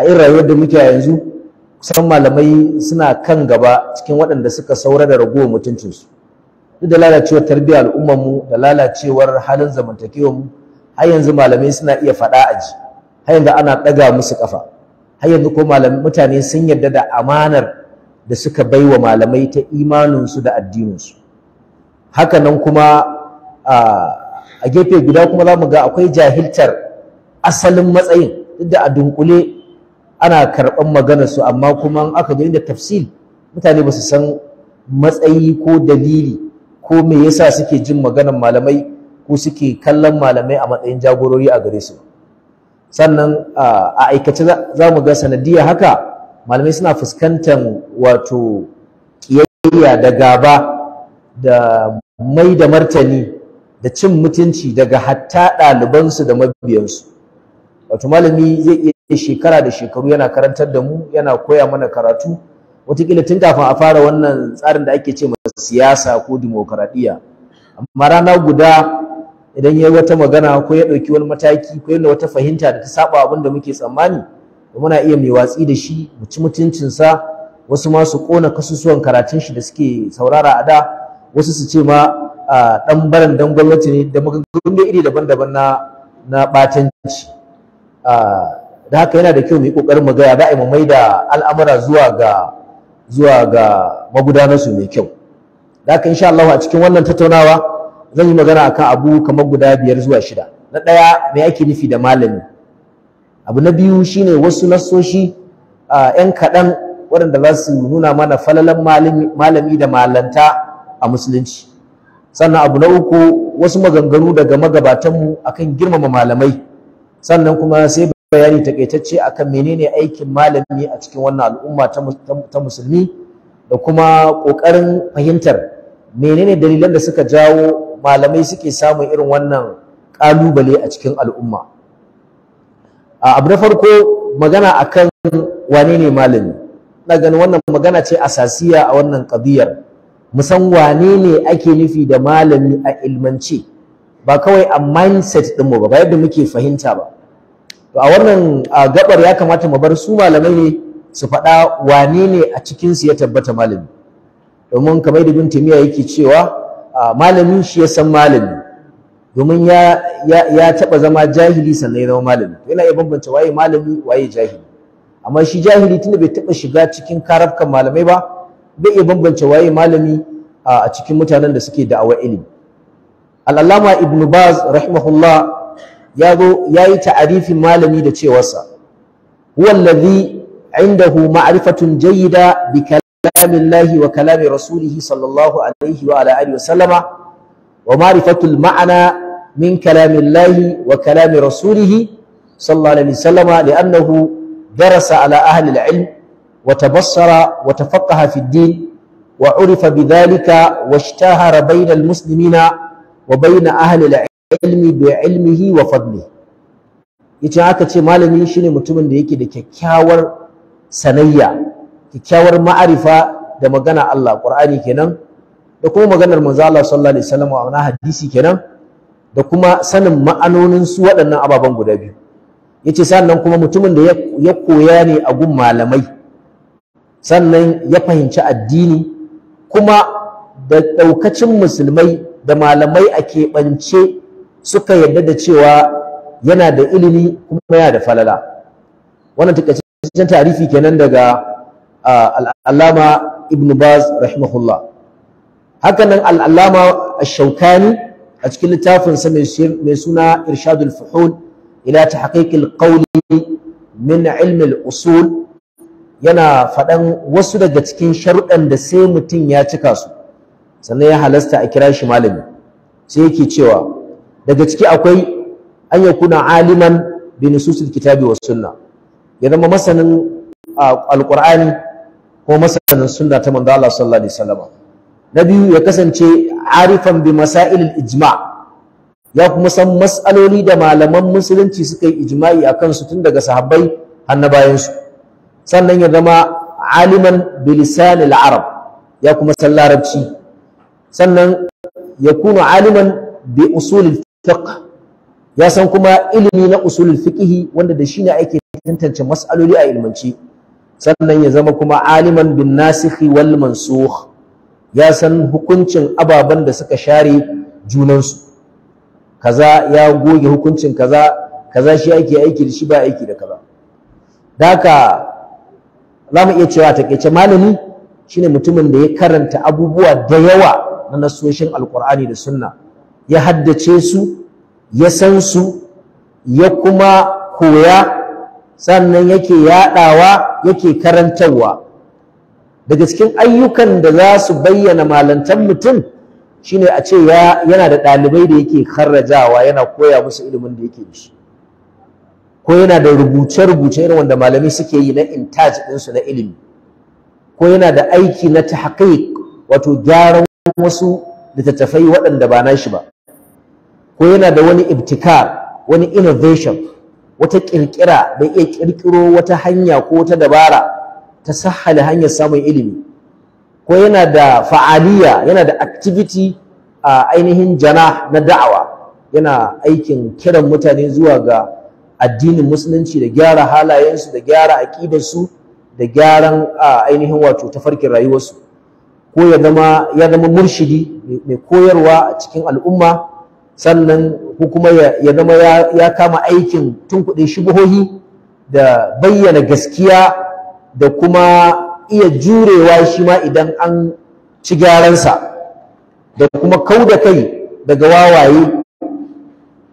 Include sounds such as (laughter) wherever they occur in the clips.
a irin rayuwar da muke yanzu kusan malamai suna kan gaba cikin waɗanda suka saura da ragowar mutuncinsu duk da lalacewar tarbiyyar al'ummarmu da lalacewar halin zamantakewarmu har yanzu malamai suna iya faɗa a ji har yanzu ana ɗaga musu ƙafa har yanzu ko mutane sun yarda da amanar da suka bai wa malamai ta imaninsu da addininsu haka nan kuma a gefe guda kuma za mu ga akwai jahiltar asalin matsayin duk da a dunkule ana karɓan maganar su amma kuma aka zo inda tafsil mutane ba su san matsayi ko dalili ko me yasa suke jin maganar malamai ko suke kallon malamai a matsayin jagorori a gare su sannan a aikace za mu ga sanadiyya haka malamai suna fuskantar wato kiyayya da gaba da mai da martani da cin mutunci daga hatta ɗalibansu da mabiyansu wato malami zai iya shekara da shekaru yana karantar da mu yana koya mana karatu wataƙila tun kafin a fara wannan tsarin da ake ce ma siyasa ko dimokuraɗiyya amma rana guda idan ya yi wata magana ko ya ɗauki wani mataki ko yana wata fahimta da ta saba abin da muke tsammani muna iya mai watsi da shi mu ci mutuncinsa wasu ma su ƙona kasusuwan karatun shi da suke saurara a da wasu su ce ma ah, ɗan baran dan gwamnati ne da maganganu iri daban-daban na na ɓatanci Ah, da haka yana da kyau mu yi kokarin mu ga ya za'a mu da al'amura zuwa ga zuwa ga magudanarsu mai kyau da haka insha Allah a cikin wannan tattaunawa zan yi magana akan abu kamar guda biyar zuwa shida na ɗaya me ake nufi da malami abu na biyu shine wasu nasoshi ah, yan kaɗan waɗanda za su nuna mana falalan malami da malanta a musulunci sannan abu na uku wasu maganganu daga magabatanmu akan girmama malamai sannan kuma sai bayani takaitacce akan menene aikin malami a cikin wannan al'umma ta musulmi da kuma ƙoƙarin fahimtar menene dalilan da suka jawo malamai suke samun irin wannan ƙalubale a cikin al'umma abu na farko magana akan wane ne malami na ganin wannan magana ce asasiya a wannan ƙabiyar musan wane ne ake nufi da malami a ilmance ba kawai a mindset mu ba ba yadda muke fahimta ba to a wannan gabar ya kamata mu bar su malamai ne su faɗa wane ne a cikinsu ya tabbata malami domin kamar da bin taimiyya yake cewa malami shi ya san malami domin ya ya taɓa zama jahili sannan ya zama malami yana iya bambance waye malami waye jahili amma shi jahili tunda bai taɓa shiga cikin karafkan malamai ba bai iya bambance waye malami a cikin mutanen da suke da'awar ilimi الألامة ابن باز رحمه الله يقول يأي تعريف مالمي دتشيوسا هو الذي عنده معرفة جيدة بكلام الله وكلام رسوله صلى الله عليه وعلى آله وسلم ومعرفة المعنى من كلام الله وكلام رسوله صلى الله عليه وسلم لأنه درس على أهل العلم وتبصر وتفقه في الدين وعرف بذلك واشتهر بين المسلمين wa bayna ahli ilmi bi ilmihi hiwa fadli yace aka ce malami shine mutumin da yake da kyakkyawar sanayya kyakkyawar ma'arifa da magana Allah Qur'ani kenan da kuma maganar manzo Allah sallallahu alaihi wasallam hadisi kenan da kuma sanin ma'anonin su waɗannan ababen guda biyu yace sannan kuma mutumin da ya koya ne a gun malamai sannan ya fahimci addini kuma da ɗaukacin musulmai da malamai a keɓance suka yarda da cewa yana da ilimi kuma yana da falala wannan takaitaccen tarihi kenan daga al'allama ibn baz rahimahullah hakanan al'allama ash-shawkani a cikin littafin sa mai suna irshadul fuhul ila tahqiqil qawli min ilmi al-usul yana faɗan wasu daga cikin sharuɗan da sai mutum ya cika su sannan ya halasta a kira shi malami sai yake cewa daga ciki akwai an yakuna aliman bi nususil kitabi was sunna ya zama masanin alqur'ani ko masanin sunna ta manzo Allah sallallahu alaihi wasallam na biyu ya kasance arifan bi masailil ijma' ya kuma san mas'aloli da malaman musulunci suka yi ijma'i a kansu tun daga sahabbai har na bayansu sannan ya zama aliman bilisanil arab ya kuma san larabci sannan ya kuna aliman bi usulul fiqh ya san kuma ilimi na usulul fiqh wanda da shi shine ake tantance mas'aloli a ilmance sannan ya zama kuma aliman bin nasikhi wal mansukh ya san hukuncin ababen da suka share junansu kaza ya goge hukuncin kaza kaza shi ake aiki da shi ba aiki da kaza da ka za mu iya cewa takaice malami shine mutumin da ya karanta abubuwa da yawa na nasoshin alkur'ani da sunna ya haddace su ya san su ya kuma koya sannan yake yaɗawa yake karantarwa daga cikin ayyukan da za su bayyana malantan mutum shine a ce yana da ɗalibai da yake karrajawa yana koya musu ilimin da yake shi ko yana da rubuce-rubuce irin wanda malamai suke yi na intaj ɗinsu na ilimi ko yana da aiki na tahqiq wato gyaran hannun wasu littattafai waɗanda ba shi ba ko yana da wani ibtikar wani innovation wata ƙirƙira bai iya ƙirƙiro wata hanya ko wata dabara ta sahala hanyar samun ilimi ko yana da fa'aliya yana da activity a ainihin jana na da'awa yana aikin kiran mutane zuwa ga addinin musulunci da gyara halayensu da gyara aƙidarsu da gyaran ainihin wato tafarkin rayuwarsu ko ya zama ya zama murshidi mai koyarwa a cikin al'umma sannan ko kuma ya zama ya kama aikin tunkuɗe shubuhohi da bayyana gaskiya da kuma iya jurewa shi ma idan an ci gyaransa da kuma da kai daga wawaye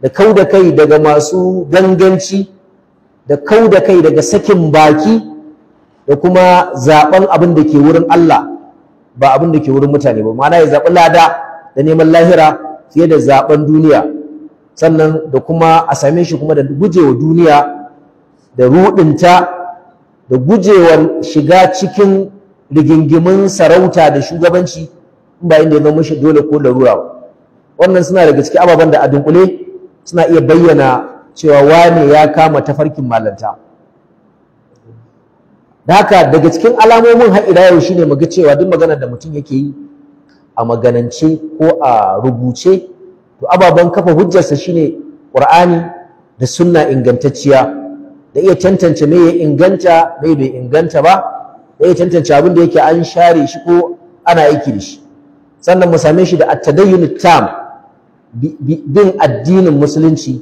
da kauda kai daga masu ganganci da kauda kai daga sakin baki da kuma zaben abin da ke wurin Allah ba abin da ke wurin mutane ba ma'ana ya zaɓi lada da neman lahira fiye da zaɓen duniya sannan da kuma a same shi kuma da gujewa duniya da ruɗinta da gujewa shiga cikin rigingimin sarauta da shugabanci ba inda ya zama shi dole ko larura ba wannan suna daga cikin ababen da a dunkule suna iya bayyana cewa wane ya kama tafarkin malanta haka daga cikin alamomin har ila yau shine muga cewa duk magana da mutum yake yi a maganance ko a rubuce to ababen kafa hujjarsa shine Qur'ani da sunna ingantacciya da iya tantance me ya inganta me bai inganta ba da iya tantance abin da yake an share shi ko ana aiki da shi sannan mu same shi da at-tadayyun tam bin addinin musulunci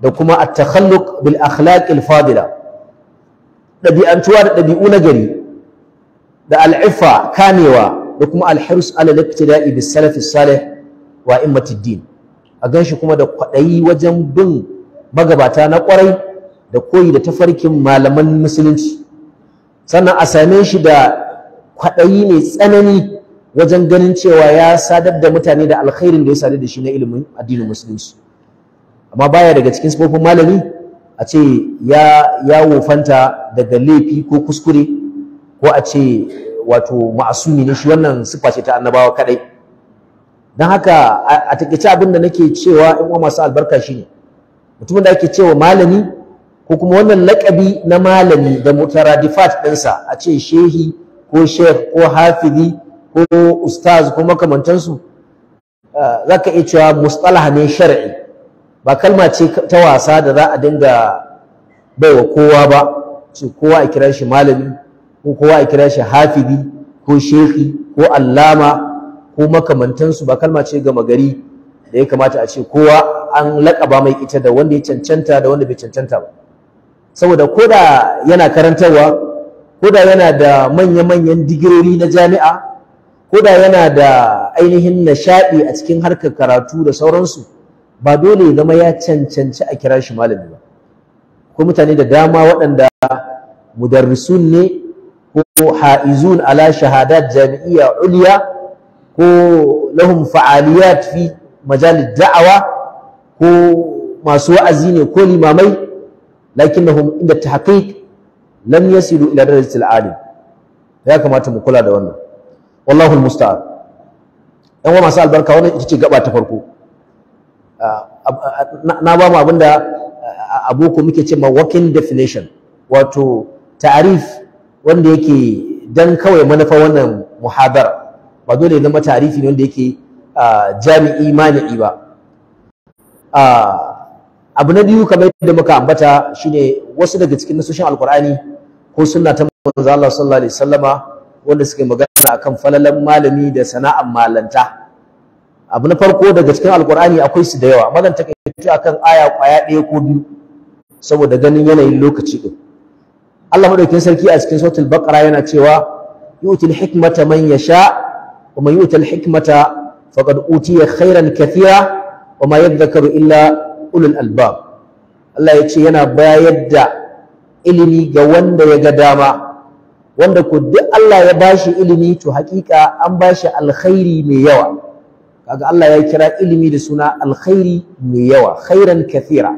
da kuma at-takhalluq bil akhlaq al-fadila ɗabi'antuwa da ɗabi'u na gari da al'ifa kamewa da kuma alhirs ala liqtida'i bis salafi salih wa immatid din a ganshi kuma da kwaɗayi wajen bin magabata na kwarai da koyi da tafarkin malaman musulunci sannan a same shi da kwaɗayi mai tsanani wajen ganin cewa ya sadar da mutane da alkhairin da ya sadar da shi na ilimin addinin musulunci amma baya daga cikin sifofin malami a ce ya wofanta daga laifi ko kuskure ko a ce wato ma'asumi ne shi wannan siffa ce ta annabawa kadai don haka a takaice abin da nake cewa in uwa masu albarka shine mutumin da ake cewa malami ko kuma wannan lakabi na malami da mutaradifat ɗinsa a ce shehi ko shef ko hafizi ko ustaz ko makamantansu eh, za ka iya cewa mustalha ne shari'i ba kalma ce ta wasa da za a dinga baiwa kowa ba ce kowa a kira shi malami ko kowa a kira shi hafidi ko shehi ko allama ko makamantansu ba kalma ce gama gari da ya kamata a ce kowa an laƙaba mai ita da wanda ya cancanta da wanda bai cancanta ba saboda ko da yana karantarwa ko da yana da manya-manyan digirori na jami'a ko da yana da ainihin nishaɗi a cikin harkar karatu da sauransu ba dole ya zama ya cancanci a kira shi malami ba ko mutane da dama waɗanda mudarrisun ne ko ha'izun ala shahadat jami'iyya uliya ko lahum fa'aliyat fi da'awa ko masu wa'azi ne ko limamai lakinnahum inda tahqiq lam yasilu ila darajatil alim ya kamata mu kula da wannan wallahu almusta'an yan wa masu albarka wannan ita ce gaba ta farko na ba mu abinda aboko muke ce ma working definition wato ta'arif wanda yake dan kawai manufa wannan muhadara ba dole zama tarifi ne wanda yake jami'i mani'i ba abu na biyu kamar yadda muka ambata shine wasu daga cikin nasoshin alkur'ani ko sunna ta manzo Allah sallallahu alaihi wasallama wanda suke magana akan falalan malami da sana'ar malanta abu na farko daga cikin alkur'ani akwai su da yawa mazan takaitu akan aya kwaya ɗaya ko biyu saboda ganin yanayin lokaci din Allah madaukakin sarki a cikin suratul baqara yana cewa yutil hikmata man yasha wa man yutil hikmata faqad utiya khairan kathira wa ma yadhakkaru illa ulul albab Allah ya ce yana bayar da ilimi ga wanda ya ga dama wanda ko duk Allah ya bashi ilimi to hakika an bashi alkhairi mai yawa kaga Allah ya kira ilimi da suna alkhairi mai yawa khairan kathira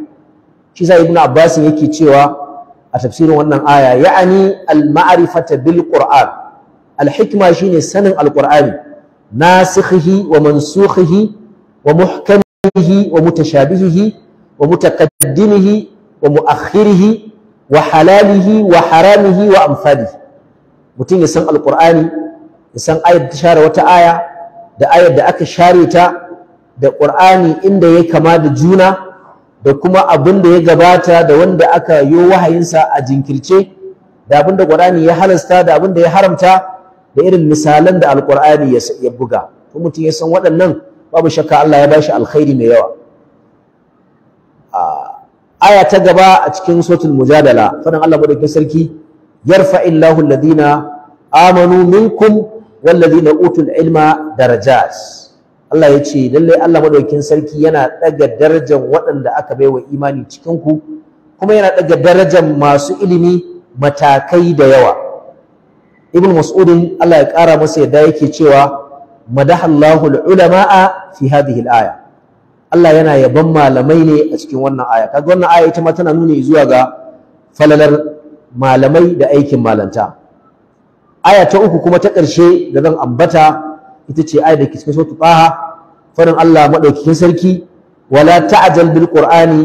shi sa ibnu abbas yake cewa a tafsirin wannan aya ya'ani al-ma'rifata bil qur'an al-hikma shine sanin al-qur'ani nasikhihi wa mansukhihi wa muhkamihi wa mutashabihihi wa mutaqaddimihi wa muakhirihi wa halalihi wa haramihi wa amsalihi mutum ya san al-qur'ani ya san ayat tashara wata aya da ayar da aka share ta da ƙur'ani inda ya kama da juna da kuma abin da ya gabata da wanda aka yo wahayinsa a jinkirce da abin da ƙur'ani ya halasta da abin da ya haramta da irin misalan da alƙur'ani ya buga Kuma mutum ya san waɗannan babu shakka Allah ya ba shi alkhairi mai yawa aya ta gaba a cikin sotul mujadala fadan Allah madaukakin sarki yarfa'illahu alladhina amanu minkum wallazina utul ilma daraja. Allah ya ce lallai Allah madaukakin sarki yana ɗaga darajar waɗanda aka baiwa imani cikin ku kuma yana ɗaga darajar masu ilimi matakai da yawa Ibn mas'udin Allah ya ƙara masa yadda yake cewa madahallahu al-ulama'a fi hadhihi hil'aya. Allah yana yabon malamai ne a cikin wannan aya kaga wannan aya ita ma tana nuni zuwa ga falalar malamai da aikin malanta aya ta uku kuma ta ƙarshe da zan ambata ita ce aya da ke cikin suratul farin Allah madaukakin sarki wala ta'jal bil qur'ani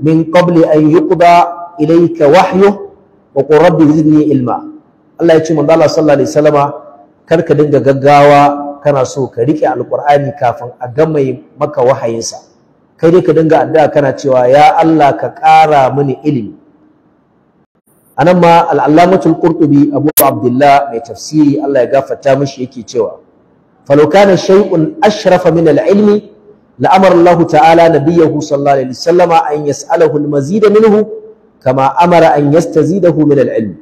min qabli an yuqda ilayka wahyu wa qur rabbi zidni ilma Allah ya ce manzo Allah sallallahu alaihi wasallama karka dinga gaggawa kana so ka rike alqur'ani kafin a gama maka wahayinsa kai dai ka dinga addu'a kana cewa ya Allah ka ƙara mini ilimi anan ma al-allamatul qurtubi abu abdullah mai tafsiri Allah ya gafarta mishi yake cewa falau kana shay'un ashrafa min al-ilmi la amara Allah ta'ala nabiyahu sallallahu alaihi wasallama an yas'alahu al-mazida minhu kama amara an yastazidahu min al-ilm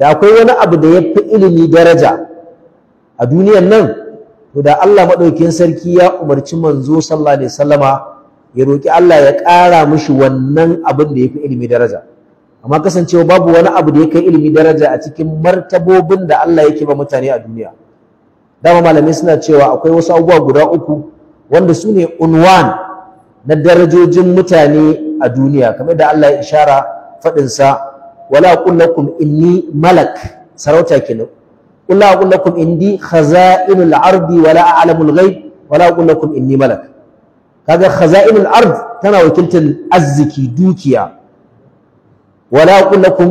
da akwai wani abu da yafi ilimi daraja a duniyar nan to da Allah madaukakin sarki ya umarci manzo sallallahu alaihi ya roki Allah ya ƙara mishi wannan abin da yafi ilimi daraja amma kasancewa babu wani abu da ya kai ilimi daraja a cikin martabobin da Allah yake ba mutane a duniya dama malamai suna cewa akwai wasu abubuwa guda uku wanda su ne unwan na darajojin mutane a duniya kamar da Allah ya ishara faɗinsa wala kullakum inni malak sarauta kenan قل لا أقول لكم إني خزائن الأرض ولا أعلم الغيب ولا أقول لكم إني ملك هذا خزائن الأرض tana وكلت الأزكي dukiya. wala aqul lakum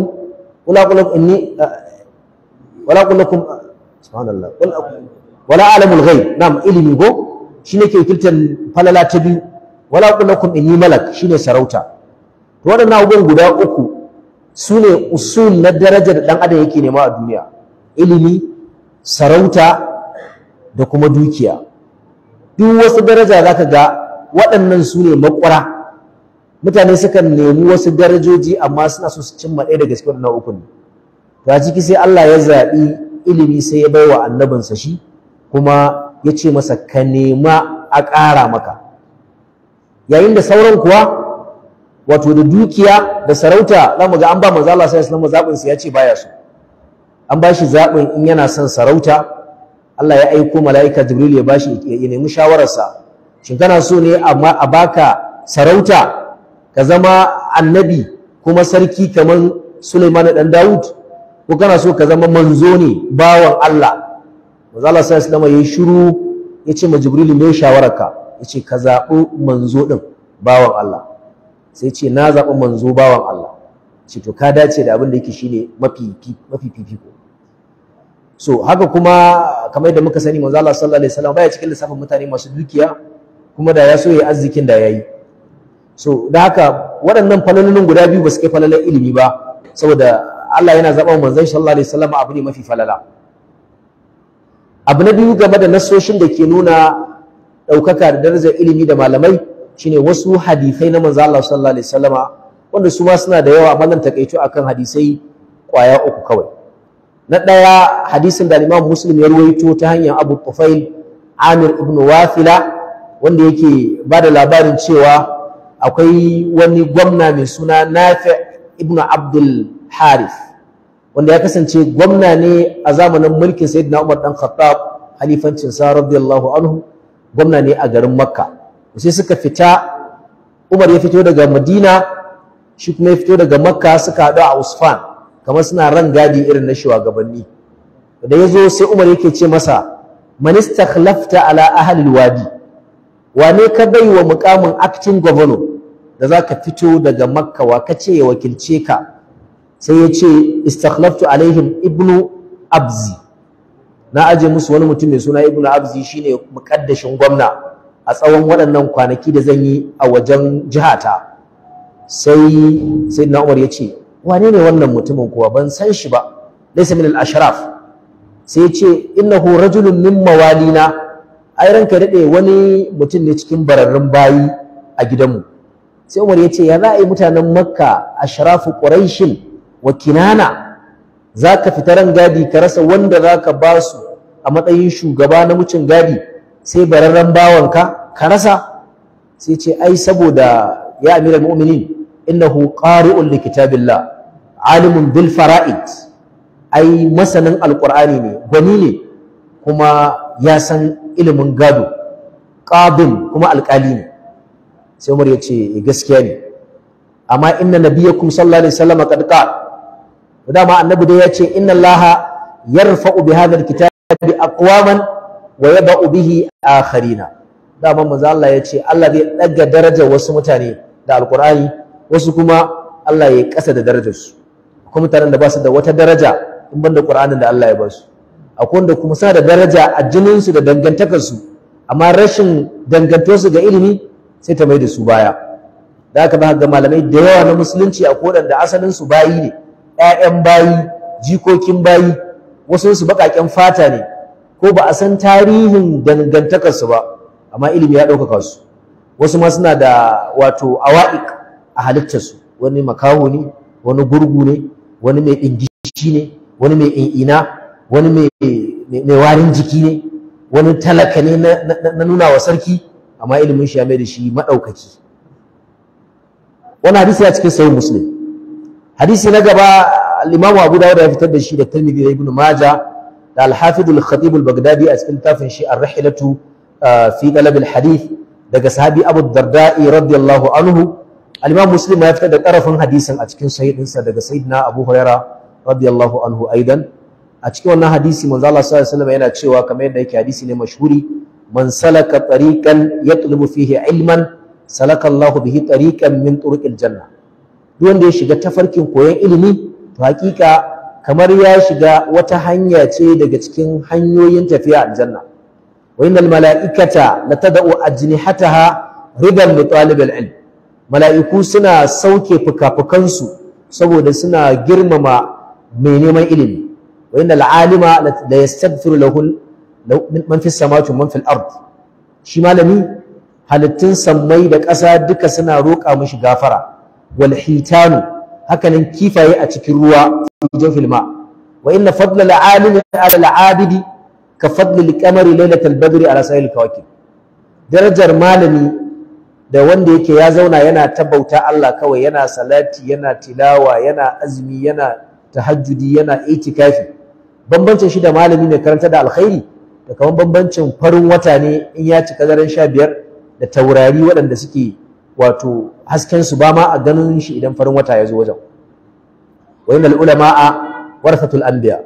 wala aqul lakum inni wala aqul lakum subhanallah wala alamul nam ilimi go shine ke kiltan falala ta biyu wala aqul lakum inni malak shine sarauta to abubuwan guda uku sune usul na daraja darajar dan adam yake nema a duniya ilimi sarauta da kuma dukiya duk wasu daraja zaka ga waɗannan su ne makwara mutane sukan nemi wasu darajoji amma suna so su cimma ɗaya daga cikin na uku ne to a ciki sai Allah ya zaɓi ilimi sai ya bai baiwa annabinsa shi kuma ya ce masa ka nema a ƙara maka yayin da sauran kuwa wato da dukiya da sarauta za mu ga an ba manzo Allah sai alaihi zaɓin sa ya ce baya so an ba shi zaɓin in yana son sarauta Allah ya aiko mala'ika Jibril ya bashi ya nemi shawararsa shin kana so ne a baka sarauta ka zama annabi kuma sarki kamar Suleiman dan Dawud ko kana so ka zama manzo ne bawan Allah manzo Allah sallallahu alaihi wasallam yayi shiru yace ma Jibril me shawararka yace ka zabi manzo din bawan Allah sai ce na zabi manzo bawan Allah ce to ka dace da abin da yake shine mafi mafi fifiko so haka kuma kamar yadda muka sani manzo Allah sallallahu alaihi wasallam baya cikin lissafin mutane masu dukiya kuma da ya so yayi arzikin da yayi so da haka waɗannan falalolin guda biyu ba su kai falalar ilimi ba saboda Allah yana zaɓa manzon shan alaihi wasallam abu ne mafi falala abu na biyu game da nasoshin da ke nuna ɗaukaka da darajar ilimi da malamai shine wasu hadisai na manzo Allah sallallahu alaihi wanda su ma suna da yawa amma nan takaito akan hadisai kwaya uku kawai na ɗaya hadisin da Imam Muslim ya ruwaito ta hanyar Abu Tufail Amir ibn Wafila wanda yake ba da labarin cewa akwai wani gwamna mai suna nafi ibnu abdul Harif. wanda ya kasance gwamna ne a zamanin mulkin sayyidina umar dan khattab halifancin sa radiyallahu anhu gwamna ne a garin makka sai suka fita umar ya fito daga madina shi kuma ya fito daga makka suka haɗu a usfan kamar suna ran gadi irin na shugabanni da ya zo sai umar yake ce masa man istakhlafta ala ahli wadi. wane ka bai wa mukamin acting governor da za ka fito daga makka wa ka ce ya wakilce ka sai ya ce istakhlaftu alaihim ibnu abzi na aje musu wani mutum mai suna ibnu abzi shine mukaddashin gwamna a tsawon waɗannan kwanaki da zan yi a wajen jihata sai sai na umar ya ce wane ne wannan mutumin kuwa ban san shi ba laysa min al-ashraf sai ya ce innahu rajulun min mawalina ai ranka daɗe wani mutum ne cikin bararrun bayi a gidanmu sai umar ya ce ya za a yi mutanen makka ashrafu ƙuraishin wa kinana za ka fita ran gadi ka rasa wanda za ka ba su a matsayin shugaba na mucin gadi sai bararren bawanka ka rasa sai ce ai saboda ya amiral mu'minin innahu qari'un li kitabillah alimun bil fara'id ai masanin alqur'ani ne gwani ne kuma ya san ilimin gado qadin kuma alƙali ne sai Umar ya ce eh, gaskiya ne amma inna nabiyakum sallallahu alaihi wasallam qad qala dama annabi dai ya ce inna allaha yarfa'u bi hadha alkitabi aqwaman wa yada'u bihi akharina dama manzo Allah ya ce Allah zai daga darajar wasu mutane da alqur'ani wasu kuma Allah ya kasa da darajarsu kuma mutanen da ba su da wata daraja in banda qur'anin da Allah ya ba su akwai wanda kuma suna da daraja a su da dangantakarsu amma rashin dangantosu ga ilimi sai ta mai da su baya da haka ba ga malamai da yawa na musulunci a koɗan da asalin su bayi ne ƴaƴan bayi jikokin bayi wasu su baƙaƙen fata ne ko ba a san tarihin dangantakarsu ba amma ilimi ya ɗaukaka su wasu ma suna da wato awa'iq a halittarsu wani makaho ne wani gurgu ne wani mai ɗingishi ne wani mai ina. wani mai warin jiki ne wani talaka ne na nuna wa sarki amma ilimin shi ya mai da shi maɗaukaki wani hadisi ya cikin sahih muslim hadisi na gaba al-imamu abu dawud ya fitar da shi da tirmidhi da ibnu maja da al-hafid al-khatib al-baghdadi a cikin tafin shi ar-rihlatu uh, fi talab al-hadith daga sahabi abu darda'i radiyallahu anhu al-imamu muslim ya fitar da karafin hadisin a cikin sahih ɗinsa daga sayyidina abu huraira radiyallahu anhu aidan a cikin wannan hadisi manzo Allah sallallahu alaihi wasallam yana cewa kamar yadda yake hadisi ne mashhuri man salaka tariqan yatlubu fihi ilman salaka Allahu bihi tariqan min turuqil janna duk wanda ya shiga tafarkin koyon ilimi to hakika kamar ya shiga wata hanya ce daga cikin hanyoyin tafiya aljanna wa innal mala'ikata latada'u ajnihataha ridan li talibil ilm mala'iku suna sauke fukafukansu saboda suna girmama mai neman ilimi wa innal alima la yastaghfiru lahu man fis samawati man fil ard shi malami halittun sammai da ƙasa duka suna roƙa mishi gafara wal hitanu hakanan kifaye a cikin ruwa fi jawfil ma wa inna fadla al alimi ala al abidi ka fadli al qamari lailatal badri ala sa'il kawakib darajar malami da wanda yake ya zauna yana tabbauta Allah kawai yana salati yana tilawa yana azumi yana tahajjudi yana itikafi bambancin shi da malami mai karanta da alkhairi da kamar bambancin farin wata ne in ya cika daren sha biyar da taurari waɗanda suke wato hasken su ba ma a ganin shi idan farin wata ya zo wajen wa ulama a warathatul anbiya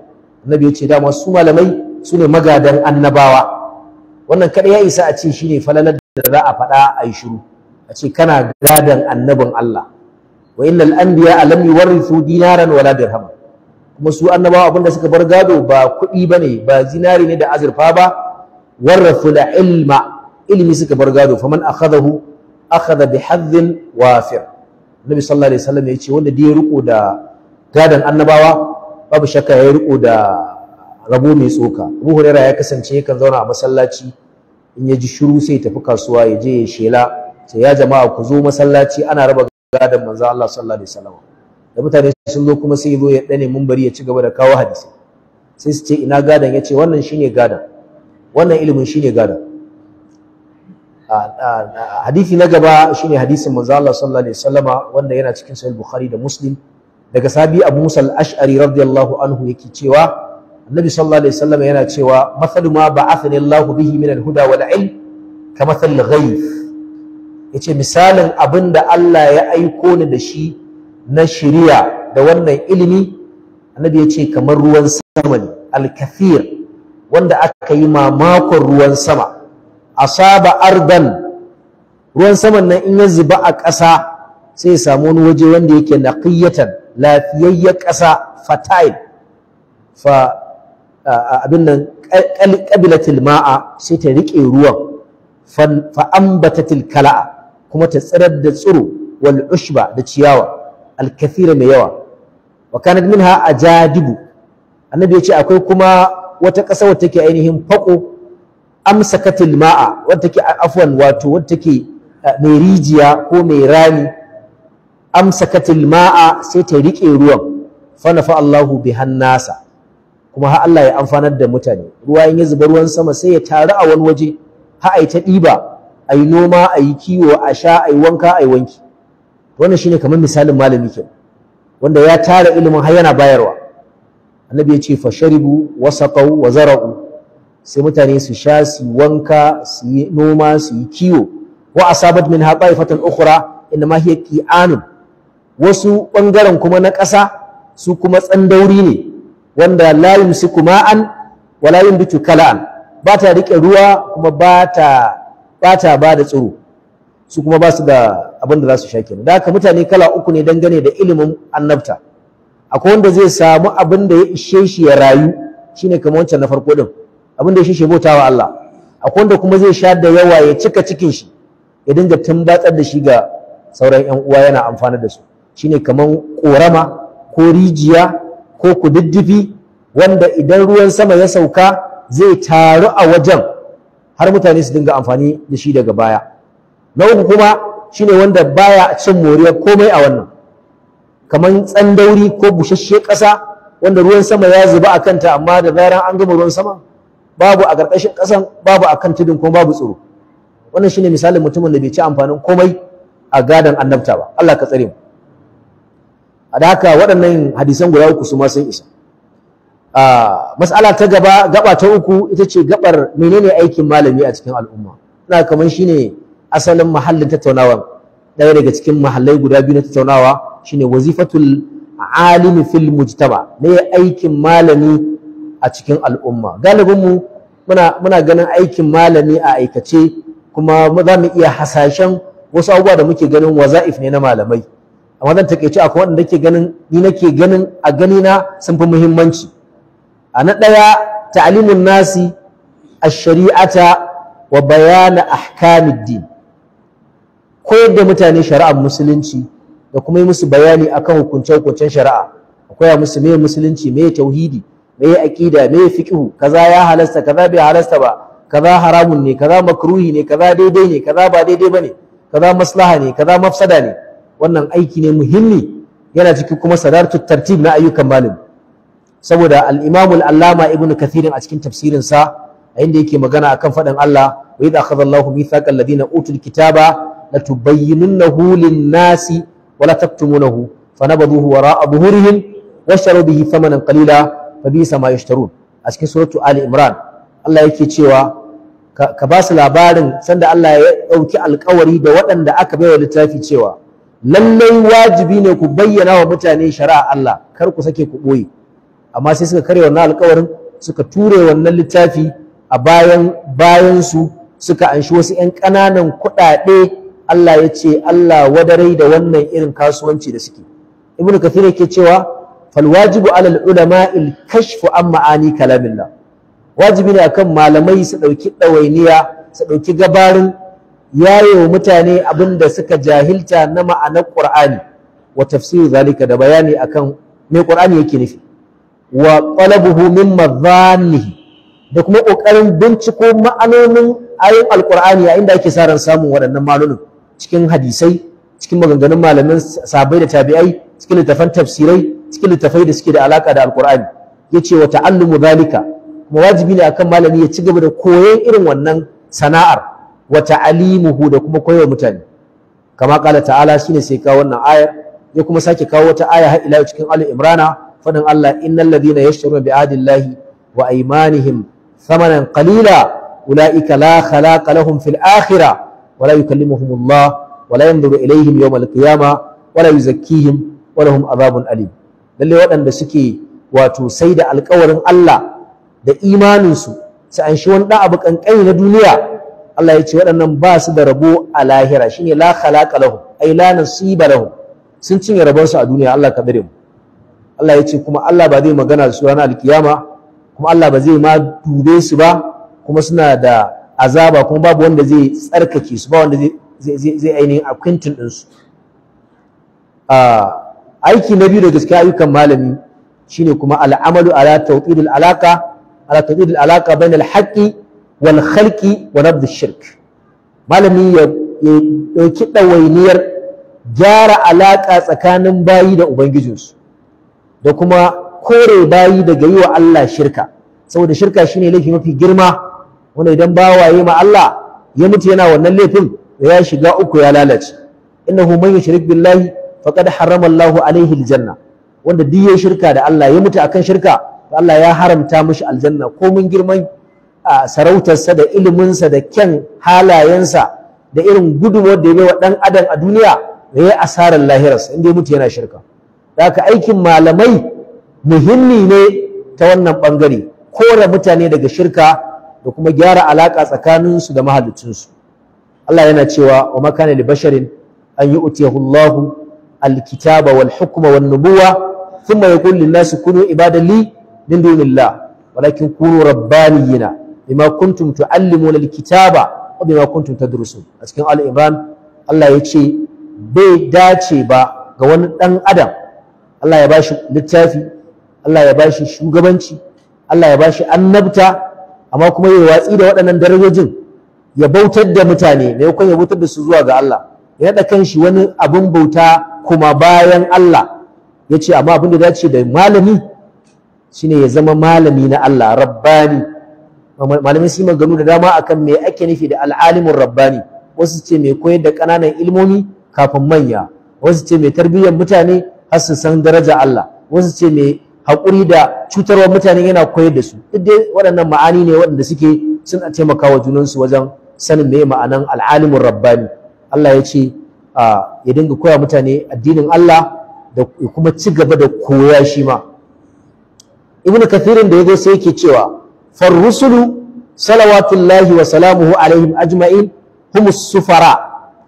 annabi ya ce dama su malamai su ne magadan annabawa wannan kada ya isa a ce shine falalar da za a faɗa a yi shiru a ce kana gadan annabin Allah wa innal anbiya lam yuwarrithu dinaran wala dirhama kuma su annabawa da suka bar gado ba kuɗi bane ba zinari ne da azurfa ba warrathul ilma Ilimi suka bar gado faman akhadahu akhadha bihadhin wafir Nabi sallallahu alaihi wasallam yace wanda da ya riko da gadan annabawa babu shakka ya riko da rabo mai tsoka Abu Hurairah ya kasance yakan zauna a masallaci in ya ji shiru sai ya tafi kasuwa ya je ya shela sai ya jama'a ku zo masallaci ana raba gadan manzo Allah sallallahu alaihi wasallam da mutane sun zo kuma sai zo ya dane bari ya ci gaba da kawo hadisi sai su ce ina gadan ce wannan shine gadan wannan ilimin shine gadan hadisi na gaba shine hadisin manzo Allah sallallahu alaihi wasallama wanda yana cikin sahih bukhari da muslim daga sabi abu musa al-ash'ari radiyallahu anhu yake cewa annabi sallallahu alaihi wasallam yana cewa masalu ma ba'athani Allah bihi min al-huda wal ilm kamathal ghayth yace misalin abinda Allah ya aiko ni da shi na shiriya da wannan ilimi annabi ya ce kamar ruwan sama ne alkafir wanda aka yi mamakon ruwan sama asaba ardan ruwan saman nan in ya zuba a ƙasa sai ya samu wani waje wanda yake naqiyatan lafiyayyen ƙasa fatayil fa abin nan qabilatil ma'a sai ta riƙe ruwan fa kala'a kuma ta tsirar da tsiro wal ushba da ciyawa alkathira mai yawa wa kanat minha ajadibu annabi ya ce akwai kuma wata ƙasa wadda take ainihin fako amsakatil ma'a wadda take afwan wato wadda take eh, mai rijiya ko mai rami amsakatil ma'a sai ta riƙe ruwan fa nafa Allahu bihan nasa kuma har Allah ya amfanar da mutane ruwa in ya zuba ruwan sama sai ya taru a wani waje har ai ta ɗiba ai noma ai kiwo a sha ai wanka ai wanki wannan shine kamar misalin malami ke wanda ya tara ilimin har yana bayarwa annabi ya ce fa sharibu wa zara'u sai mutane su sha su wanka su yi noma su yi kiwo wa asabat min ha ta'ifatan ukhra inma hiya qi'an wasu bangaren kuma na ƙasa su kuma tsandauri ne wanda la yumsiku ma'an wa la yumbitu kala'an ba ta rike ruwa kuma ba ta ba ta ba da tsiro su kuma ba su da abin da za su sha kenan da haka mutane kala uku ne dangane da ilimin annabta akwai wanda zai samu abin da ya ishe shi ya rayu shine kamar wancan na farko din abin da ya ishe bautawa Allah akwai wanda kuma zai sha da yawa ya cika cikin shi ya dinga tumbatsar da shi ga sauran ƴan uwa yana amfana da su shine kamar korama ko rijiya ko kududdufi wanda idan ruwan sama ya sauka zai taru a wajen har mutane su dinga amfani da shi daga baya na uku kuma shine wanda baya cin moriyar komai a wannan kamar tsandauri ko bushasshiyar ƙasa wanda ruwan sama ya zuba a kanta amma da zaran an gama ruwan sama babu a ƙarƙashin ƙasan babu a kan tudun kuma babu tsoro wannan shine misalin mutumin da bai ci amfanin komai a gadon annabta ba Allah ka tsare mu a da haka waɗannan hadisan guda uku su ma sun isa a mas'ala ta gaba gaba ta uku ita ce gabar menene aikin malami a cikin al'umma ina kamar shine asalin mahallin tattaunawa ɗaya daga cikin mahallai guda biyu na tattaunawa shine wazifatul alimi fil mujtama ne aikin malami a cikin al'umma galibin mu muna muna ganin aikin malami a aikace kuma za mu iya hasashen wasu abubuwa da muke ganin waza'if ne na malamai amma zan takeice akwai wanda nake ganin ni nake ganin a gani na sun fi muhimmanci a na ɗaya ta'alimun nasi a shari'ata wa bayana ahkamiddin din koyar da mutane shari'ar musulunci da kuma yi musu bayani akan hukunce-hukuncen shari'a a koya musu musulunci mai tauhidi mai aqida mai fiqhu kaza ya halasta kaza bai halasta ba kaza haramun ne kaza makruhi ne kaza daidai ne kaza ba daidai bane kaza maslaha ne kaza mafsada ne wannan aiki ne muhimmi yana cikin kuma sadartu tartib na ayyukan malam saboda al-Imam al-Allama ibnu Kathir a cikin tafsirin sa inda yake magana akan faɗin Allah wa idza akhadha Allahu mithaqa alladhina utul kitaba لتبيننه للناس ولا تكتمونه فنبذوه وراء ظهورهم واشتروا به ثمنا قليلا فبئس ما يشترون اشكي سوره ال عمران الله يكي تشيوا ka basu labarin sanda Allah ya ɗauki alkawari da waɗanda aka baiwa littafi cewa lallai wajibi ne ku bayyana wa mutane shari'a Allah kar ku sake ku ɓoye amma sai suka karya wannan alkawarin suka ture wannan littafi a bayan su suka anshi wasu 'yan ƙananan kuɗaɗe Allah ya ce Allah wadarai da wannan irin kasuwanci da suke ibn kathir yake cewa fal alal ulama il kashfu an ma'ani kalamillah wajibi ne akan malamai su dauki dawainiya su dauki gabarin yayo mutane abin da suka jahilta na ma'anar qur'ani wa tafsiri zalika da bayani akan me qur'ani yake nufi wa talabuhu min madhannihi da kuma kokarin binciko ma'anonin ayoyin alqur'ani a inda ake sa ran samun waɗannan ma'anonin cikin hadisai cikin maganganun malamin sabai da tabi'ai cikin littafan tafsirai cikin littafai da suke da alaka da alqur'ani yace wa ta'allumu zalika kuma wajibi ne akan malami ya ci gaba da koyon irin wannan sana'ar wa ta'alimuhu da kuma koyar mutane kama kala ta'ala shine sai kawo wannan ayar ya kuma sake kawo wata aya har ila cikin al Imrana fadin Allah innal ladina yashtaruna bi adillahi wa aymanihim thamanan qalila ulaika la khalaqa lahum fil akhirah ولا يكلمهم الله ولا ينظر إليهم يوم القيامة him. يزكيهم ولهم عذاب أليم lalle waɗanda suke wato sai da alkawarin Allah da imaninsu su anshi shi wani ɗan abu ƙanƙani na duniya Allah ya ce waɗannan ba su da rabo a lahira shine la khalaqa lahum ay la nasiba lahum sun cinye rabonsu a duniya Allah ka dare mu Allah ya ce kuma Allah ba zai magana da su ranar alkiyama kuma Allah ba zai ma dube su ba kuma suna da azaba kuma babu wanda zai tsarkake su ba wanda zai ainihin akwintin ɗinsu aiki na biyu da gaske ayyukan malami shine kuma al'amalu ala tawqidil alaka ala tawqidil alaka bainal al haqqi wal khalqi wa nabd shirk malami ya dauki dawainiyar gyara alaka tsakanin bayi da ubangijinsu da kuma kore bayi daga yi wa Allah shirka saboda shirka shine laifi mafi girma wanda idan bawaye ma Allah ya mutu yana wannan laifin ya shiga uku ya lalace innahu man yushrik billahi faqad harrama Allahu alaihi aljanna wanda duk ya shirka da Allah ya mutu akan shirka Allah ya haramta mishi aljanna ko mun girman sarautarsa da iliminsa da kyan halayensa da irin gudunmawar da ya baiwa ɗan adam a duniya da ya asarar lahirarsa inda ya mutu yana shirka Daka haka aikin malamai muhimmi ne ta wannan ɓangare kore mutane daga shirka da kuma gyara alaka tsakaninsu da mahaliccinsu Allah yana cewa wa makana li basharin an yi Allah al-kitaba wal hukuma, wal nubuwa thumma yaqul lin nasi kunu ibadali min dunillah walakin kunu rabbaniyina bima kuntum tuallimuna al wa bima kuntum tadrusun a cikin al-imran Allah ya ce bai dace ba ga wani dan adam Allah ya bashi littafi Allah ya bashi shugabanci Allah ya bashi annabta amma kuma ya watsi da waɗannan darajojin ya bautar da mutane maimakon ya bautar da su zuwa ga Allah ya naɗa shi wani abin bauta kuma bayan Allah ya ce amma abin da dace da malami shine ya zama malami na Allah rabbani malamai sun maganu da dama akan me ake nufi da al'alimin rabbani wasu ce mai koyar da kananan ilmomi kafin manya wasu ce mai tarbiyyar mutane har su san daraja Allah wasu ce mai haƙuri da cutarwa mutane yana koyar da su duk dai waɗannan ma'ani ne waɗanda suke suna taimaka junansu wajen sanin me ma'anan al'alimin rabbani Allah ya ce ya dinga koya mutane addinin Allah da kuma ci gaba da koya shi ma ibnu kathirin da yazo sai yake cewa far rusulu salawatullahi wa salamuhu alaihim ajma'in humus sufara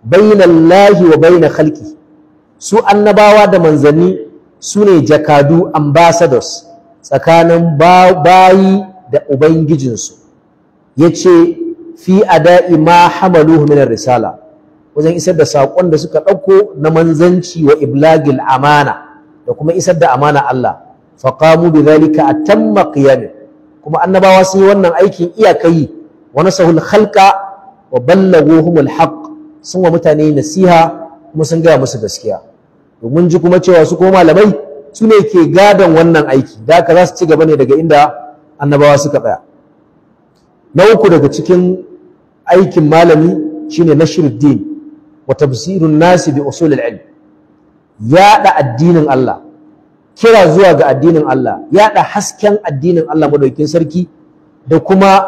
bainallahi wa bain khalqi su annabawa da manzanni su ne jakadu ambassadors tsakanin bayi da ubangijinsu ya ce fi a ma Hamalu minar risala wajen isar da saƙon da suka ɗauko na manzanci wa iblagil amana da kuma isar da amana Allah faƙamu bi zalika a tamma kuma annabawa sun yi wannan aikin iyakayi. wa nasahul halka wa ballaguhumul haqq sun wa mutane nasiha kuma sun gaya musu gaskiya mun ji kuma cewa su ko malamai su ne ke gadon wannan aiki da haka za su ci gaba ne daga inda annabawa suka tsaya na uku daga cikin aikin malami shine nashruddin wa tafsirun nasi bi usul al-ilm yada addinin Allah kira zuwa ga addinin Allah yada hasken addinin Allah madaukin sarki da kuma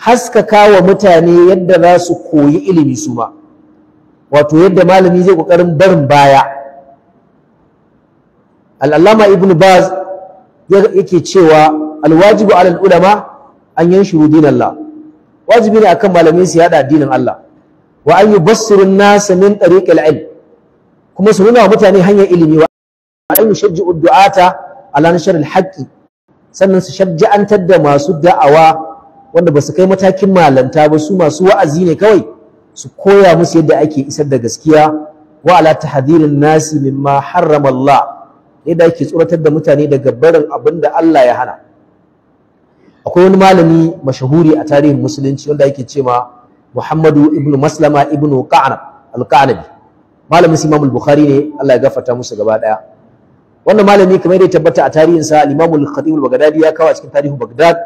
haskaka wa mutane yadda za su koyi ilimi su ma wato yadda malami zai kokarin barin baya al'allama ibn baz yake cewa alwajibu alal ulama an yanshuru dinallah wajibi ne akan malamai su yada addinin Allah wa an yi basirin nasa min tariqil ilm kuma su nuna wa mutane hanyar ilimi wa an yushajji'u du'ata ala nashr al sannan su shajja'antar da masu da'awa wanda ba su kai matakin malanta ba su masu wa'azi ne kawai su koya musu yadda ake isar da gaskiya wa ala tahdhirin nasi min harrama Allah yadda yake tsoratar da mutane daga barin abin da Allah ya hana akwai wani malami mashahuri a tarihin musulunci wanda ake cewa Muhammadu ibnu Maslama ibnu Qa'nab al-Qa'nabi malamin Imam al-Bukhari ne Allah ya gafarta musu gaba daya wannan malami kamar da ya tabbata a tarihin sa al-Imam al-Khatib al-Baghdadi ya kawo a cikin tarihin Baghdad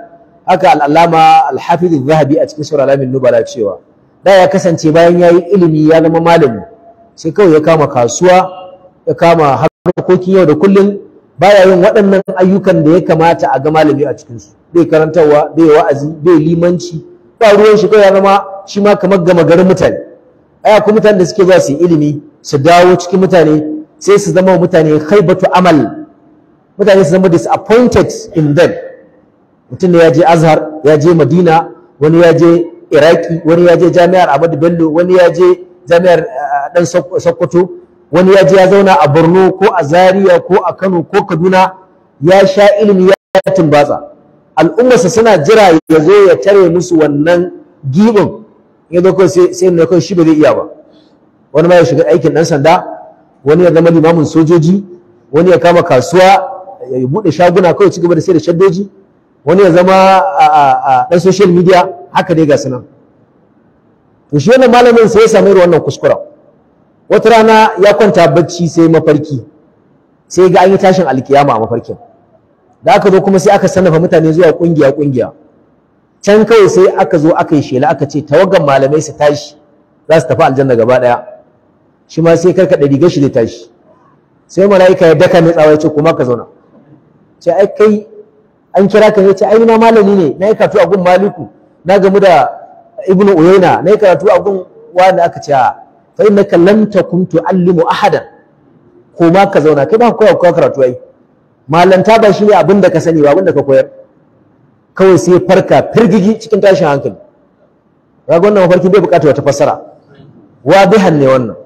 haka al-Allama al-Hafiz al-Zahabi a cikin Surah al-Amin Nubala cewa da ya kasance bayan yayi ilimi ya zama malami sai kawai ya kama kasuwa ya kama harkokin yau da kullum baya yin waɗannan ayyukan da ya kamata a ga malami a cikin su bai karantarwa bai wa'azi bai limanci ba ruwan shi ya zama shi ma kamar gama garin mutane ai akwai mutanen da suke zuwa su yi ilimi su dawo cikin mutane sai su zama mutane khaibatu amal mutane su zama disappointed in them mutum ne ya je azhar ya je madina wani ya je iraki wani ya je jami'ar ahmadu bello wani ya je jami'ar dan eh, sokoto wani ya je ya zauna a Borno ko a Zaria ko a Kano ko Kaduna ya sha ilimi ya tumbatsa al'ummarsa suna jira ya zo ya tare musu wannan gibin ya zo kai sai sai ne kai shi ba zai iya ba wani ma ya shiga aikin ɗan sanda wani ya zama limamin sojoji wani ya kama kasuwa ya buɗe shaguna kawai ci gaba da sai da shaddoji wani ya zama a ɗan social media haka dai ga sunan to shi wannan malamin sai ya samu wannan kuskuren wata rana ya kwanta bacci sai mafarki sai ga an yi tashin alkiyama a mafarkin da aka zo kuma sai aka sannafa mutane zuwa kungiya kungiya can kawai sai aka zo aka yi shela aka ce tawagan malamai su tashi za su tafi aljanna gaba daya shi ma sai karkaɗa rigar shi zai tashi sai mala'ika ya daka mai tsawa ya ce kuma ka zauna ce ai kai an kira ka ce ai na malami ne na yi karatu a gun maliku na gamu da ibnu uyaina na yi karatu a gun wani aka ce a fa innaka lam alli mu ahadan ko ma ka zauna kai ba ka koya karatu ai ta ba shine abin da ka sani ba abin ka koyar kawai sai farka firgigi cikin tashin hankali ga wannan mafarkin bai bukata wata fassara wadihan ne wannan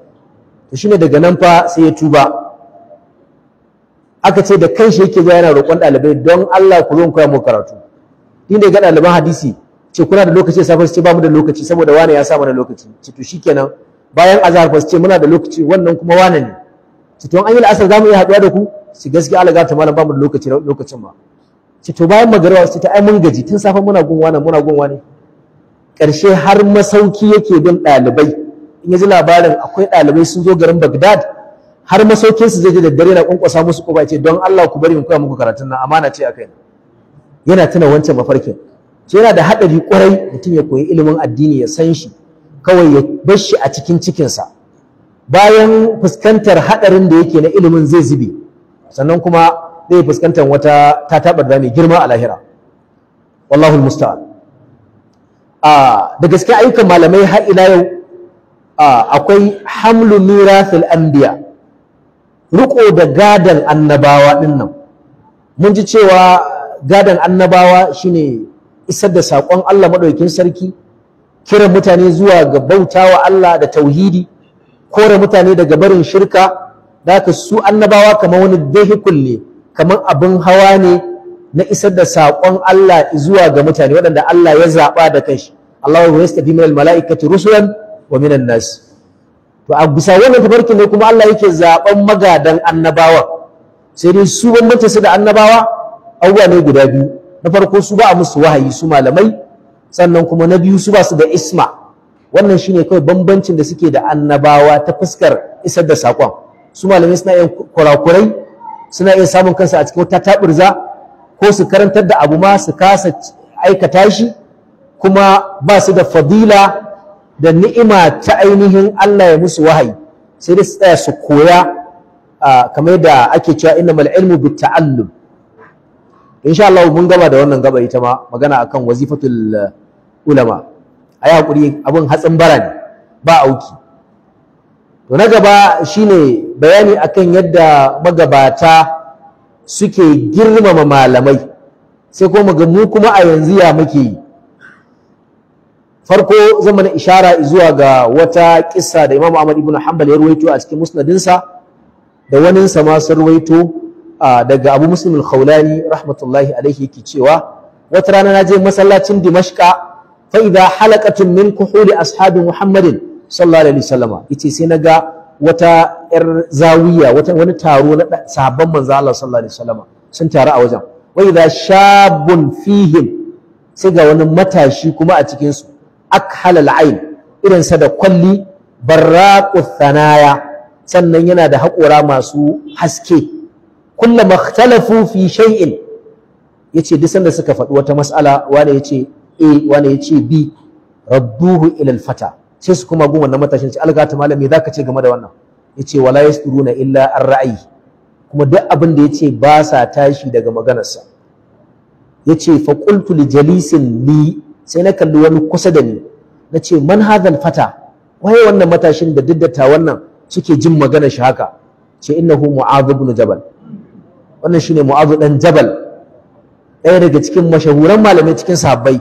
to shine daga nan fa sai ya tuba aka ce da kanshi yake zuwa yana roƙon ɗalibai don Allah ku zo koya mu karatu inda ga ɗaliban hadisi ce kuna da lokaci safe su ce ba mu da lokaci saboda wani ya sa mana lokaci ce to shikenan bayan azhar fa ce muna da lokaci wannan kuma wane ne ce to an yi la'asar za mu iya haɗuwa da ku su gaskiya Allah ta malam ba mu da lokaci lokacin ba ce to bayan magariba su ta ai mun gaji tun safe muna gun wannan muna gun ƙarshe har masauki yake bin ɗalibai in ya ji labarin akwai ɗalibai sun zo garin Baghdad har masaukin su zai je da dare na kwankwasa musu koba ce don Allah ku bari mu koya muku karatun nan amana ce akai yana tuna wancan mafarkin so yana da haɗari kwarai mutum ya koyi ilimin addini ya san shi kawai ya bar shi a cikin cikinsa bayan fuskantar haɗarin da yake na ilimin zai zube sannan kuma zai fuskantar wata tatabar da mai girma a lahira wallahu musta'an a da gaske ayyukan malamai har ila yau akwai hamlu mirathil anbiya riko da gadan annabawa ɗinnan. mun ji cewa gadan annabawa shine isar da saƙon Allah madaukakin sarki kira mutane zuwa ga bautawa Allah da tauhidi kore mutane daga barin shirka da ka su annabawa kamar wani dehikul ne kamar abin hawa ne na isar da saƙon Allah zuwa ga mutane waɗanda Allah ya zaɓa da kanshi Allah ya yastafi min mala'ikati rusulan wa minan nas to a bisa wannan tabarkin ne kuma Allah yake zaɓan magadan annabawa sai dai su bambanta su da annabawa abubuwa ne guda biyu na farko su ba a musu wahayi su malamai sannan kuma na biyu su basu da isma wannan shine kawai bambancin da suke da annabawa ta fuskar isar da saƙon su malamai suna yin kurakurai suna iya samun kansu a cikin wata taɓirza ko su karantar da abu ma su kasa aikata shi kuma ba su da fadila da ni'ima ta ainihin Allah ya musu wahayi sai dai su tsaya su koya kamar da ake cewa mal ilmu bit ta'allum insha Allah mun gaba da wannan gaba ita ma magana akan wazifatul ulama a yi haƙuri abin hatsin bara ne ba auki to na gaba shine bayani akan yadda magabata suke girmama malamai sai kuma ga mu kuma a yanzu ya muke yi farko zan mana ishara zuwa ga wata kissa da Imam Ahmad ibn Hanbal ya ruwaito a cikin musnadinsa da wani sa ma sun ruwaito daga Abu Muslim al-Khawlani rahmatullahi alaihi yake cewa wata rana na je masallacin Dimashqa faiza halakatun halaqatun min kuhuli ashabi muhammadin sallallahu alaihi wasallama yace sai ga wata yar zawiya wata wani taro na sabon manzo Allah sallallahu alaihi wasallama sun taru a wajen wa shabun fihim sai ga wani matashi kuma a cikin su akhalal irin sa da kwalli barraqu sannan yana da haƙora masu haske kullama ikhtalafu fi shay'in yace duk sanda suka faɗi wata mas'ala wanda yace A wani ya ce B radduhu ila al-fata sai su kuma goma na matashin ce algata ta malami zaka ce game da wannan Ya yace wala yasturuna illa ar ra'ayi. kuma duk abin da ce ba sa tashi daga maganarsa Ya ce fa qultu li jalisin li sai na kalli wani kusa da ni nace man hadhal fata waye wannan matashin da diddata wannan suke jin maganar shi haka ce innahu mu'adh ibn jabal wannan shine mu'adh dan jabal ɗaya daga cikin mashahuran malamai cikin sahabbai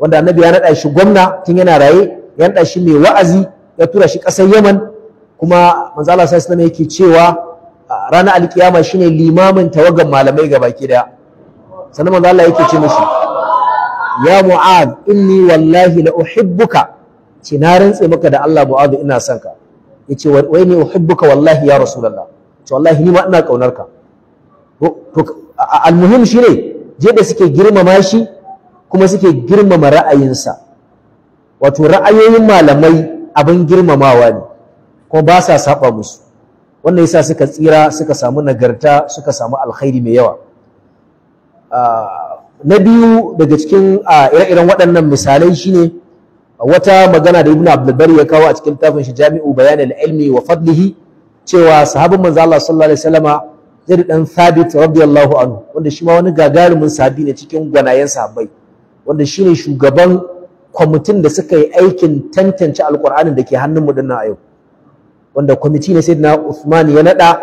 wanda annabi ya naɗa shi gwamna tun yana raye ya naɗa shi mai wa'azi ya tura shi ƙasar yaman kuma manzo Allah sallallahu alaihi yake cewa ranar alkiyama shine limamin tawagan malamai gabaki daya sannan manzo Allah yake ce mishi ya mu'ad inni wallahi la uhibbuka ce na rantse maka da Allah mu'ad ina son ka yace wai ni uhibbuka wallahi ya rasulullah to wallahi ni ma ina kaunar ka to almuhim shine je da suke girmama shi kuma suke girmama ra'ayinsa wato ra'ayoyin malamai abin girmamawa ne kuma ba sa saba musu wannan yasa suka tsira suka samu nagarta suka samu alkhairi mai yawa ah, na biyu daga cikin ire-iren waɗannan misalai shine wata magana da ibnu Bari ya kawo a cikin littafin shi jami'u bayan al-ilmi wa fadlihi cewa sahabin manzo Allah sallallahu alaihi wasallama zai dan thabit radiyallahu anhu wanda shi ma wani gagarumin sahabi ne cikin gwanayen sahabbai wanda shine shugaban kwamitin da suka yi aikin tantance alƙur'anin da ke hannunmu din a yau wanda kwamiti ne na Uthman ya naɗa,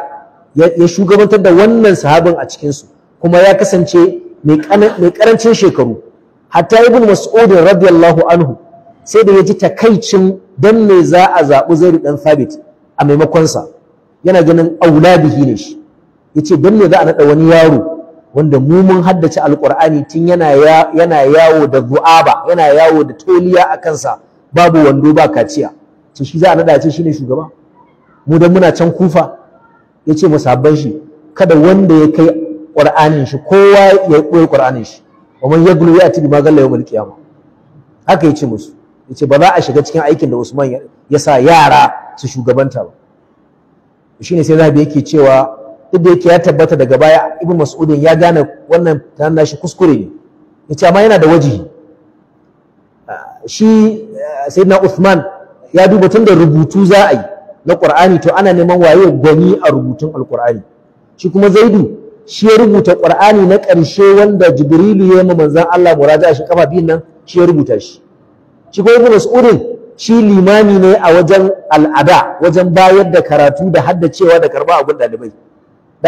ya shugabantar da wannan sahabin a cikinsu. kuma ya kasance mai karancin shekaru hatta ibn mas'ud radiyallahu anhu sai da ya ji takaicin dan me za a zaɓi zaid ɗan thabit a maimakonsa, yana ganin aulabihi ne shi yace dan me za a nada wani yaro wanda mu mun haddace alqur'ani tun yana yana yawo da zu'aba yana yawo da toliya a kansa babu wando ba kaciya to shi za a nada ce shine shugaba mu dan muna can kufa yace mu sabban shi kada wanda ya kai qur'anin shi kowa ya koyi qur'anin shi wa man yaglu ya'ti bima magalla yawmal qiyamah haka yace musu yace ba za a shiga cikin aikin da Usman ya sa yara su shugabanta ba shine sai zabi yake cewa duk yake ya tabbata daga baya ibnu mas'udin ya gane wannan ta shi kuskure ne yace amma yana da wajihi ah, shi eh, sayyidina Uthman ya duba tun da rubutu za a yi na Qur'ani to ana neman waye gwani a rubutun Al-Qur'ani shi kuma Zaidu shi ya rubuta Qur'ani na ƙarshe wanda Jibrilu ya yi manzon Allah muraja shi kafa biyun nan shi ya rubuta shi shi kuma Mas'udin shi limami ne a wajen al'ada wajen bayar da karatu da haddacewa da karba a dalibai ɗalibai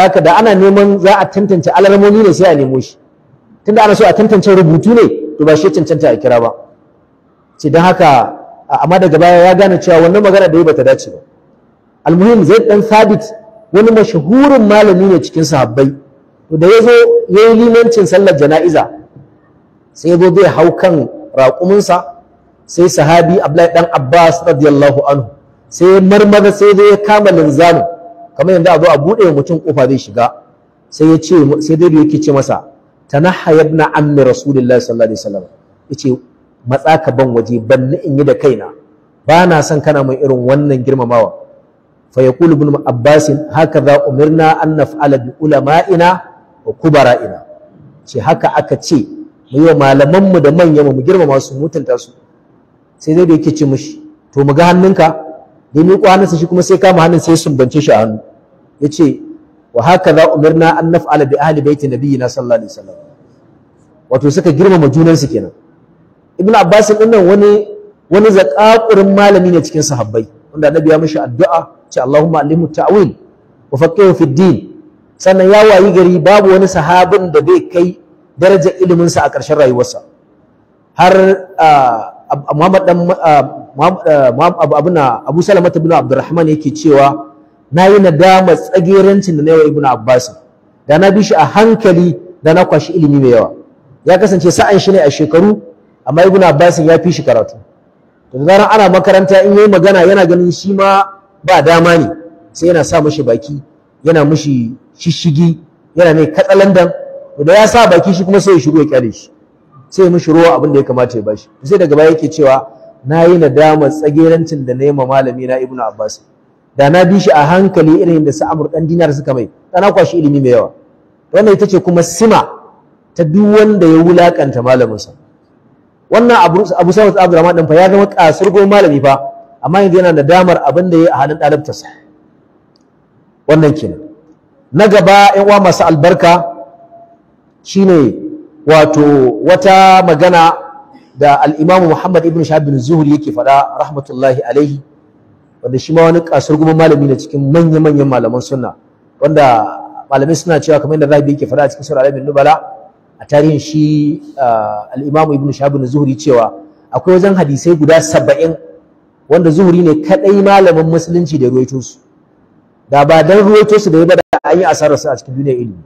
haka da ana neman za a tantance alarmomi ne sai a nemo shi tunda ana so a tantance rubutu ne to ba shi cancanta a kira ba sai don haka amma daga baya ya gane cewa wannan magana da yi bata dace ba almuhim zai dan sabit wani mashahurin malami ne cikin sahabbai to da ya zo ya yi limancin sallar jana'iza sai ya zo zai hau kan raƙuminsa sai sahabi abdullahi dan abbas radiyallahu anhu sai marmara sai ya kama linzamin kamar yanzu a zo a buɗe mutum kofa zai shiga sai ya ce sai dai yake ce masa tanahha yabna ammi rasulillahi sallallahu alaihi wasallam yace matsa ka ban waje ban ni in yi da kaina ba na son kana mai irin wannan girmamawa fa yaqulu ibn abbas hakaza umirna an naf'ala bi ulama'ina wa kubara'ina ce haka aka ce mu yi wa malaman da manyan mu girmama su mutunta su sai dai da yake ce mushi to mu ga hannunka da miƙo hannunsa shi kuma sai kama hannun sai sun bance shi a hannu yace wa hakaza umirna an naf'ala bi ahli baiti nabiyina sallallahu alaihi wasallam wato suka girmama junansu kenan ibn abbas din nan wani wani zakakurin malami ne cikin sahabbai wanda annabi ya mishi addu'a ce allahumma allimhu ta'wil wa faqihu din sannan ya wayi gari babu wani sahabin da bai kai darajar ilimin sa a ƙarshen rayuwarsa har Muhammad dan Muhammad Abu Salama ibn Abdurrahman yake cewa na yi nadama tsagerancin da na wa ibn abbas da na bi shi a hankali da na kwashi ilimi mai yawa ya kasance sa'an shi ne a shekaru amma ibn abbas ya fi shi karatu to da ana makaranta in yi magana yana ganin shi ma ba dama ne sai yana sa mushi baki yana mushi shishigi yana mai katsalandan da ya sa baki shi kuma sai ya shiru ya kyale shi sai ya mishi ruwa abin da ya kamata ya bashi sai daga baya yake cewa na yi nadamar tsagerancin da na yi ma malami na ibnu abbas da na bi shi a hankali irin da su amur dan dinar suka mai da na kwashi ilimi mai yawa wannan ita ce kuma sima ta duk wanda ya wulakanta malaminsa wannan abu abu sa'ud abdurrahman din fa ya zama kasurgo malami fa amma yanzu yana da damar abin da ya a halin dalibtarsa wannan kenan na gaba yan uwa masu albarka shine wato wata magana da al Muhammad ibn Shahab bin Zuhri yake faɗa rahmatullahi alaihi wanda shi ma wani kasar goma malami ne cikin manya-manyan malaman sunna wanda malamai suna cewa kamar yadda zabi yake faɗa a cikin sura alamin nubala a tarihin shi al'imamu ibn shahabin zuhuri cewa akwai wajen hadisai guda saba'in wanda zuhuri ne kaɗai malamin musulunci da ruwaito su da ba dan ruwaito su da ya bada an yi asarar su a cikin duniyar ilimi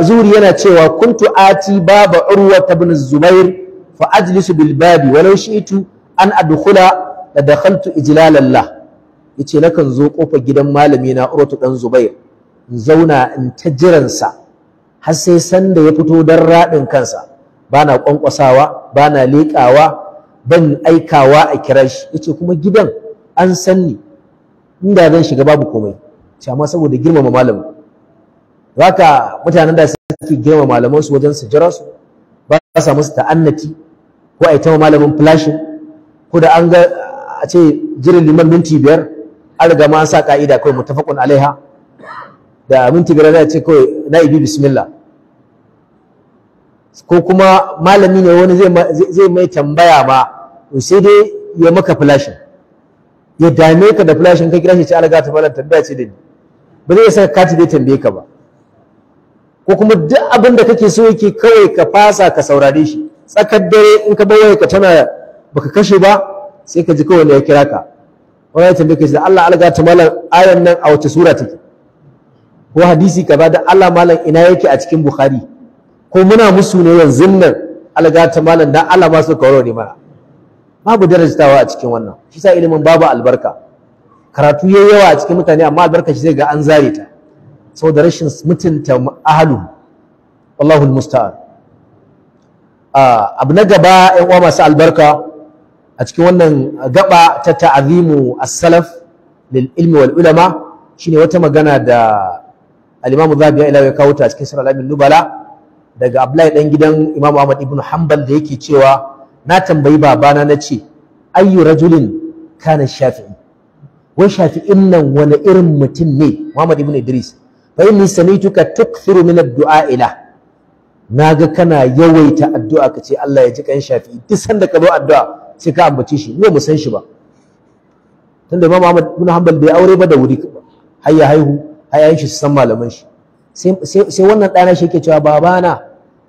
zuhuri yana cewa kuntu ati baba urwa ibn zubair fa ajlisu bil babi walau shi'tu an adkhula da dakhaltu ijlalallah yace nakan zo kofar gidan malami na Urwatu dan Zubair in zauna in ta jiran sa har sai sanda ya fito dan radin kansa bana kwankwasawa bana leƙawa ban aikawa a kirashi yace kuma gidan an san ni inda zan shiga babu komai ce amma saboda girmama malamin haka mutanen da suke girmama malaman su wajen su jira su ba sa musu ta'annati ko ai ta malamin flashin ko da an ga a ce jirin liman minti biyar an riga ma an sa ka'ida kawai mutafakun alaiha da minti biyar na ce kawai na ibi bismillah ko kuma malami ne wani zai mai tambaya ba to sai dai ya maka flashin ya dame ka da flashin ka kira shi ce alaga ta malam tambaya ce da ni ba zai saka kati zai tambaye ka ba ko kuma duk abin da kake so yake kawai ka fasa ka saurare shi tsakar dare in ka bar ka tana baka kashe ba sai ka ji kowanne ya kira ka wani ya tambaye shi da Allah alga ta malam ayan nan a wace sura take ko hadisi ka ba da Allah malam ina yake a cikin Bukhari ko muna musu ne yanzu nan alga ta malam dan Allah ma su kawo ne mana babu darajtawa a cikin wannan shi sa ilimin babu albarka karatu yayi yawa a cikin mutane amma albarka shi zai ga an zare ta saboda rashin mutunta ahalu wallahu almusta'an ah, abu na gaba ƴan uwa masu albarka a cikin wannan gaɓa ta ta'azimu as-salaf ilmi wal ulama shine wata magana da al-Imam Zahabi ya ilawa ya kawo ta cikin nubala daga Abdullahi dan gidan Imam Ahmad ibn Hanbal da yake cewa na tambayi babana na ce ayyu rajulin kana shafi'i wai shafi'in nan wani irin mutum ne Muhammad ibn Idris fa inni sanituka tukthiru min ad-du'a Na ga kana yawaita addu'a ka ce Allah ya ji kan shafi'i duk sanda ka zo addu'a sai ka ambace shi mu san shi ba tunda Imam Ahmad ibn Hanbal bai aure ba da wuri har ya haihu har shi su san malaman shi sai wannan ɗana shi yake cewa babana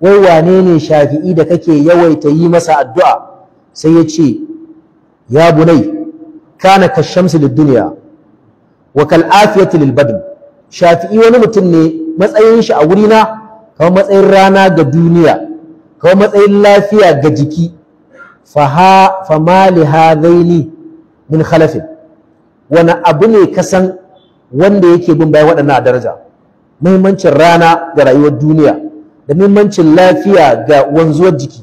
wai wane ne shafi'i da kake yawaita yi masa addu'a sai ya ce ya bunai kana ka shamsu lid duniya wa kal afiyati lil badn shafi'i wani mutum ne matsayin shi a wurina kamar matsayin rana ga duniya kamar matsayin lafiya ga jiki fama li hadaini min khalafin wani abu ne kasan wanda yake bin bayan waɗannan a daraja muhimmancin rana ga rayuwar duniya da muhimmancin lafiya ga wanzuwar jiki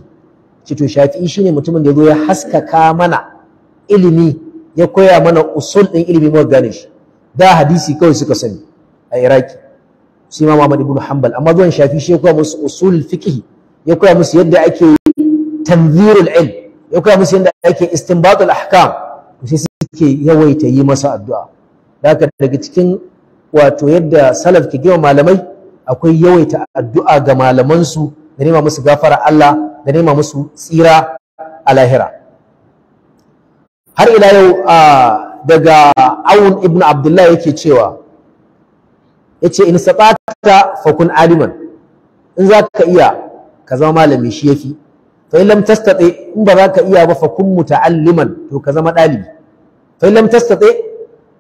Cito shafi'i shine mutumin da ya zo ya haskaka mana ilimi ya koya mana usul ɗin ilimi muka gane shi da hadisi kawai suka sani a iraki su imam ahmad ibn hanbal amma zuwan shafi shi ya koya musu usul fiqh ya koya musu yadda ake tanzirul ilm ya koya musu yadda ake istinbatul ahkam sai suke yawaita yi masa addu'a haka daga cikin wato yadda salaf ke gima malamai akwai yawaita addu'a ga malamansu da nema musu gafara Allah da nema musu tsira a lahira har ila yau daga awun ibn abdullahi yake cewa yace in sabata fakun aliman in za ka iya ka zama malami shi yafi fa lam tastati in ba za ka iya ba fa kun muta'alliman to ka zama dalibi fa lam tastati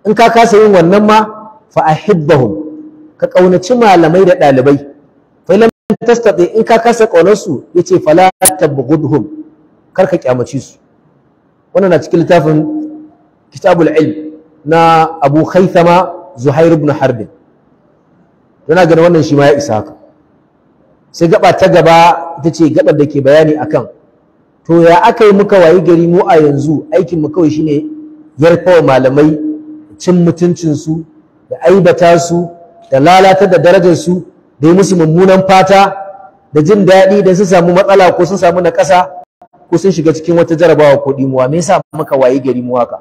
in ka kasa yin wannan ma fa ahibbahum ka ƙaunaci malamai da dalibai fa lam tastati in ka kasa kaunar su yace fala tabghudhum kar ka kyamace su wannan na cikin littafin kitabul ilm na Abu Khaythama Zuhair ibn Harb yana ganin wannan shi ma ya isa haka sai gaba ta gaba ita ce gabar da ke bayani akan to ya aka yi muka wayi gari mu a yanzu aikin mu kawai shine yarfawa malamai cin mutuncinsu, su da aibata su da lalatar da darajar su da yi musu mummunan fata da jin daɗi da sun samu matsala ko sun samu nakasa ko sun shiga cikin wata jarabawa ko ɗimuwa, me yasa muka wayi gari mu haka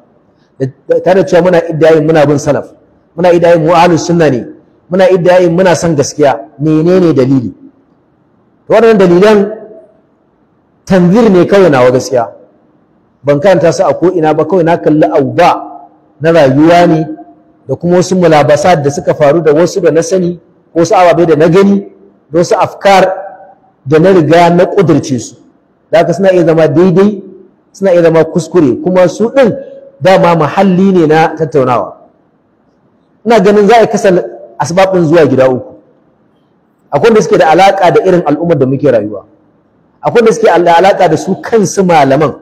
tare da cewa muna iddayin muna bin salaf muna iddayin mu ahlus sunna ne muna iddayin muna son gaskiya menene dalili waɗannan dalilan tanzir ne kawai nawa gaskiya ban karanta su a ko'ina ba kawai na kalli auba na rayuwa ne da kuma wasu mulabasa da suka faru da wasu da na sani ko wasu ababe da na gani da wasu afkar da na riga na ƙudurce su da haka suna iya zama daidai suna iya zama kuskure kuma su ɗin dama muhalli ne na tattaunawa ina ganin za a kasa asbabin zuwa gida uku akwai da suke da alaka da irin al'ummar da muke rayuwa akwai da suke da alaka da su kansu malaman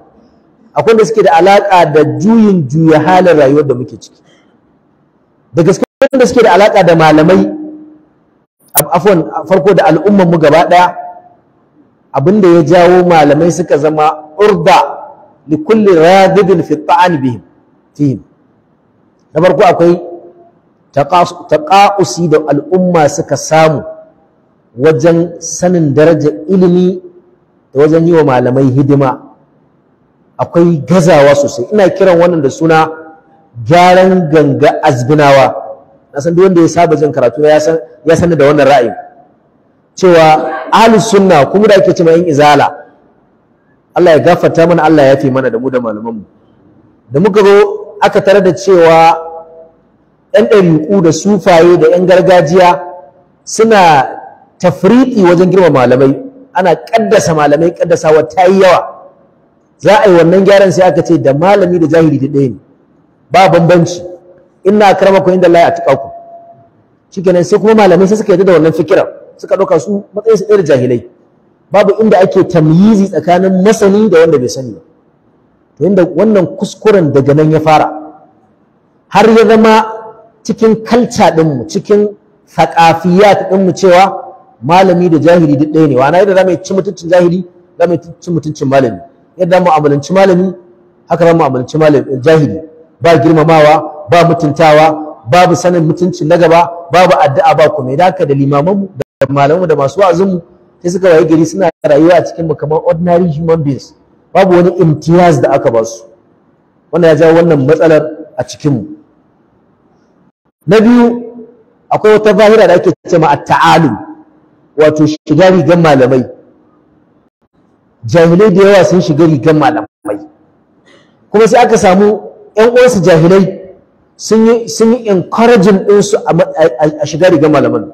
akwai da suke da alaka da juyin juya halin rayuwar da muke ciki da gaske da suke da alaka da malamai afwan farko da al'ummar mu gaba daya abinda ya jawo malamai suka zama urda li kulli radibin fi ta'an bihim fihim na farko akwai taqa'usi da al'umma suka samu wajen sanin darajar ilimi da wajen yi wa malamai hidima akwai gazawa sosai ina kiran wannan da suna gyaran ganga azbinawa na san duk wanda ya saba jin karatu ya san ya da wannan ra'ayi cewa ahli sunna kuma da ake cewa in izala Allah ya gafarta mana Allah ya fi mana da mu da malaman mu da muka zo aka tare da cewa 'yan ɗariƙu da sufaye da 'yan gargajiya suna Tafriƙi wajen girma malamai ana kaddasa malamai kaddasawa ta yi yawa za a yi wannan gyaran sai aka ce da malami da jahili da ɗaya ne ba bambanci karama karamakum inda Allah ya tuƙaku shikenan sai kuma malamai sai suka yarda da wannan fikira suka ɗauka su matsayin su ɗaya da jahilai babu inda ake tamyizi tsakanin masani da wanda bai sani ba to inda wannan kuskuren daga nan ya fara har ya zama cikin kalca ɗinmu cikin saƙafiyat ɗinmu cewa malami da jahili duk ɗaya ne wa yadda za mu ci mutuncin jahili za mu ci mutuncin malami yadda mu amalanci malami haka za mu amalanci eh, jahili ba girmamawa ba mutuntawa babu sanin mutuncin na gaba babu addu'a ba kuma da haka da limamanmu da malamanmu da masu wa'azinmu sai suka waye gari suna rayuwa a cikin kamar ordinary human beings babu wani imtiyaz da aka ba su wannan ya jawo wannan matsalar a cikin mu na biyu akwai wata bahira da ake cewa at-ta'alum wato shiga rigar malamai jahilai da yawa sun shiga rigar malamai kuma sai aka samu ƴan uwansu jahilai sun yi sun yi encouraging su a shiga rigar malaman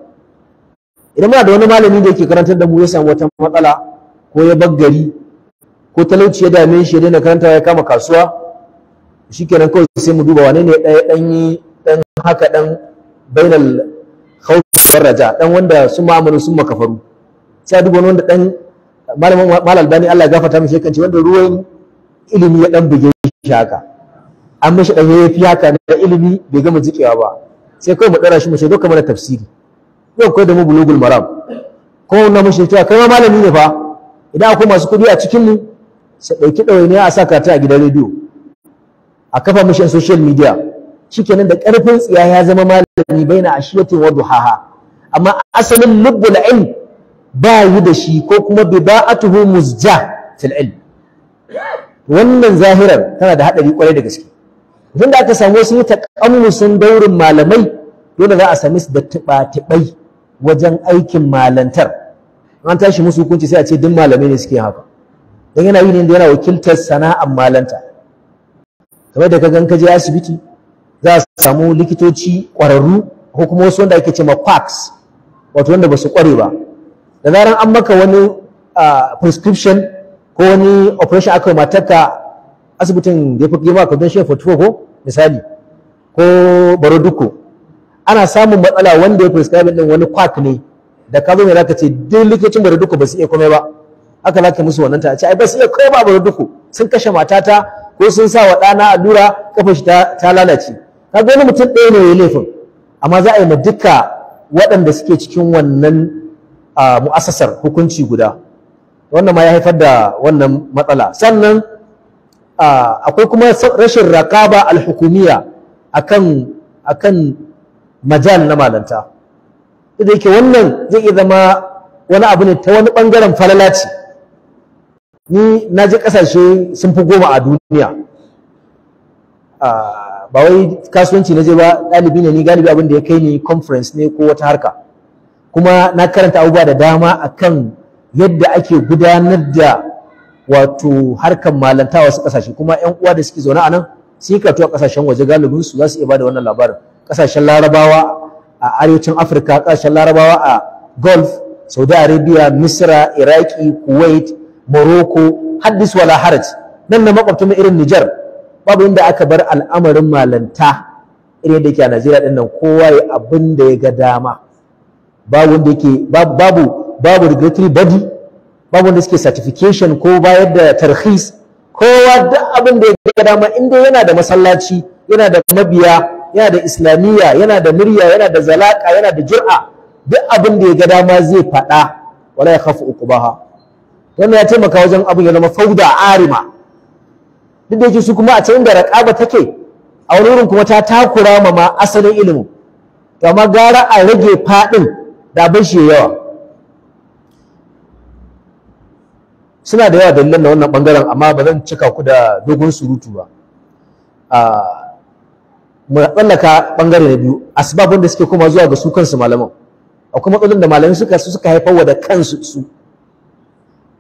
idan muna da wani malami da yake karantar da mu ya samu wata matsala ko ya bar gari ko talauci ya dame shi ya daina karanta ya kama kasuwa shikenan kawai sai mu duba wane ne ɗaya ɗan yi ɗan haka ɗan bainal khawfi mudarraja dan wanda sun ma'amalu sun makafaru sai wani wanda dan malamin mal albani Allah ya gafarta mishi kanci wanda ruwan ilimi ya dan buge shi haka an mishi dan yafi haka na ilimi bai gama jikewa ba sai kai mu dara shi mu ce doka mana tafsiri yau kai da mu bulugul maram ko wannan mishi cewa kai ma malami ne fa idan akwai masu kudi a cikin mu sai dauki dawainiya a sa ta a gidan rediyo a kafa mishi social media shikenan da karfin tsiya ya zama malami baina ashiyatin wa duhaha amma asalin lubbul ilm ba yi da shi ko kuma bida'atuhu muzja fil ilm wannan zahirar tana da hadari kwarai da gaske tun da aka samu wasu taƙammusun daurin malamai dole za a sami su da tuɓa wajen aikin malantar an tashi musu hukunci sai a ce duk malamai ne suke haka don yana yi ne da yana wakiltar sana'ar malanta kamar da ka gan ka je asibiti za a samu likitoci ƙwararru ko kuma wasu wanda ake ce ma quacks wato wanda ba su kware ba da zaran an maka wani prescription ko wani operation aka mataka, asibitin da ya fi girma don shi 44 ko misali ko baro duku ana samun matsala wanda ya prescribe din wani kwak ne da ka zo mai zaka ce duk likitocin baro duku ba su iya komai ba Aka zaka musu wannan ta ce ai ba su iya komai ba baro duku sun kashe matata ko sun sa wa ɗana allura kafar shi ta lalace kaga wani mutum ɗaya ne ya laifin amma za a yi ma duka waɗanda suke cikin wannan mu'asasar hukunci guda wannan ma ya haifar da wannan matsala sannan akwai kuma rashin raƙaba alhukumiya akan akan majal na malanta idan yake wannan zai iya zama wani abu ne ta wani ɓangaren falala ni na ji ƙasashe sun fi goma a duniya ba wai kasuwanci na je ba ɗalibi ne ni galibi abin da ya kai ni conference ne ko wata harka kuma na karanta abubuwa da dama akan yadda ake gudanar da wato harkar malanta wasu ƙasashe kuma ƴan uwa da suke zaune a nan sun yi karatu a ƙasashen waje galibin su za su iya bada wannan labarin ƙasashen larabawa a arewacin afirka ƙasashen larabawa a golf, saudi arabia misra iraki kuwait morocco haddis wala haraj nan na makwabta irin nijar babu inda aka bar al'amarin malanta irin da ke a Najeriya din nan kowa ya abin da ya ga dama babu wanda yake babu babu regulatory body babu wanda suke certification ko bayar da tarhis kowa duk abin da ya ga dama inda yana da masallaci yana da mabiya yana da islamiyya yana da murya yana da zalaka yana da jur'a duk abin da ya ga dama zai faɗa wala ya khafu ukubaha wannan ya taimaka wajen abin ya zama fauda arima duk da yake su kuma a can da raqaba take a wurin kuma ta takura ma ma asalin ilimi. to amma gara a rage faɗin da abin shi yawa suna da yawa dalilan na wannan bangaren amma ba zan cika ku da dogon surutu ba mu tsallaka bangare na biyu asbabun da suke koma zuwa ga su kansu malaman akwai matsalolin da malamai suka suka haifar da kansu su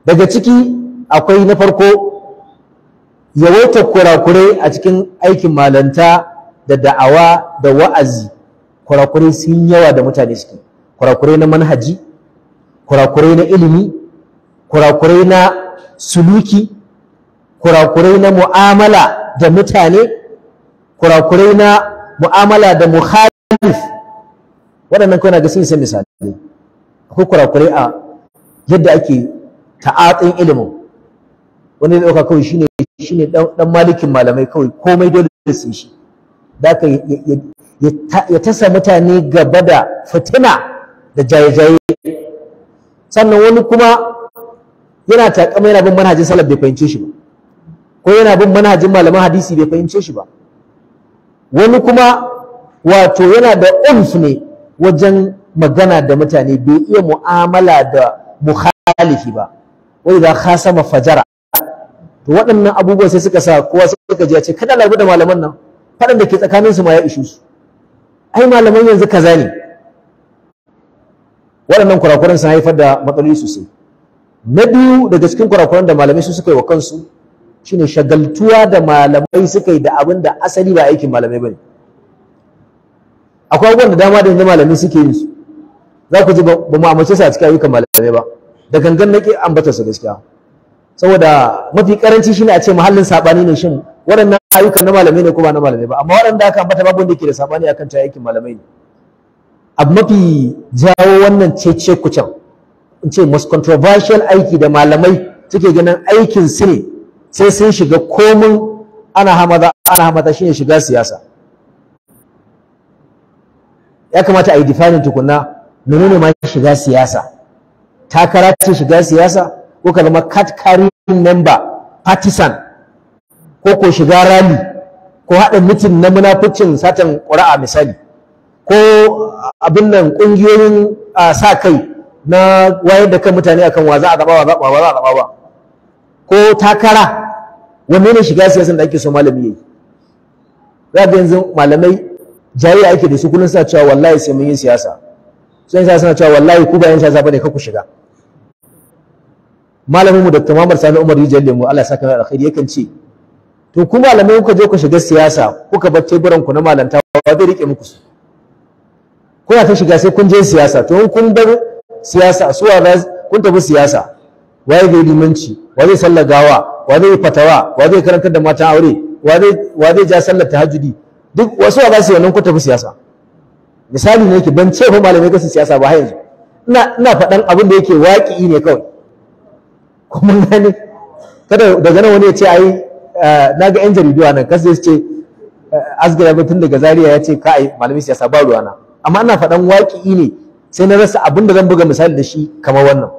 daga ciki akwai na farko yawaita kurakure a cikin aikin malanta da da'awa da wa'azi kurakurai sun yawa da mutane suke kurakurai na manhaji kurakure na ilimi kurakurai na suluki kurakurai na mu'amala da mutane kurakurai na mu'amala da muhalif waɗannan kawai na ga sun isa akwai kurakurai a yadda ake ta'atsin ilimin wani da ɗauka kawai shine ne dan malikin malamai kawai komai dole su shi ka ya tasa mutane gaba da fitina da jaye-jaye sannan wani kuma yana takama yana bin manhajin salaf bai fahimce shi ba ko yana bin manhajin malaman hadisi bai fahimce shi ba wani kuma wato yana da umf ne wajen magana da mutane bai iya mu'amala da mukhalifi ba wai da khasama fajara to waɗannan abubuwan sai suka sa kowa suka ji ya ce kada labu da malaman nan faɗan da ke tsakanin su ma ya ishe su ai malaman yanzu kaza ne waɗannan kurakuran sun haifar da matsaloli sosai na biyu daga cikin kurakuran da malamai su suka yi wa kansu shine shagaltuwa da malamai suka yi da abin da asali ba aikin malamai bane akwai abubuwan da dama da yanzu malamai suke yi su za ku ji ba mu amince su a cikin ayyukan malamai ba da gangan nake ambata su gaskiya saboda mafi karanci shine a ce muhallin sabani ne shin waɗannan ayyukan na malamai ne ko ba na malamai ba amma waɗanda aka ambata babu wanda yake da sabani akan ta aikin malamai ne abu mafi jawo wannan cece kucan in ce most controversial aiki da malamai suke ganin aikin su ne sai sun shiga komin ana hamada ana hamada shine shiga siyasa ya kamata a yi defining tukunna menene ma shiga siyasa takara ce shiga siyasa ko ka zama card carrying member partisan ko ko shiga rally ko haɗa mitin na munafucin satan ƙuri'a misali ko abin nan ƙungiyoyin sa kai na wayar da kan mutane akan wa za a zaɓa wa zaɓa wa za a zaɓa ba ko takara wanne ne shiga siyasan da ake so malami yayi za ga yanzu malamai jayayya ake da su kullum suna cewa wallahi sai mun yi siyasa sai suna cewa wallahi ku ba yan siyasa bane ka ku shiga malamin mu Dr. Muhammad Sani Umar jalle Lemu Allah ya saka alkhairi yakan ce to ku malamai kuka je ku shiga siyasa kuka bar teburan ku na malanta ba zai rike muku su kuna ta shiga sai kun je siyasa to in kun bar siyasa su na kun tafi siyasa waye zai limanci wa zai sallar gawa wa zai fatawa wa zai karantar da matan aure wa zai ja sallar tahajjudi duk wasu wa za su wannan ku tafi siyasa misali ne yake ban ce fa malamai kasu siyasa ba har yanzu ina ina faɗan abin da yake waƙi ne kawai kuma gane kada daga nan wani ya ce ai eh, na ga yan jaridu a nan kasu ce eh, asgira tun daga zaria ya ce ka ai malamin siyasa ba ruwana amma ana faɗan waƙi ne sai na rasa abin da zan buga misali da shi kamar wannan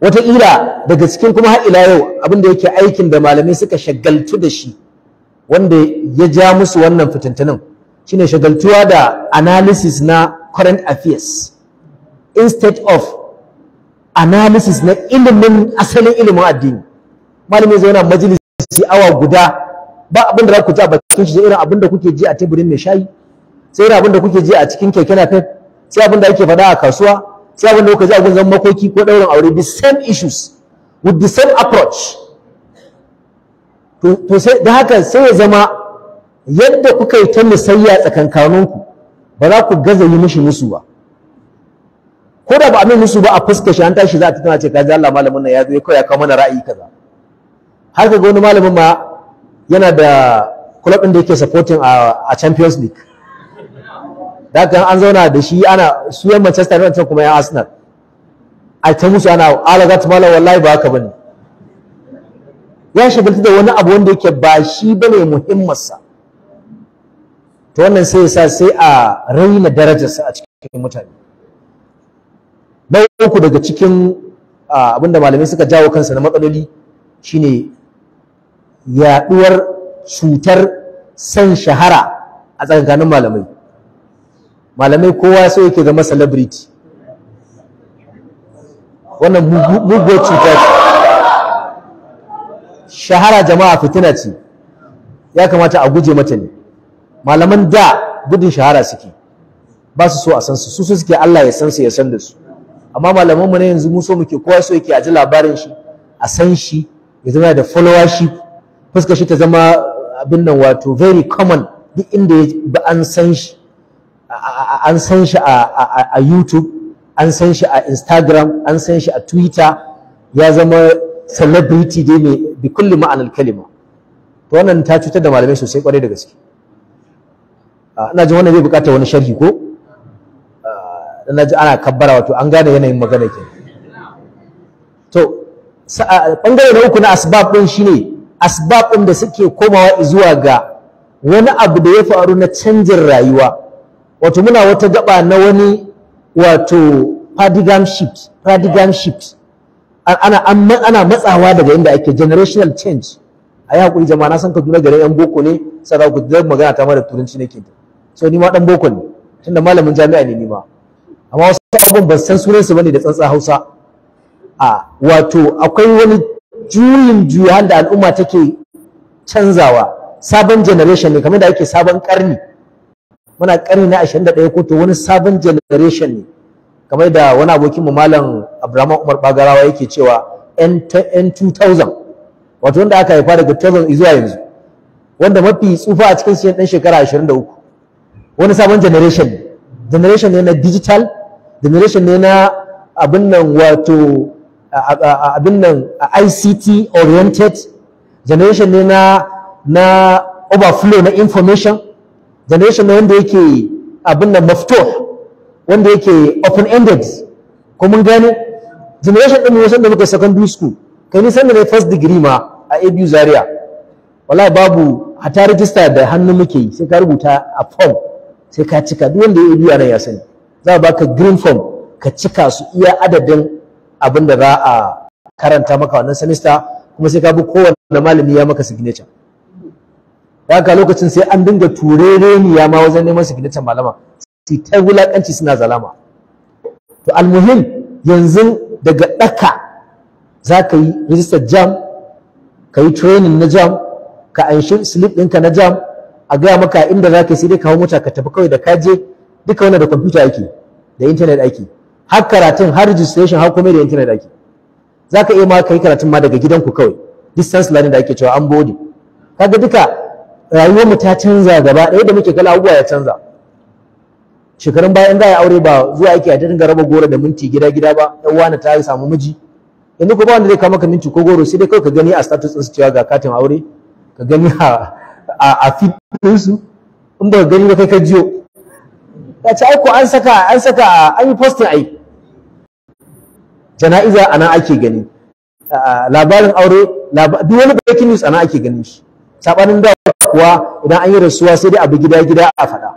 wataƙila daga cikin kuma har ila yau abin da yake aikin da malamai suka shagaltu da shi wanda ya ja musu wannan fitintunin shine shagaltuwa da analysis na current affairs instead of analysis na ilimin asalin ilimin addini malami zai yana majalisi awa guda ba abin da za ku ji a bakin shi irin abin da kuke ji a teburin mai shayi sai irin abin da kuke ji a cikin keke napep sai abin da ake faɗa a kasuwa sai abin da kuka ji a gunzan makoki ko ɗaurin aure the same issues with the same approach to sai da haka sai ya zama yadda kuka yi ta misayya ku, ba za ku gaza yi mishi musu ba ko da ba a musu ba a fuska shi an tashi za a tattauna ce kaji Allah malamin nan ya zo ya kawo mana ra'ayi kaza har kaga wani malamin ma yana da club din da yake supporting a, Champions League da kan an zauna da shi ana su yan Manchester United kuma yan Arsenal a ta musu ana alagat malam wallahi ba haka bane ya shagaltu da wani abu wanda yake ba shi bane muhimmarsa to wannan sai ya sa sai a raina darajarsa a cikin mutane na uku daga cikin abinda malamai suka jawo kansa na matsaloli shine yaduwar cutar san shahara a tsakanin malamai malamai kowa so yake zama celebrity wannan muguwar cuta ce shahara jama'a fitina ce ya kamata a guje mata ne malaman da gudun shahara suke ba su so a san su su suke Allah ya san su ya san da su amma malamanmu ne yanzu mu so muke kowa so yake a ji labarin shi a san shi ya zama da followership fuskar shi ta zama abin nan wato very common duk inda ya ba an san shi an san shi a YouTube an san shi a Instagram an san shi a Twitter ya zama celebrity dai mai bi kulli ma'anar kalima to wannan ta cutar da malamai sosai kwarai da gaske ina jin wannan zai bukata wani sharhi ko na ji ana kabbara wato an gane yanayin magana ke to bangare na uku na asbab din shine asbab din da suke komawa zuwa ga wani abu da ya faru na canjin rayuwa wato muna wata gaba na wani wato paradigm shift paradigm shift ana ana matsawa daga inda ake generational change a yi hakuri jama'a na san ka Kaduna gare yan boko ne sai ku magana ta mara turanci nake so ni ma dan boko ne tunda malamin jami'a ne ni ma amma wasu abin ba san su bane da tsantsa Hausa a wato akwai wani juyin juyan da al'umma take canzawa sabon generation ne kamar da ake sabon karni muna karni na 21 ko to wani sabon generation ne kamar da wani abokin mu malam Abraham Umar Bagarawa yake cewa n 2000 wato wanda aka haifa daga 2000 zuwa yanzu wanda mafi tsufa a cikin su ɗan shekara 23 wani sabon generation generation ne na digital generation ne na abin nan wato abin nan ICT oriented generation ne na na overflow na information generation ne wanda yake abin nan maftuh wanda yake open ended ko mun gane generation din wasan da muke secondary school kai ni da nai first degree ma a ABU Zaria wallahi babu hata register da hannu muke yi sai ka rubuta a form sai ka cika duk wanda ya ABU yaran ya sani za a baka green form ka cika su iya adadin abin da za a karanta maka wannan semester kuma sai ka bi kowanne malami ya maka signature haka lokacin sai an dinga ya ma wajen neman signature malama su ta wulakanci suna zalama to almuhim yanzu daga daka za ka yi register jam ka yi training na jam ka anshi slip ɗinka na jam a gaya maka inda za ka yi sai dai ka hau mota ka tafi kawai da ka je duka wannan da kwamfuta ake da intanet ake har karatun har registration har komai da intanet ake za ka iya ma ka yi karatun ma daga gidanku kawai distance learning da ake cewa an bode kaga duka rayuwarmu ta canza gaba ɗaya da muke kala abubuwa ya canza shekarun bayan za a yi aure ba zuwa ake a dinga raba goro da minti gida gida ba ɗan wani ta yi samu miji yanzu ko ba wanda zai kawo maka minti ko goro sai dai kawai ka gani a status ɗinsu cewa ga katin aure ka gani a a in ba gani ba kai ka jiyo wace aiko an saka an saka an yi posting ai jana'iza a nan ake gani labarin aure duk wani breaking news a nan ake ganin shi sabanin da kuwa idan an yi rasuwa sai dai abu gida gida a faɗa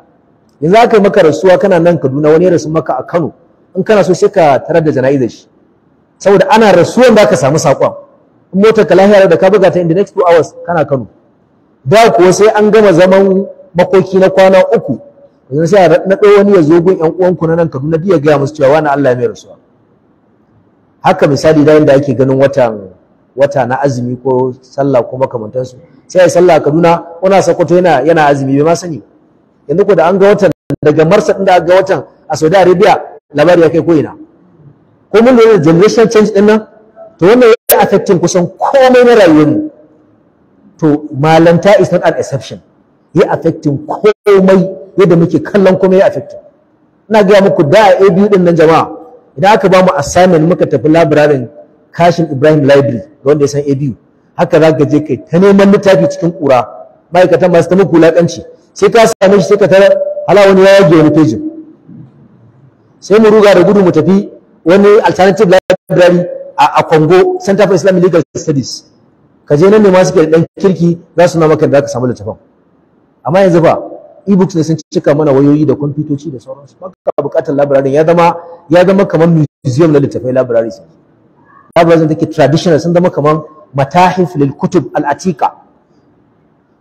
yanzu aka yi maka rasuwa kana nan Kaduna wani ya rasu maka a Kano in kana so sai ka tarar da jana'izar shi saboda ana rasuwan da ka samu saƙon in motar ka lahiya da ka buga ta in the next two hours kana Kano da kuwa sai an gama zaman makoki na kwana uku yanzu sai na ɗau wani ya zo gun ƴan uwanku na nan Kaduna duk ya gaya musu cewa wani Allah mai rasuwa haka misali da yanda ake ganin watan wata na azumi ko sallah ko makamantansu sai ya sallah Kaduna wani Sokoto yana yana azumi bai ma sani yanzu ko da an ga watan daga Marsa din da ga watan a Saudi Arabia labari ya kai ko ina ko mun da generation change din nan to wannan ya affecting kusan komai na rayuwar mu to malanta is not an exception ya affecting komai yadda muke kallon kuma ya affect ina gaya muku da a biyu din nan jama'a idan aka ba mu assignment muka tafi library kashin Ibrahim Library da wanda ya san a biyu haka za ka je kai ta neman littafi cikin kura. ma'aikatan masu ta muku wulaƙanci sai ka same shi sai ka tara hala wani ya yage wani pejin sai mu ruga da gudu mu tafi wani alternative library a a Congo Center for Islamic Legal Studies ka je nan ne ma suke da ɗan kirki za su na maka da za ka samu littafin amma yanzu fa ebooks ne sun cika mana wayoyi da kwamfutoci da sauransu ba ka bukatar labirarin ya zama ya zama kamar museum na littafai labirari sun take traditional sun zama kamar matahif lil kutub al atika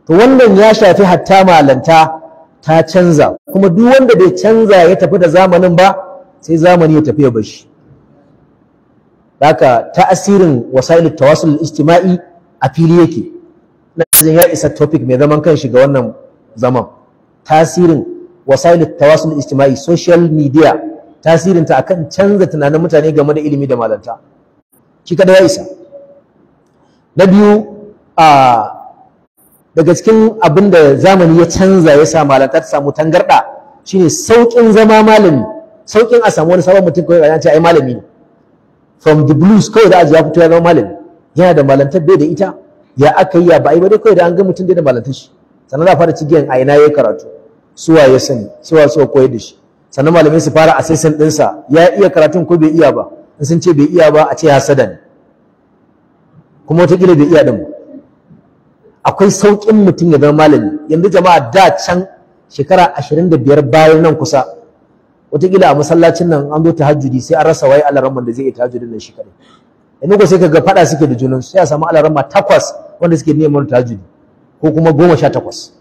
to wannan ya shafi hatta malanta ta canza kuma duk wanda bai canza ya tafi da zamanin ba sai zamani ya tafi ya bar shi haka ta'asirin wasa'il tawasul ijtima'i a fili yake na ya isa topic mai zaman kanshi ga wannan zaman tasirin wasail tawasul ijtimai social media tasirin ta akan canza tunanin mutane game da ilimi da malanta shi kada ya isa na biyu a daga cikin abin da zamani ya canza ya sa malanta ta samu tangarda shine saukin zama malami saukin a samu wani sabon mutum kawai ya ce ai malami ne from the blues kawai da aji ya fito ya zama malami yana da malantar bai da ita ya aka yi ya ba a ba dai kawai da an ga mutum da malantar shi sannan za a fara cikin a ina ya karatu suwa ya sani suwa suwa koyi da shi sannan malamai su fara assessment ɗinsa ya iya karatun ko bai iya ba in sun ce bai iya ba a ce ya hasada ne kuma wataƙila bai iya ɗin ba akwai sauƙin mutum ya zama malami yanzu jama'a da can shekara ashirin da biyar bayan nan kusa wataƙila a masallacin nan an zo tahajjudi sai an rasa waye alaramman da zai iya tahajjudin nan shi kaɗai yanzu ko sai ka ga faɗa suke da junansu sai a samu alaramma takwas wanda suke neman tahajjudi ko kuma goma sha takwas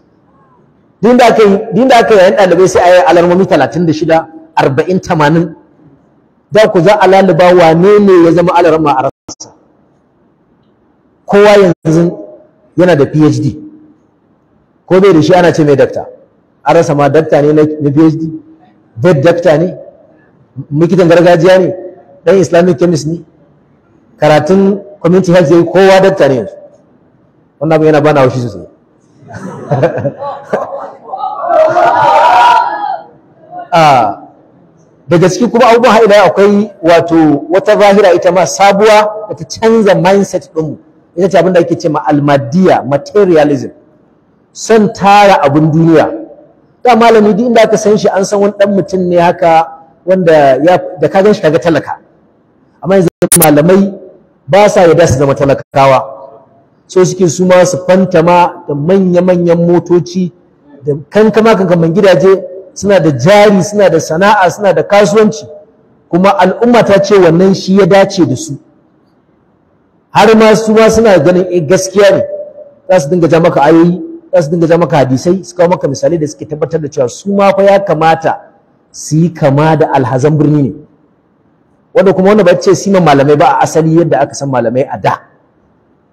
din da aka yi din da aka yi ɗalibai sai a yi alarmomi talatin da shida arba'in tamanin da ku za a laliba wane ne ya zama alarma a rasa kowa yanzu yana da phd ko bai da shi ana ce mai dakta a rasa ma dakta ne na phd Bed dakta ne likitan gargajiya ne Ɗan islamic chemist ne karatun community health yayi kowa dakta ne yanzu wannan abin yana bana haushi sosai (laughs) Ah, daga ciki kuma abubuwa haɗa akwai wato wata zahira ita ma sabuwa da canza mindset ɗin ita ce abin da ake ce ma almadiya materialism son tara abin duniya da malami duk inda aka san shi an san wani ɗan mutum ne haka wanda da ka gan shi kaga talaka amma yanzu malamai ba sa yarda su zama talakawa so suke su ma su fantama da manya-manyan motoci da kankama kankaman gidaje suna da jari suna da sana'a suna da kasuwanci kuma al'umma ta ce wannan shi ya dace da su har ma su ma suna ganin eh gaskiya ne za su dinga ja maka ayoyi za su dinga ja maka hadisai su kawo maka misalai da suke tabbatar da cewa su ma fa ya kamata su yi kama da alhazan birni ne wanda kuma wanda ba ce siman malamai ba a asali yadda aka san malamai a da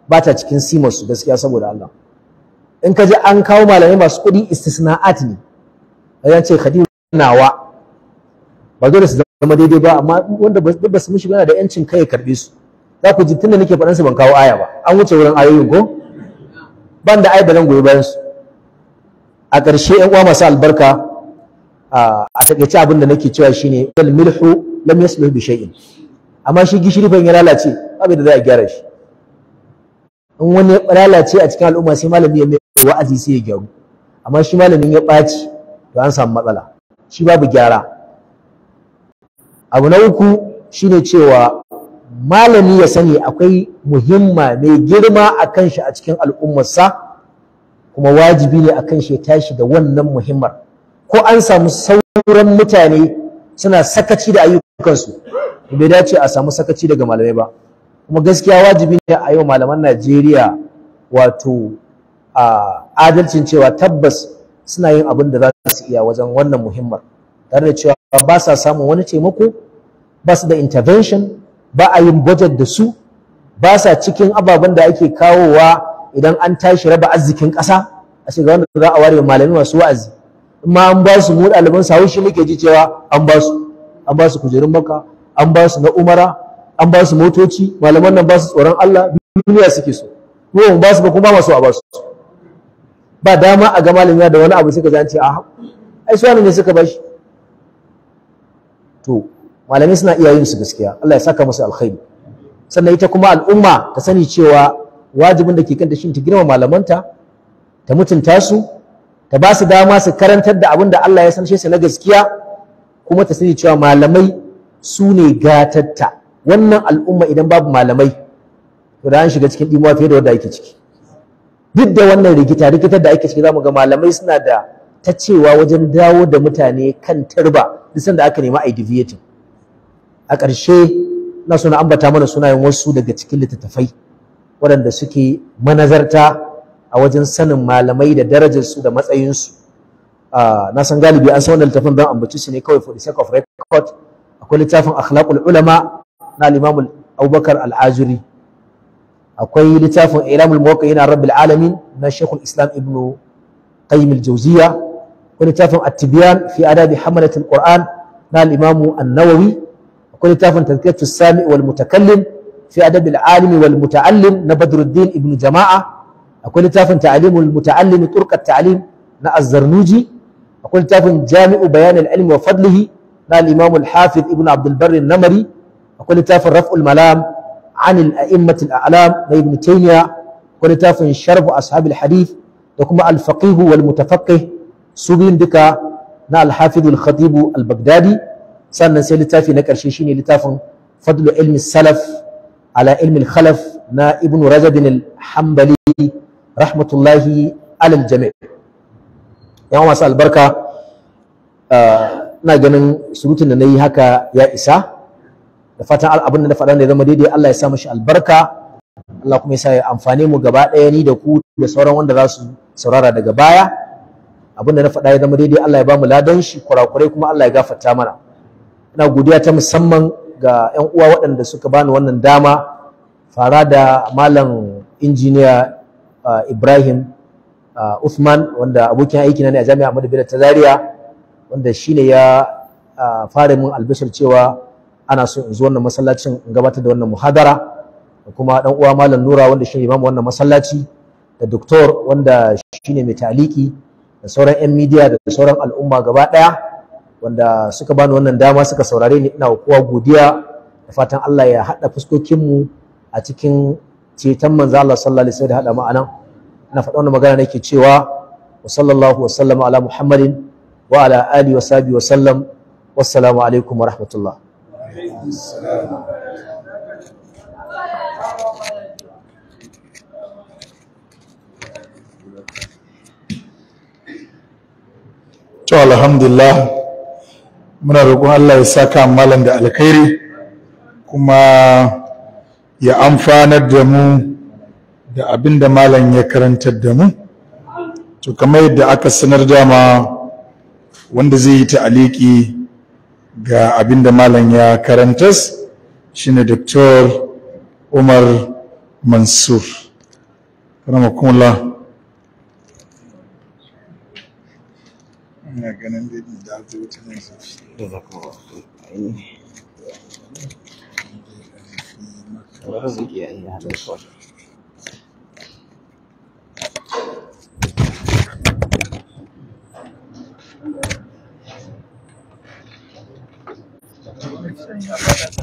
ba ta cikin simarsu gaskiya saboda Allah in ka ji an kawo malamai masu kuɗi istisna'at ne a ce khadiru nawa ba dole su zama daidai ba amma wanda ba su mishi yana da yancin kai karbe su za ku ji da nake faɗan ban kawo aya ba an wuce wurin ayoyin ko ban da ai goyi bayan su a ƙarshe ƴan uwa masu albarka a taƙaice abin da nake cewa shine wal milhu lam yasluhu bi amma shi gishiri fa ya lalace abin da za a gyara shi in wani ya lalace a cikin al'umma sai malami ya mai wa'azi sai ya gyaru amma shi malamin ya ɓaci to an samu matsala shi babu gyara abu na uku shine cewa malami ya sani akwai muhimma mai girma a kan shi a cikin al'ummarsa kuma wajibi ne a kan shi ya tashi da wannan muhimmar ko an samu sauran mutane suna sakaci da ayyukansu bai dace a samu sakaci daga malamai ba kuma gaskiya wajibi ne a yau malaman Najeriya wato adalcin cewa tabbas suna yin abin da za su iya wajen wannan muhimmar tare da cewa ba sa samun wani taimako ba su da intervention ba a yin budget da su ba sa cikin ababen da ake kawowa idan an tashi raba arzikin ƙasa a shiga wanda za a ware malami masu wa'azi in ma an ba su mu ɗaliban sawu shi muke ji cewa an ba su an ba su kujerun baka an ba su na umara an ba su motoci malaman nan ba su tsoron Allah duniya suke so kuma ba su ba kuma ba a ba su ba dama a ga malamin da wani abu suka zance a ai wani ne suka bashi to malamai suna iya yin su gaskiya Allah ya saka musu alkhairi sannan ita kuma al'umma ta sani cewa wajibin da ke kanta shi ta girma malamanta ta mutunta su ta ba su dama su karantar da abin da Allah ya san shi na gaskiya kuma ta sani cewa malamai su ne gatatta wannan al'umma idan babu malamai to da an shiga cikin dimuwa fiye da wanda ake ciki duk da wannan rikita rikita da ake ciki zamu ga malamai suna da ta cewa wajen dawo da mutane kan tarba duk sanda aka nema a deviating a ƙarshe na so na ambata mana sunayen wasu daga cikin littattafai waɗanda suke manazarta a wajen sanin malamai da darajarsu da matsayinsu na san galibi an san wannan littafin don ambaci su ne kawai for the sake of record akwai littafin akhlaqul ulama na Limamul Abubakar Al-Ajuri akwai littafin Ilamul Muwaqqi'in Rabbil Alamin na Sheikhul Islam Ibn Qayyim Al-Jawziyya akwai littafin At-Tibyan fi Adabi al Qur'an na Imam An-Nawawi akwai littafin Tazkiyatu Sami wal Mutakallim fi Adabi Al-Alim wal Muta'allim na Badruddin Ibn Jama'a akwai littafin Ta'limul Muta'allim Turqat Ta'lim na Az-Zarnuji akwai littafin Jami'u Bayan Al-Ilm wa Fadlihi na Imam Al-Hafiz Ibn Abdul Barr An-Namari akwai littafin raf'ul malam anil a'immatil a'lam na ibn taymiya akwai littafin sharh ashabil hadith da kuma al faqih wal mutafaqqih su biyun duka na al hafiz al khatib al baghdadi sannan sai littafi na karshe shine littafin fadlu ilmi salaf ala ilmi al khalaf na ibn rajab al hanbali rahmatullahi alal jami' yan masu albarka ah, ina ganin surutun da na yi haka ya isa da fatan abin da na faɗa ne zama daidai Allah ya sa mashi albarka Allah kuma ya sa ya amfane mu gaba ɗaya ni da ku da sauran wanda za su saurara daga baya abin da na faɗa ya zama daidai Allah ya ba mu ladan shi kurakurai kuma Allah ya gafarta mana ina godiya ta musamman ga ƴan uwa waɗanda suka bani wannan dama fara da malam injiniya uh, Ibrahim uh, Uthman wanda abokin aiki na ne a Jami'a Ahmadu Bello ta Zaria wanda shine ya uh, fara min albishir cewa ana so in zo wannan masallacin in gabatar da wannan muhadara da kuma dan uwa malam Nura wanda shi imamu wannan masallaci da doktor wanda shine mai taliki da sauran yan media da sauran al'umma gaba daya wanda suka bani wannan dama suka saurare ni ina kowa godiya da fatan Allah ya hada fuskokin mu a cikin ceton manzo Allah sallallahu alaihi wasallam hada ma'ana ina faɗa wannan magana nake cewa wa sallallahu wa sallama ala Muhammadin wa ala alihi wa sahbihi wa sallam wassalamu alaikum wa to alhamdulillah muna roƙon Allah ya saka malam da alkhairi kuma ya amfanar da mu da abin da malam ya karantar da mu to kamar yadda aka sanar dama wanda zai yi ta ta'aliki ga abin da malam ya karantas shine Dr. Umar Mansur. Karamakunla. Ina 对。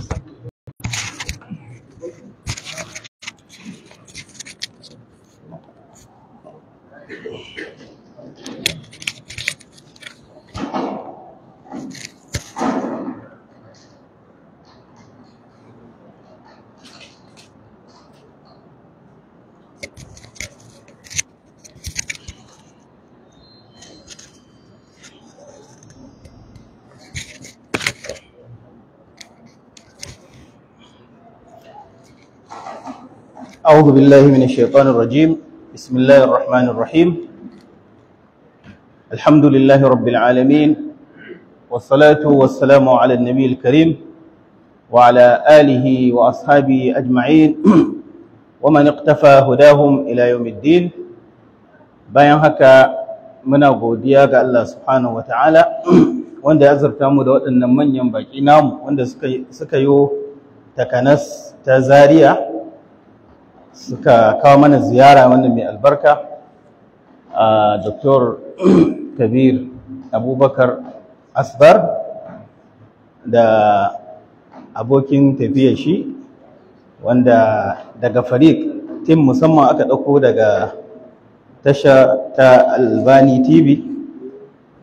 أعوذ بالله من الشيطان الرجيم بسم الله الرحمن الرحيم الحمد لله رب العالمين والصلاة والسلام على النبي الكريم وعلى آله وأصحابه أجمعين ومن اقتفى هداهم إلى يوم الدين bayan haka muna godiya ga Allah subhanahu wataala wanda ya azurta mu da waɗannan manyan baƙi namu wanda suka yi takanas ta zaria suka kawo mana ziyara wannan mai albarka a Dr. (clears throat) Kabir Abubakar Asbar da abokin tafiya shi wanda daga Farik tim musamman aka ɗauko daga tasha ta Albani TV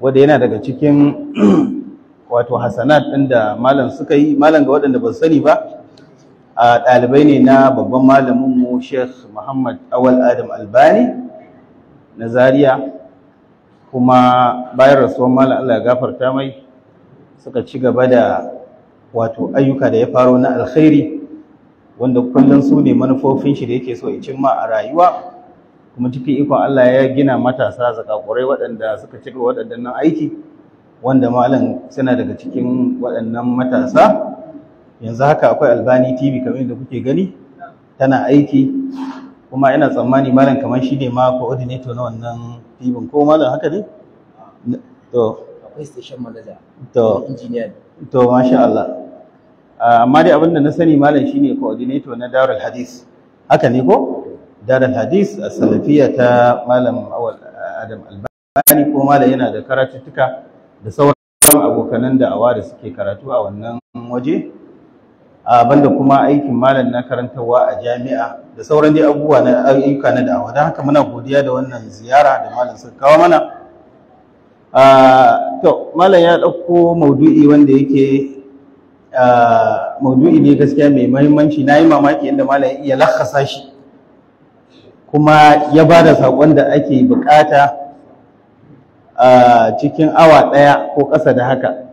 wadda yana daga cikin (clears throat) wato Hassanat, ɗin da malam suka yi malam ga waɗanda ba sani ba ɗalibai ne na babban mu Sheikh Muhammad Awal Adam Albani na Zaria kuma bayan rasuwar malam Allah ya gafarta mai suka ci gaba da wato ayyuka da ya faro na alkhairi wanda kullum su ne manufofin shi da yake so ya cimma a rayuwa kuma cikin ikon Allah ya gina matasa zakakurai waɗanda suka ci gaba waɗannan aiki wanda malam suna daga cikin waɗannan matasa yanzu haka akwai albani tv kamar yadda kuke gani tana aiki kuma ina tsammani malam kamar shi ne ma coordinator na wannan tv ko malam haka ne to akwai station manager to engineer to masha Allah amma dai abinda na sani malam shine coordinator na Darul Hadith haka ne ko Darul Hadith as-salafiyya ta malam Awal Adam Albani ko malam yana da karatuttuka da sauran abokanan da'awa da suke karatu a wannan waje banda kuma aikin malam na karantarwa a jami'a da sauran dai abubuwa na ayyuka na da'awa don haka muna godiya da wannan ziyara da malam suka kawo mana to malam ya ɗauko maudu'i wanda yake maudu'i ne gaskiya mai mahimmanci na yi mamaki yadda malam ya iya lakasa shi kuma ya ba da saƙon da ake buƙata cikin awa ɗaya ko ƙasa da haka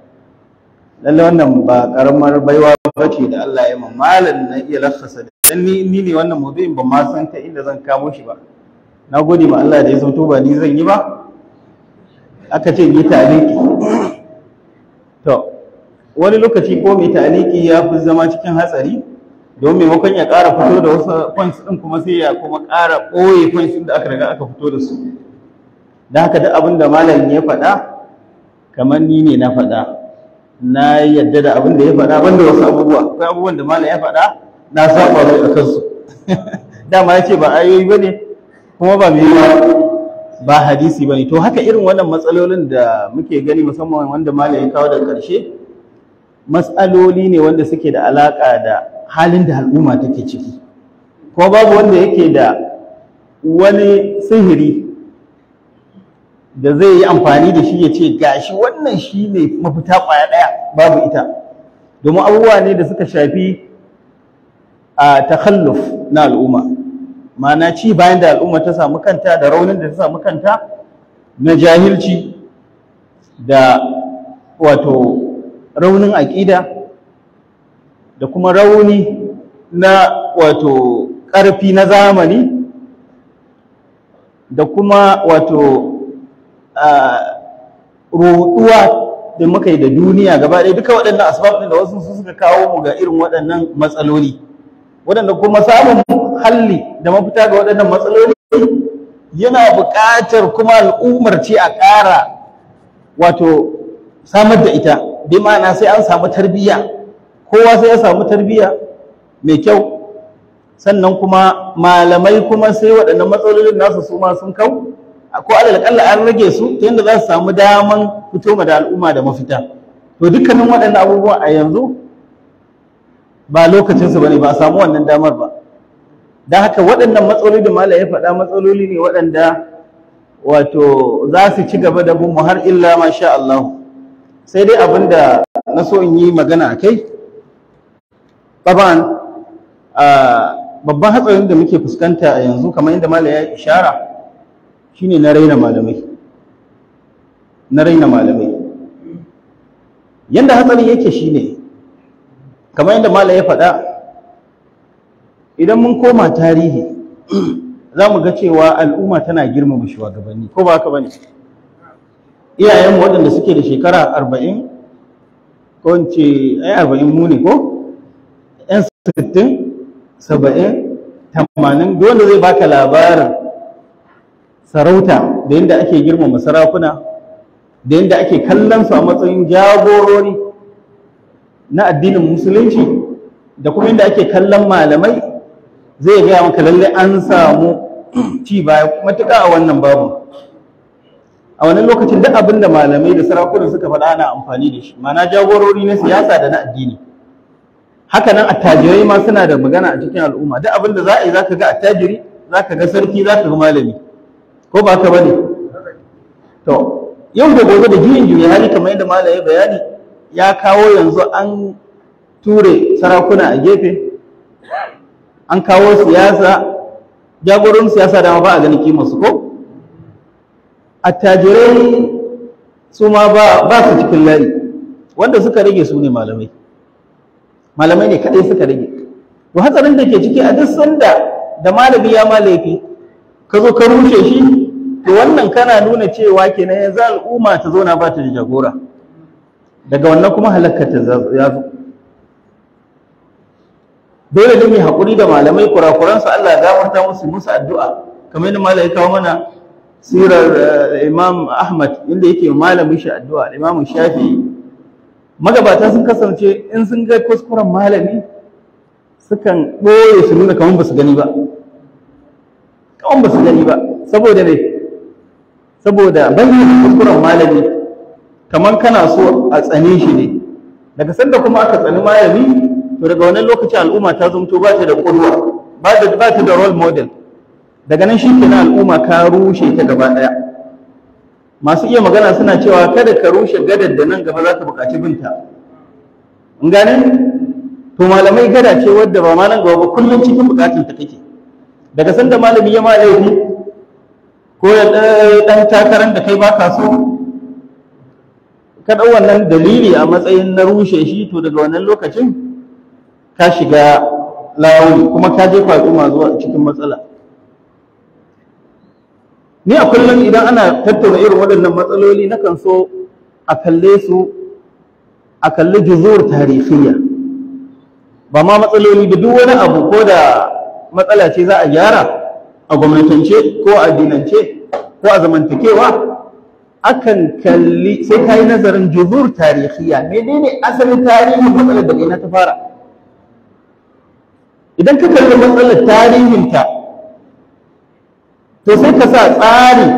lalle wannan ba karamar baiwa ba ce da Allah ya min na iya lafasa da ni ni ne wannan in ba ma san ta inda zan kamo shi ba na gode ma Allah da ya sauto ba ni zan yi ba aka ce ni taliki to wani lokaci ko mai taliki ya fi zama cikin hatsari don maimakon ya kara fito da wasu points din kuma sai ya kuma kara ɓoye points din da aka riga aka fito da su da haka duk abin da malam ya faɗa kamar ni ne na faɗa na yadda da abin da ya faɗa banda wasu abubuwa akwai abubuwan da malam ya faɗa na saba su a kansu (laughs) dama ya ce ba ayoyi ba ne kuma ba mai ba hadisi ba ne to haka irin wannan matsalolin da muke gani musamman wanda malam ya kawo daga ƙarshe matsaloli ne wanda suke da alaƙa da halin da al'umma take ciki kuma babu wanda yake da wani sihiri da zai yi amfani da shi ya ce gashi wannan shi ne mafita kwaya ɗaya babu ita domin abubuwa ne da suka shafi a takhalluf na al'umma ma'ana ci bayan da al'umma ta samu kanta da raunin da ta samu kanta na jahilci da wato raunin aƙida da kuma rauni na wato ƙarfi na zamani da kuma wato roɗuwa da muka yi da duniya gaba ɗaya duka waɗannan asbab ɗin da wasu su suka kawo mu ga irin waɗannan matsaloli waɗanda kuma samun halli da mafita ga waɗannan matsaloli yana buƙatar kuma al'ummar ce a ƙara wato samar da ita bi ma'ana sai an samu tarbiyya kowa sai ya samu tarbiyya mai kyau sannan kuma malamai kuma sai waɗannan matsalolin nasu su ma sun kau ko alal kalla an rage su ta yadda za su samu daman fito ma da al'umma da mafita to dukkanin waɗannan abubuwa a yanzu ba lokacinsu ba ne ba a samu wannan damar ba Da haka waɗannan matsaloli da malam ya faɗa matsaloli ne waɗanda wato za su ci gaba da bin mu har illa sha Allah sai dai abin da na so in yi magana a kai babban hatsarin da muke fuskanta a yanzu kamar yadda malam ya ishara shine na raina malamai na raina malamai yanda hatsari yake shine kamar yadda malam ya faɗa idan mun koma tarihi (clears throat) za mu ga cewa al'umma tana girmama shugabanni ko ba haka bane iyayenmu waɗanda suke da shekara arba'in ko in ce ai arba'in mu ne ko ƴan sittin saba'in tamanin wanda zai baka labarin sarauta da yadda ake girmama sarakuna da yadda ake kallon su a matsayin jagorori na addinin musulunci da kuma yadda ake kallon malamai zai gaya maka lalle an samu ci baya matuƙa a wannan babu a wannan lokacin duk abin da malamai da sarakuna suka faɗa ana amfani da shi mana jagorori na siyasa da na addini haka nan attajirai ma suna da magana a cikin al'umma duk abin da za a yi za ka ga attajiri za ka ga sarki za ka ga malami ko ba ka bane to yau da gobe da juyin juya hali kamar yadda malam ya bayani ya kawo yanzu an ture sarakuna a gefe an kawo siyasa jagoran siyasa dama ba a ganin su ko attajirai su ma ba su cikin lari wanda suka rage su ne malamai malamai ne kadai suka rage to hatsarin da ke ciki a duk sanda da malami ya malafi ka zo ka rushe shi to wannan kana nuna cewa kenan yanzu al'umma ta zauna ba ta da jagora daga wannan kuma ta ya zo dole ne mai hakuri da malamai su Allah ya gafarta musu musu addu'a kamar yadda malai kawo mana sirar eh, imam ahmad inda yake malamin shi addu'a imam shafi magabata sun kasance in sun ga kuskuren malami sukan ɓoye su nuna kamar ba su gani ba an ba su gani ba saboda ne saboda bayyana kuskuren malami kamar kana so a tsane shi ne daga sanda kuma aka tsani malami to daga wannan lokaci al'umma ta zumto ba ta da ƙudwa ba ta da role model daga nan shi kenan al'umma ka rushe ta gaba ɗaya masu iya magana suna cewa kada ka rushe gadar da nan gaba za ta buƙaci binta in gane to malamai gada ce wadda ba ma nan gaba ba kullum cikin buƙatun ta take daga sanda malami ya ma laifi ko ya ɗan takaran da kai ba ka so ka dau wannan dalili a matsayin na rushe shi to daga wannan lokacin ka shiga lawo kuma ka jefa ma zuwa cikin matsala ni a kullum idan ana tattauna irin waɗannan matsaloli na kan so a kalle su a kalli juzur tarihiyya ba ma matsaloli da duk wani abu ko da matsala ce za a gyara a gwamnatance ko a addinance ko a zamantakewa akan kalli sai ka yi nazarin juzur tarihiya menene asalin tarihin matsalar da ina ta fara idan ka kalli matsalar tarihinta to sai ka sa tsari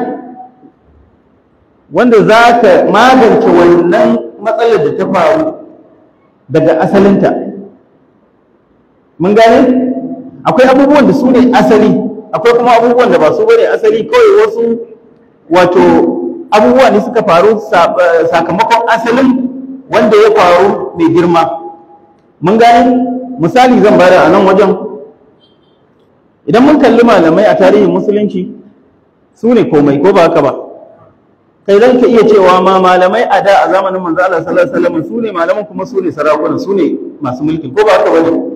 wanda za ka magance wannan matsalar da ta faru daga asalinta mun gane akwai abubuwan da su ne asali akwai kuma abubuwan da ba su bane asali kawai wasu wato abubuwa ne suka faru eh, sakamakon asalin wanda ya faru mai girma mun gani misali zan bada a nan wajen idan mun kalli malamai a tarihin musulunci su ne komai ko ba haka ba kai zan ka iya cewa ma malamai a da a zamanin manzo Allah sallallahu alaihi wasallam su ne malaman kuma su ne sarakunan su ne masu mulkin ko ba haka ba ne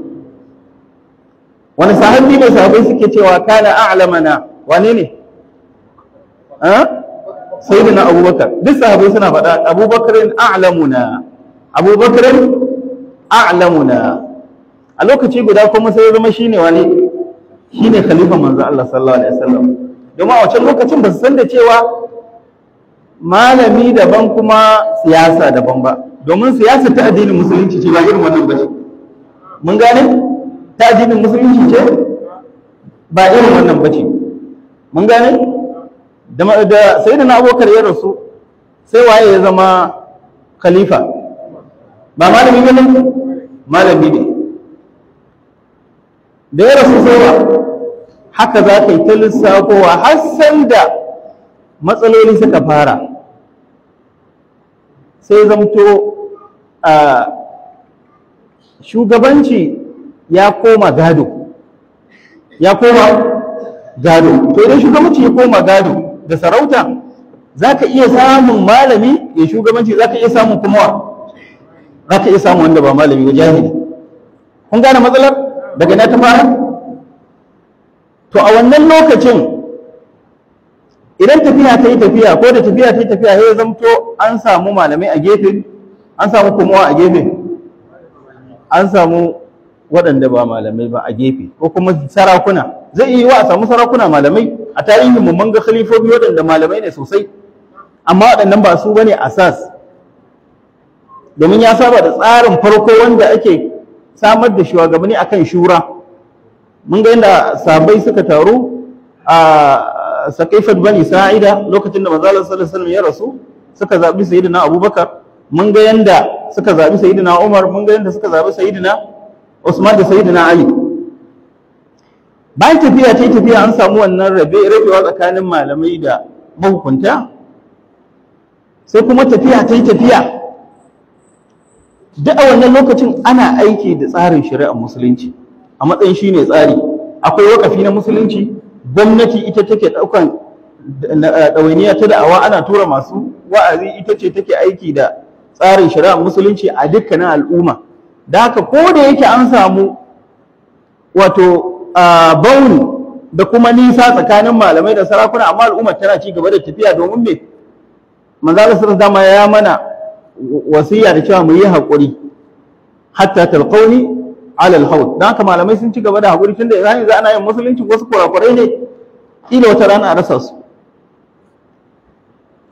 wani sahabi ne sahabai suke cewa kana a'lamana wane ne sayyidina abubakar duk sahabai suna faɗa abubakarin a'lamuna abubakarin a'lamuna a lokaci guda kuma sai zama shine wani shine khalifa manzo Allah sallallahu alaihi wasallam domin a wancan lokacin ba su san da cewa malami daban kuma siyasa daban ba domin siyasa ta addinin musulunci ce ba irin wannan ba mun gane ta addinin musulunci ce ba irin wannan ba ce mun gane da sai da na abokar ya rasu sai waye ya zama khalifa ba malami ne malami ne da ya rasu sai haka za ka yi ta lissafowa har sai da matsaloli suka fara sai zamto a shugabanci ya koma gado ya koma gado to idan shugabanci ya koma gado da sarauta za ka iya samun malami ya shugabanci za ka iya samun kuma za ka iya samun wanda ba malami ba jahili kun gane matsalar daga na ta fara to a wannan lokacin idan tafiya ta yi tafiya ko da tafiya ta yi tafiya sai zamto an samu malamai a gefe an samu kuma a gefe an samu waɗanda ba malamai ba a gefe ko kuma sarakuna zai yi wa a samu sarakuna malamai a tarihin mu mun ga waɗanda malamai ne sosai amma waɗannan ba su bane asas domin ya saba da tsarin farko wanda ake samar da shugabanni akan shura mun ga yadda sabai suka taru a sakaifat bani sa'ida lokacin da manzo sallallahu alaihi ya rasu suka zabi sayyidina abubakar mun ga yadda suka zabi sayyidina umar mun ga yadda suka zabi sayyidina Usman da Sayyidina Ali bayan tafiya ta tafiya an samu wannan rabe rabewa tsakanin malamai da mahukunta sai kuma tafiya ta yi tafiya duk a wannan lokacin ana aiki da tsarin shari'ar musulunci a matsayin shine tsari akwai wakafi na musulunci gwamnati ita take daukan eh, ɗawainiya ta da'awa ana tura masu wa'azi ita ce take aiki da tsarin shari'ar musulunci a dukkanin al'umma da haka ko da yake an samu wato bauni da kuma nisa tsakanin malamai da sarakuna amma al'ummar tana ci gaba da tafiya domin me manzala sirri dama ya mana wasiya da cewa mu yi haƙuri hatta talqauni ala alhawl Da haka malamai sun ci gaba da haƙuri tunda idan za ana yin musulunci wasu kurakurai ne kila wata rana a rasa su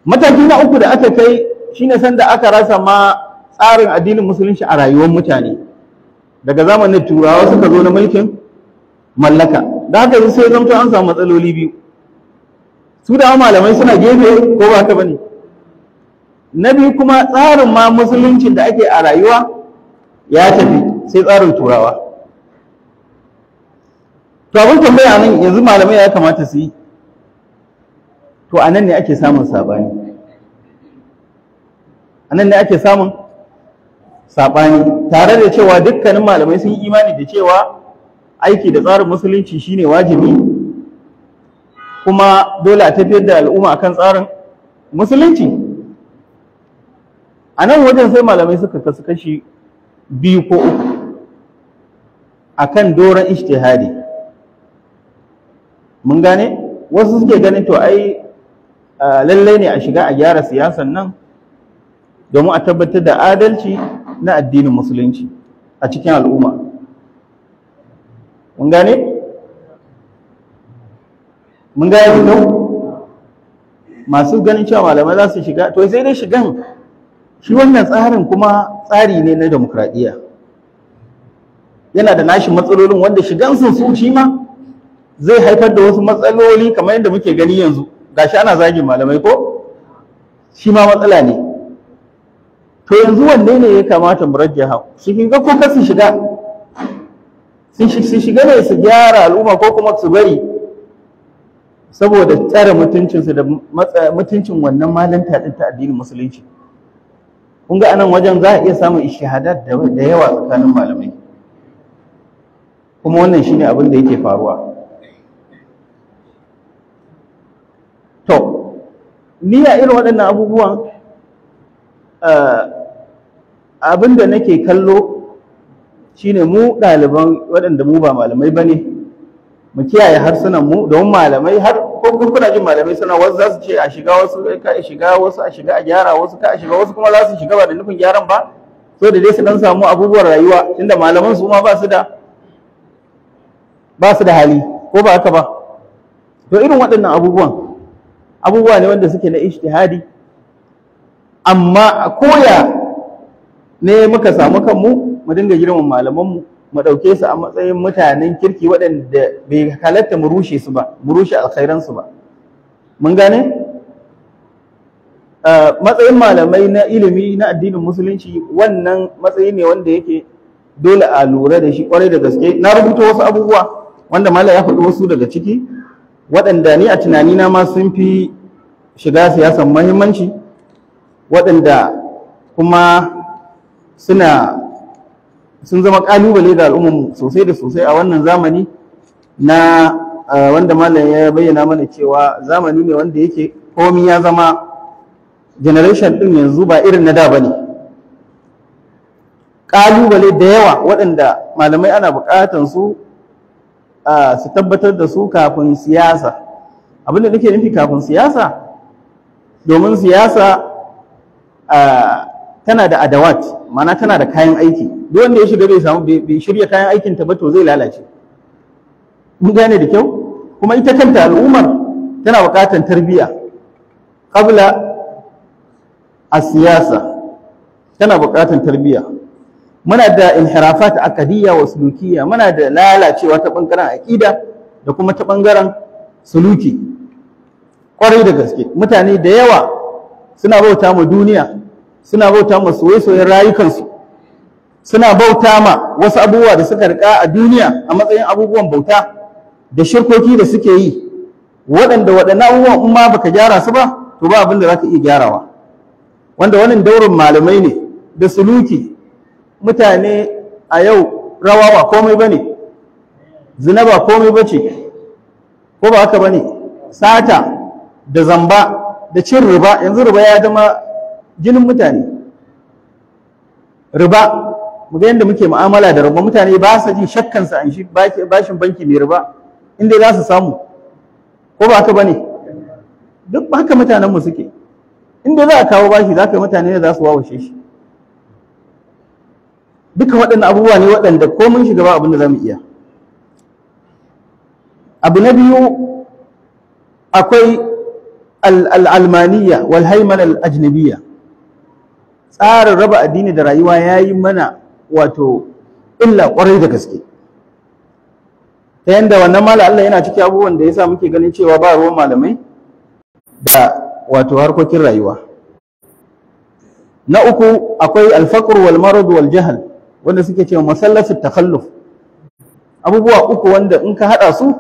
mataki na uku da aka kai shine sanda aka rasa ma tsarin addinin musulunci a rayuwar mutane daga zamanin turawa suka zo na mulkin mallaka da haka yanzu sai zamto an samu matsaloli biyu su da malamai suna gefe ko ba ka bane na biyu kuma tsarin ma musulunci da ake a rayuwa ya tafi sai tsarin turawa to abin tambaya nan yanzu malamai ya kamata su yi to a nan ne ake samun sabani a nan ne ake samun saɓani tare da cewa dukkanin malamai sun yi imani da cewa aiki da tsarin musulunci shine wajibi kuma dole a tafiyar da al'umma akan tsarin musulunci a nan wajen sai malamai suka kasu kashi biyu ko uku akan doron ishtihadi mun gane wasu suke ganin to ai lallai ne a shiga a gyara siyasan nan domin a tabbatar da adalci na addinin musulunci a cikin al'umma mun gane mun gane kyau masu ganin cewa malamai za su shiga to sai dai shigan shi wannan tsarin kuma tsari ne na demokradiyya yana da nashi matsalolin wanda shigan sun su shi ma zai haifar da wasu matsaloli kamar yadda muke gani yanzu gashi ana zagin malamai ko shi ma matsala ne to yanzu wanne ne ya kamata mu hau? su shiga ko kasu shiga su shiga ne su gyara al'umma ko kuma su bari saboda tsare mutuncinsu da mutuncin wannan malanta din ta addinin musulunci kun ga anan wajen za a iya samun ishahadat da yawa tsakanin malamai kuma wannan shine abin da yake faruwa to ya irin waɗannan abubuwan eh, abin da nake kallo shine mu ɗaliban waɗanda mu ba malamai ba ne mu kiyaye harsunan mu don malamai har ko kuna jin malamai suna wasu za su ce a shiga wasu ka a shiga wasu a shiga a gyara wasu ka a shiga wasu kuma za su shiga ba da nufin gyaran ba so da dai su dan samu abubuwan rayuwa inda malaman su ma ba su da ba su da hali ko ba haka ba to irin waɗannan abubuwan abubuwa ne wanda suke na ijtihadi amma a koya ne muka samu kanmu mu dinga girman malamanmu mu ɗauke su a matsayin mutanen kirki waɗanda bai halatta mu rushe su ba mu rushe alkhairansu ba mun gane matsayin malamai na ilimi na addinin musulunci wannan matsayi ne wanda yake dole a lura da shi kwarai da gaske na rubuta wasu abubuwa wanda malam ya faɗi wasu daga ciki waɗanda ni a tunanina ma sun fi shiga siyasan muhimmanci? waɗanda kuma suna sun zama kalubale ga al'ummu sosai da sosai a wannan zamani na wanda malam ya bayyana mana cewa zamani ne wanda yake komi ya zama generation din yanzu ba irin na da bane kalubale da yawa waɗanda malamai ana buƙatar su su tabbatar da su kafin siyasa abinda nake nufi kafin siyasa domin siyasa tana da adawat mana tana da kayan aiki duk wanda ya shiga bai samu bai shirya kayan aikin ta ba to zai lalace mun gane da kyau kuma ita kanta al'ummar tana buƙatar tarbiyya qabla a siyasa tana buƙatar tarbiyya muna da inhirafat akadiyya wa sulukiyya muna da lalacewa ta bangaren aqida da kuma ta bangaren suluki kwarai da gaske mutane da yawa suna bauta mu duniya suna bauta ma soye-soyen rayukansu suna bauta ma wasu abubuwa da suka rika a duniya a matsayin abubuwan bauta da shirkoki da suke yi waɗanda waɗannan abubuwan in ma baka gyara su ba to ba abin da za ka iya gyarawa wanda wannan daurin malamai ne da suluki mutane a yau rawa ba komai ba ne zina ba komai ba ce ko ba haka ba ne sata da zamba da cin riba yanzu riba ya zama jinin mutane riba mu ga yadda muke mu'amala da riba mutane ba sa jin shakkan sa an shi bashin banki mai riba inda za su samu ko ba haka bane duk haka mutanen mu suke inda za a kawo bashi za ka mutane ne za su wawashe shi duka waɗannan abubuwa ne waɗanda ko mun shiga ba abin da za mu iya abu na biyu akwai al'almaniya wal haiman al'ajnabiya tsarin raba addini da rayuwa ya yi mana wato illa kwarai da gaske ta yadda wannan mala Allah yana ciki abubuwan da ya sa muke ganin cewa ba ruwan malamai da wato harkokin rayuwa na uku akwai alfakur wal marad wal wanda suke cewa masallasu takalluf. abubuwa uku wanda in ka haɗa su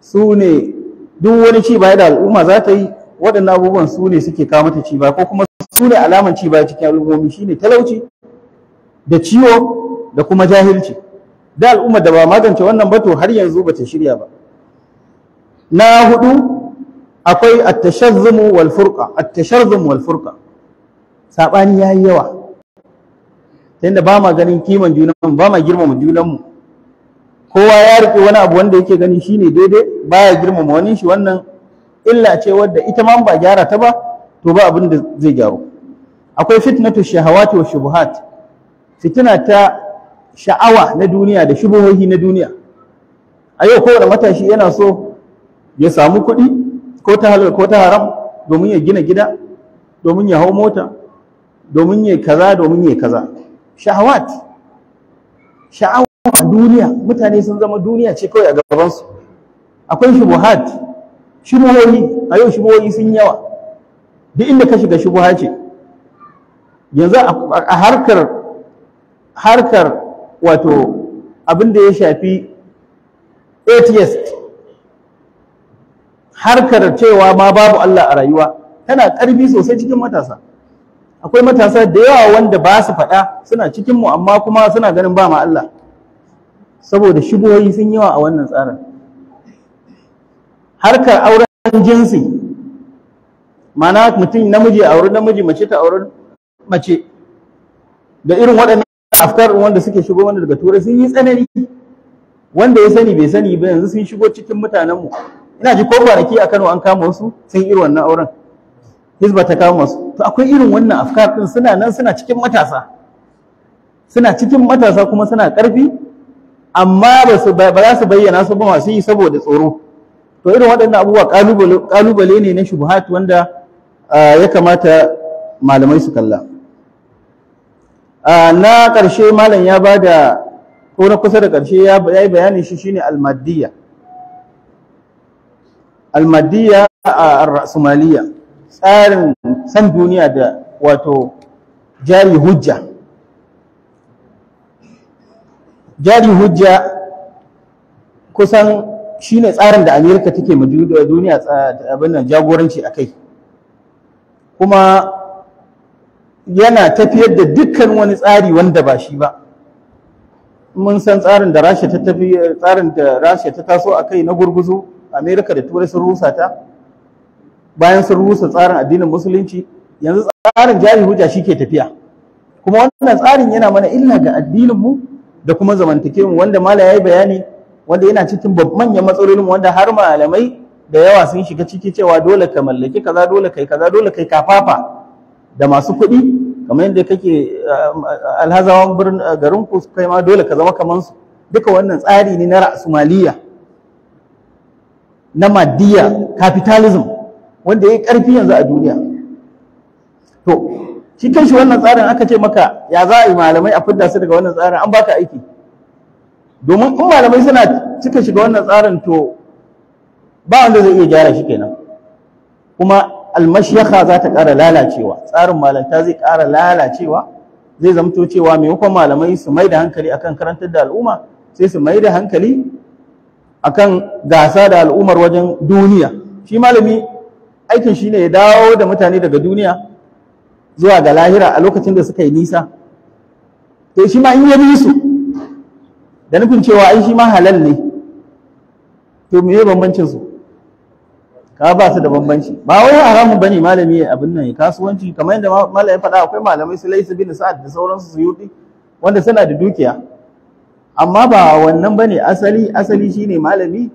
su ne duk wani ci baya da al'umma za ta yi waɗannan abubuwan su ne suke kawo mata ci baya ko kuma sune alaman ci baya cikin al'ummomi shine talauci da ciwo da kuma jahilci da al'umma da ba magance wannan ba to har yanzu ba ta shirya ba na hudu akwai at-tashazzum wal furqa at-tashazzum wal furqa sabani yayi yawa tunda ba ma ganin kiman junan ba ma girmama mu kowa ya rike wani abu wanda yake gani shine daidai baya girmama wani shi wannan illa ce wadda ita ma ba gyara ta ba to ba abin da zai gyaru akwai fitnatu shahawati wa shubuhat fitna ta sha'awa na duniya da shubuhohi na duniya a yau kowane matashi yana so ya samu kuɗi ko ta halal ko ta haram domin ya gina gida domin ya hau mota domin ya kaza domin ya kaza shahawat sha'awa duniya mutane sun zama duniya ce kawai a gabansu akwai shubuhat shubuhohi a yau shubuhohi sun yawa duk inda ka shiga shubuha ce yanzu a harkar harkar wato abin da ya shafi atheist harkar cewa ma babu Allah a rayuwa tana ƙarfi sosai cikin matasa akwai matasa da yawa wanda ba su faɗa suna cikin mu amma kuma suna ganin ba ma Allah saboda shigoyi sun yawa a wannan tsarin harkar auren jinsi ma'ana mutum namiji a wurin namiji mace ta auren mace da irin waɗannan afkar wanda suke shigo wanda daga turai sun yi tsanani wanda ya sani bai sani ba yanzu sun shigo cikin mutanenmu ina ji ko kwanaki a Kano an kama wasu sun irin wannan auren hizba ta kama wasu to akwai irin wannan afkar din suna nan suna cikin matasa suna cikin matasa kuma suna ƙarfi amma ba ba za su bayyana su ba masu yi saboda tsoro to irin waɗannan abubuwa ƙalubale ne na shubuhat wanda ah, ya kamata malamai su kalla na ƙarshe malam ya ba da ko na kusa da ƙarshe ya yi bayani shi shine almadiyya almadiyya a rasumaliya tsarin san duniya da wato jari hujja jari hujja kusan shine tsarin da amerika take ma duniya abin nan jagoranci a kai kuma yana tafiyar da dukkan wani tsari wanda ba shi ba mun san tsarin da rasha ta tafi tsarin da rasha ta taso a kai na gurguzu amerika da turai sun rusa ta bayan sun rusa tsarin addinin musulunci yanzu tsarin jari huja shi ke tafiya kuma wannan tsarin yana mana illa ga addininmu da kuma zamantakewa wanda mala ya yi bayani wanda yana cikin manyan matsalolin wanda har malamai da yawa sun shiga ciki cewa dole ka mallaki kaza dole kai kaza dole kai kafafa da masu kuɗi kamar yadda kake eh, alhazawan eh, garin ku kai ma dole ka zama kamar su duka wannan tsari ne na ra'asumaliya na maddiya capitalism wanda ya yi ƙarfi yanzu a duniya to shi kanshi wannan tsarin aka ce maka ya za a yi malamai a fidda su daga wannan tsarin an baka aiki domin in malamai suna cika shiga wannan tsarin to ba wanda zai iya gyara shi kenan kuma almashiyaka za ta ƙara lalacewa tsarin malanta zai ƙara lalacewa zai zamto cewa maimakon malamai su mai da hankali akan karantar da al'umma sai su mai da hankali akan gasa da al'ummar wajen duniya shi malami aikin shi ne ya dawo da mutane daga duniya zuwa ga lahira a lokacin da suka yi nisa to shi ma in ya bi su da nufin cewa ai shi ma halal ne to me bambancin su ka ba su da bambanci ba wai haramun bane malami ya abin nan ya kasuwanci kamar yadda malami ya faɗa akwai malamai su laisu bin sa'ad da sauransu su yudi wanda suna da dukiya amma ba wannan bane asali asali shine malami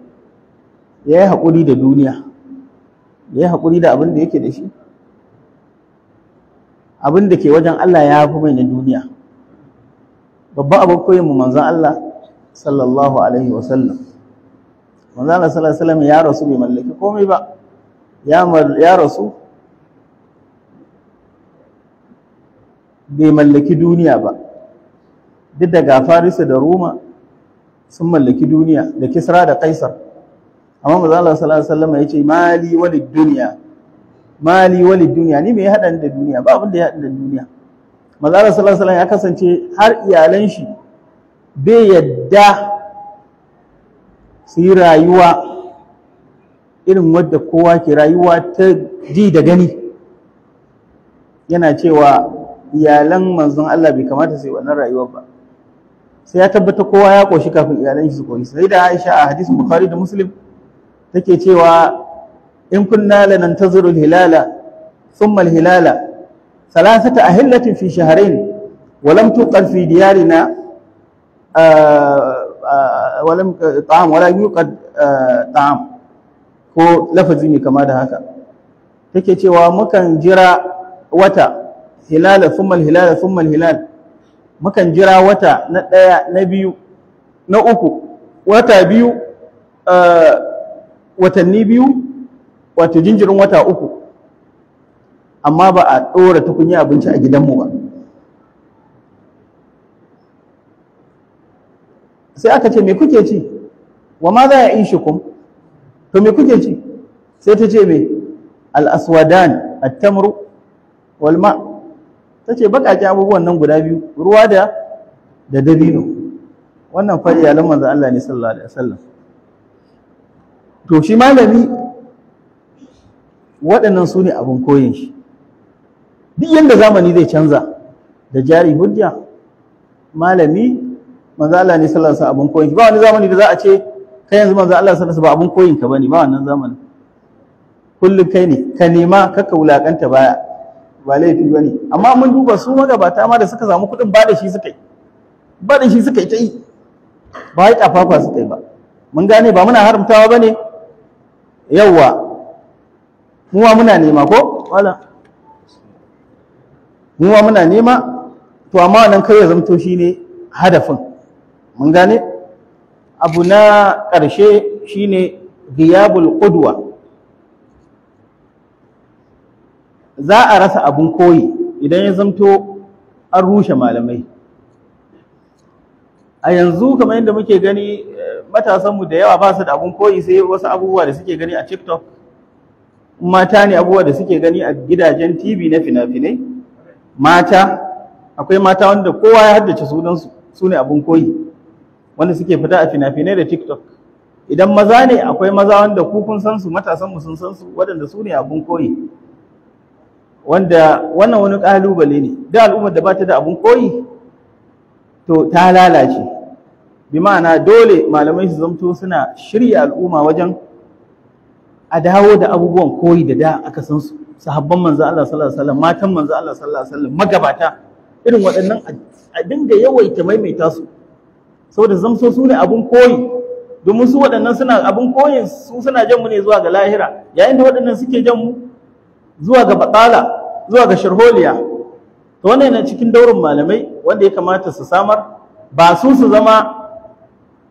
ya yi da duniya ya yi da abin da yake da shi abin da ke wajen Allah ya fi mai na duniya babban abin koyin mu manzon Allah sallallahu alaihi wasallam manzon Allah sallallahu alaihi wasallam ya rasu bai mallaki komai ba ya rasu bai mallaki duniya ba duk daga farisa da roma sun mallaki duniya da kisra da kaisar amma mazala sallallahu alaihi wasallam ya ce mali wani duniya mali wani duniya ni mai ya da duniya ba abin da ya hada da duniya mazala sallallahu alaihi ya kasance har iyalan shi bai yadda su yi rayuwa irin wadda kowa ke rayuwa ta ji da gani yana cewa iyalan manzon Allah bai kamata su yi wannan rayuwar ba sai ya tabbata kowa ya koshi kafin iyalan shi su koshi sai da Aisha a hadisin Bukhari da Muslim take cewa in kunna lanantazuru hilala thumma hilala thalathata ahillatin fi shahrayn wa lam tuqal fi diyarina ah, ah, wa lam ah, ta'am ko lafazi mai kama da haka take cewa mukan jira wata hilala thumma hilala thumma hilal mukan jira wata na ɗaya na biyu na uku wata biyu eh, watanni biyu wato jinjirin wata uku amma ba a ɗora tukunya abinci a gidanmu ba sai aka ce me kuke ci wa ma za ya yi shi kuma to me kuke ci sai ta ce me al-aswadan at-tamru wal ma ta ce bakaƙen abubuwan nan guda biyu ruwa da da dabino wannan fa iyalan da Allah ne sallallahu alaihi wasallam to shi malami waɗannan su ne abin koyin shi duk yadda zamani zai canza da jari hujja malami manzo Allah ne sallallahu alaihi wasallam abin koyin shi ba wani zamani da za a ce kai yanzu manzo Allah sallallahu ba abun koyinka bane ba wannan zamanin kullum kai ne ka nema kaka wulakanta baya ba laifi bane amma mun duba su magabata ma da suka samu kuɗin ba da shi suka yi ba da shi suka yi ta yi ba kafa kwa suka yi ba mun gane ba muna haramtawa bane yawwa mu ma muna nema ko wala mu ma muna nema to amma wannan kai ya zamto shine hadafin mun gane abu na ƙarshe shine giyabul ƙudwa za a rasa abun koyi idan ya zamto an rushe malamai a yanzu kamar yadda muke gani eh, matasanmu da yawa ba su da abun koyi sai wasu abubuwa da suke gani a tiktok mata ne abubuwa da suke gani a gidajen tv na fina-finai mata akwai mata wanda kowa ya haddace sunansu su ne abun koyi wanda suke fita a fina-finai da tiktok idan maza ne akwai maza wanda kukun sansu matasan mu sun sansu waɗanda su ne abun koyi wanda wannan wani ƙalubale ne da al'ummar da ba ta da abun koyi to ta lalace bi ma'ana dole malamai su zamto suna shirya al'umma wajen a dawo da abubuwan koyi da da aka san su sahabban manzo Allah sallallahu alaihi wasallam matan manzo Allah sallallahu alaihi wasallam magabata irin waɗannan a dinga yawaita maimaita su saboda zamso su ne abin koyi domin su waɗannan suna abin koyin su suna jan mu ne zuwa ga lahira yayin da waɗannan suke jan mu zuwa ga batsala zuwa ga sharholiya to wannan yana cikin daurin malamai wanda ya kamata su samar ba su su zama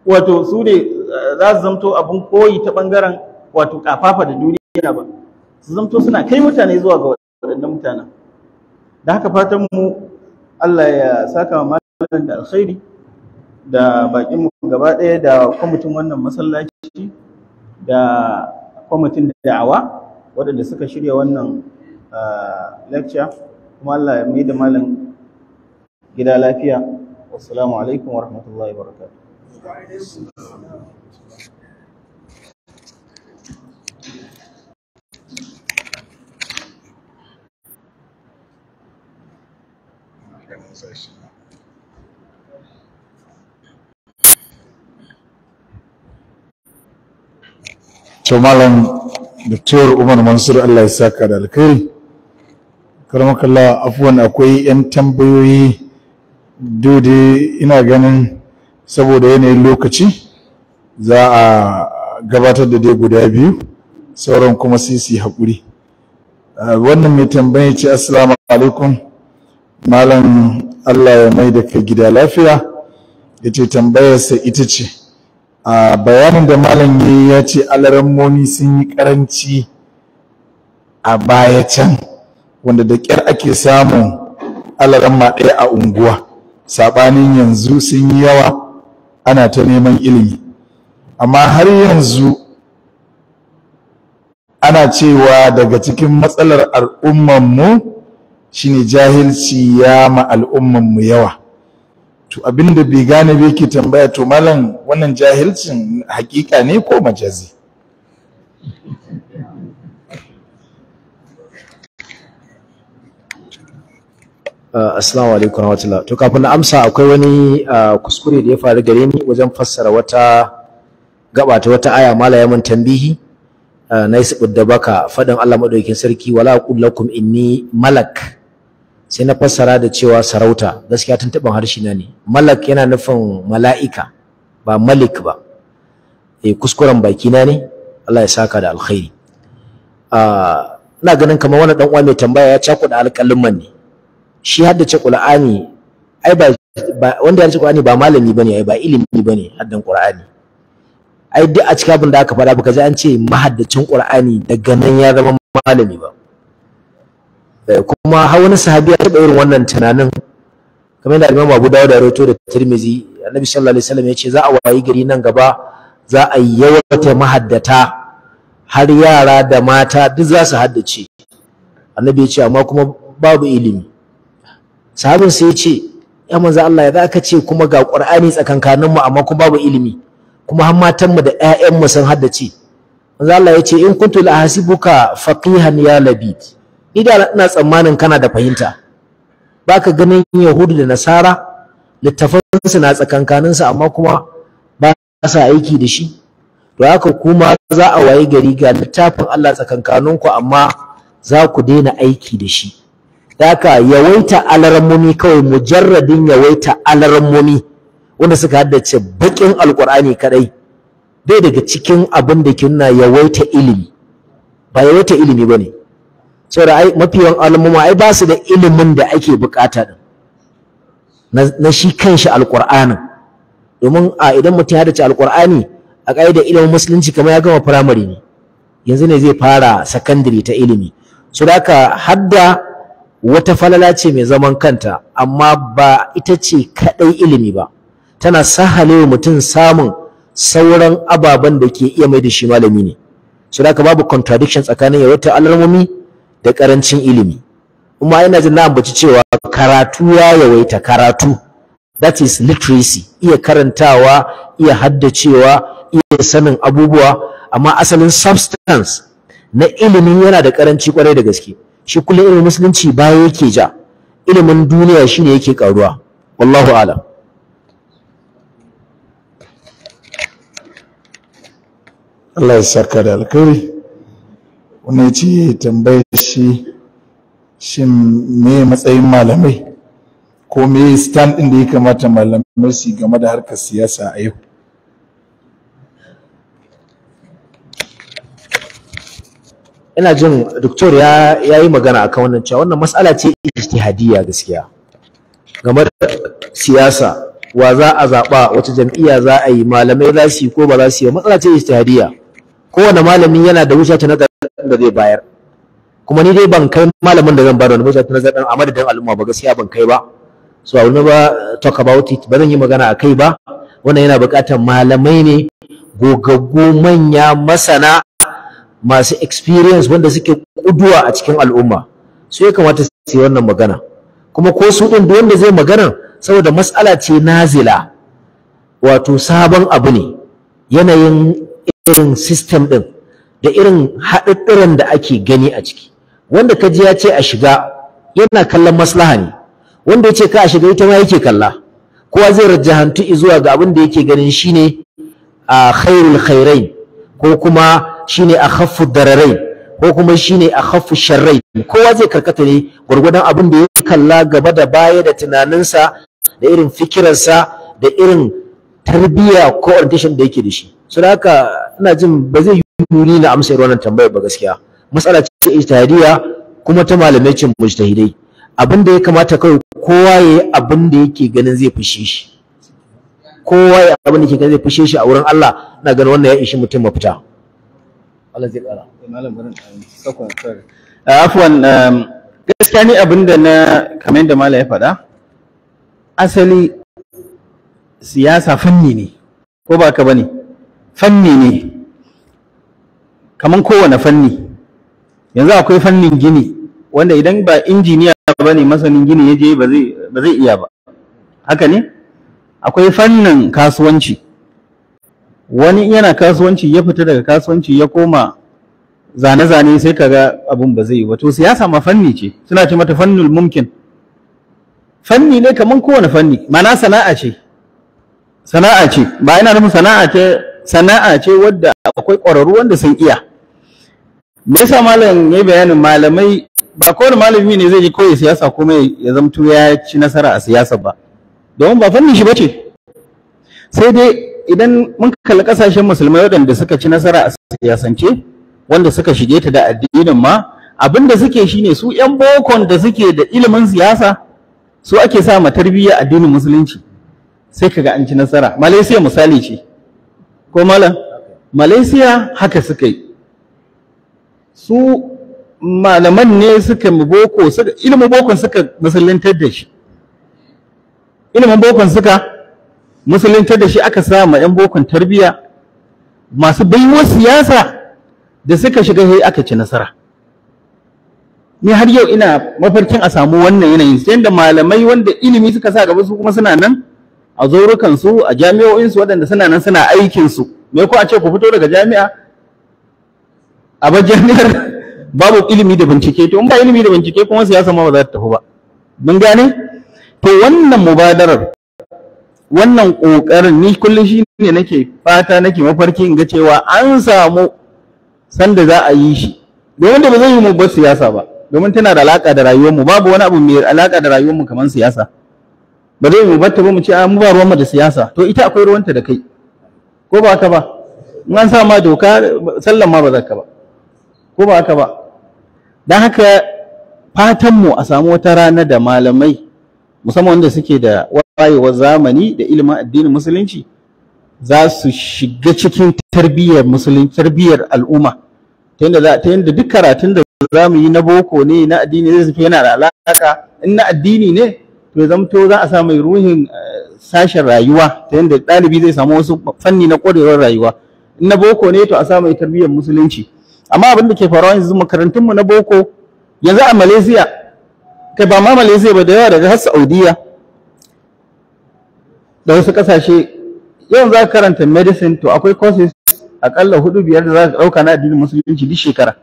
wato su ne eh, za su zamto abin koyi ta bangaren wato kafafa da duniya ba su zamto suna kai mutane zuwa ga waɗannan mutanen da haka fatan mu Allah ya saka wa malam da alkhairi da bakin mu gaba ɗaya da kwamitin wannan masallaci da kwamitin da'awa waɗanda suka shirya wannan ah, lecture kuma Allah ya mai da malam gida lafiya wasu alaikum wa rahmatullahi wa to malam Dr. Umar Mansur Allah ya saka da alkhairi karmakalla afuwan akwai 'yan tambayoyi dode ina ganin saboda yanayin lokaci za a gabatar da dai guda biyu sauran kuma sisi haƙuri wannan mai tambaye ce assalamu alaikum malam Allah ya mai da ka gida lafiya ya ce tambayarsa ita ce a bayanin da malam ya ya ce alarammomi sun yi karanci a baya can wanda da ƙyar ake samun alaramma ɗaya a unguwa saɓanin yanzu sun yi yawa ana ta neman ilimi amma har yanzu ana cewa daga cikin matsalar al'ummanmu shine jahilci ya ma al'ummanmu yawa to abinda bai gane bai ke tambaya to malam wannan jahilcin hakika ne ko majazi uh, Assalamu alaikum warahmatullah to kafin na amsa akwai wani uh, kuskure da ya faru gare ni wajen fassara wata gaba ta wata aya mala ya tambihi uh, na yi baka faɗin Allah madaukakin sarki wala kullakum lakum inni malak sai na fassara da cewa sarauta gaskiya tun taɓin harshe na ne malak yana nufin mala'ika ba malik ba eh kuskuren baki na ne Allah ya saka da alkhairi a ah, ina ganin kamar wani dan uwa mai tambaya ya da alƙalin ne shi haddace Qur'ani ai ba wanda ya haddace Qur'ani ba malami bane ai ba ilimi bane haddan Qur'ani ai duk a cikin abin da aka faɗa baka ji an ce mahaddacin Qur'ani daga nan ya zama malami ba Eh, kuma har wani sahabi ya taɓa irin wannan tunanin kamar da Imam Abu Dawud da rawaito da Tirmidhi Annabi sallallahu alaihi wasallam yace za a wayi gari nan gaba za a yawata mahaddata har yara da mata duk za su haddace Annabi yace amma kuma babu ilimi sahabin sai yace ya manzo Allah ya zaka ce kuma ga Qur'ani tsakankanin mu amma kuma babu ilimi kuma har matan mu da ƴaƴan mu sun haddace manzo Allah yace in kuntu la hasibuka faqihan ya labid ni da ina tsammanin kana da fahimta baka ganin yahudu da nasara littafansu na tsakankaninsu amma kuma ba sa aiki da shi to haka kuma za a waye gari ga littafin Allah tsakankaninku amma za ku daina aiki da shi haka yawaita alarammomi kawai mujarradin yawaita alarammomi wanda suka haddace bakin alkur'ani kadai bai daga cikin abin da ke yawaita ilimi ba yawaita ilimi bane saboda ai yawan al'umma ai ba su da ilimin da ake bukata din na shi kanshi alqur'anin domin a idan mutum ya dace alqur'ani a kaida ilimin musulunci kamar ya gama firamare ne yanzu ne zai fara sakandare ta ilimi so da haka hadda wata falala ce mai zaman kanta amma ba ita ce kaɗai ilimi ba tana sahalewa mutum samun sauran ababen da ke iya mai da shi malami ne so da haka babu contradiction tsakanin yawaitar alamomi. da karancin ilimi kuma ina jin na ambaci cewa karatu ya yawaita karatu that is literacy iya karantawa iya haddacewa iya sanin abubuwa amma asalin substance na ilimin yana da karanci kwarai da gaske shi kullum ilimin musulunci baya yake ja ilimin duniya shine yake karuwa wallahu alam Allah ya saka da alkhairi wannan ci tambayar shi shin me matsayin malamai ko me stand din da ya kamata malamai su game da harkar siyasa a yau ina jin doktor ya yi magana akan wannan cewa wannan matsala ce ijtihadiyya gaskiya game da siyasa wa za a zaɓa wata jam'iyya za a yi malamai za su yi ko ba za su yi matsala ce ijtihadiyya kowane malami yana da wuce ta nazari da zai bayar kuma ni dai ban kai malamin da zan bayar wani ba sai nazar amma da madadin al'umma ba gaskiya ban kai ba so I will never talk about it ba zan yi magana a kai ba wannan yana buƙatar malamai ne gogaggu manya masana masu experience wanda suke kuduwa a cikin al'umma su ya kamata su yi wannan magana kuma ko su ɗin duk wanda zai magana saboda mas'ala ce nazila wato sabon abu ne yanayin irin system ɗin da irin haɗaɗɗiran da ake gani a ciki wanda ka ji ya ce a shiga yana kallon maslaha ne wanda ya ce ka a shiga ita ma yake kalla kowa zai rajahantu zuwa ga abin da yake ganin shine a khairul khairain ko kuma shine a khaffu dararai ko kuma shine a khaffu sharrai kowa zai karkata ne gwargwadon abin da ya kalla gaba da baya da tunaninsa da irin fikirarsa da irin tarbiyya ko orientation da yake da shi so haka ina jin ba zai ni na amsa irin wannan tambayar ba gaskiya matsala ce ijtihadiya kuma ta malamai cin mujtahidai abin da ya kamata kawai kowa ya yi abin da yake ganin zai fushe shi kowa ya abin da yake ganin zai fushe shi a wurin Allah ina ganin wannan ya ishi mutum mafita Allah zai kara eh, malam barin sakon sorry eh, afwan um, gaskiya ni abin da na kamar yadda malam ya faɗa asali siyasa fanni ne ko ba ka bane fanni ne kaman kowane fanni yanzu akwai fannin gini wanda idan ba injiniya ba ne masanin gini ya je ba zai iya ba haka ne akwai fannin kasuwanci wani yana kasuwanci ya fita daga kasuwanci ya koma zane-zane sai kaga abun ba zai yi ba siyasa ma fanni ce suna ce mata fannul mumkin fanni ne kaman kowane fanni mana sana'a ce sana'a ce ba ina nufin sana'a ce sana'a ce wadda akwai ƙwararru wanda sun iya me yasa malam yayi bayanin malamai ba kowane malami ne zai ko koyi siyasa kuma ya zamto ya ci nasara a siyasa ba domin ba fannin shi ba ce. sai dai idan mun kalli kasashen musulmai waɗanda suka ci nasara a siyasance wanda suka shige ta da addinin ma abin da suke shine su yan bokon da suke da ilimin siyasa su ake sa ma tarbiyya addinin musulunci sai kaga an ci nasara malaysia misali ce ko malam malaysia haka suka yi su malaman ne suka mu boko suka ilimin bokon suka musulintar da shi ilimin bokon suka musulintar da shi aka sa ma yan bokon tarbiya masu baiwa siyasa da suka shiga sai aka ci nasara ni har yau ina mafarkin a samu wannan yanayin sai da malamai wanda ilimi suka sa gaba su kuma suna nan a zaurukan su a jami'o'in su waɗanda suna nan suna aikin su me ko a ce ku fito daga jami'a a bajaniyar babu ilimi da bincike to in ba ilimi da bincike kuma siyasa ma ba za ta tafi ba mun gane to wannan mubadarar wannan kokarin ni kullum shi ne nake fata nake mafarki in ga cewa an samu sanda za a yi shi domin da ba zai yi mu ba siyasa ba domin tana da alaka da rayuwar mu babu wani abu mai alaka da rayuwar mu kamar siyasa ba zai mu batta ba mu ce a ah, mu ba ruwan mu da siyasa to ita akwai ruwanta da kai ko ba ka ba in an sa ma doka sallan ma ba za ka ba ko ba haka ba don haka fatanmu a samu wata rana da malamai musamman wanda suke da wayewar zamani da ilimin addinin musulunci za su shiga cikin tarbiyyar musulunci tarbiyyar al'umma ta yadda duk karatun da za mu yi na boko ne na addini zai zafi yana da alaka in na addini ne to zamto za a samu ruhin eh, sashen rayuwa ta yadda ɗalibi zai samu wasu fanni na ƙwarewar rayuwa in na boko ne to a samu tarbiyyar musulunci amma abin da ke faruwa yanzu mu na boko yanzu a malaysia kai ba ma malaysia ba da yawa daga har saudiya da wasu kasashe yawan za ka karanta medicine to akwai courses akalla hudu biyar da za ka ɗauka na addinin musulunci duk shekara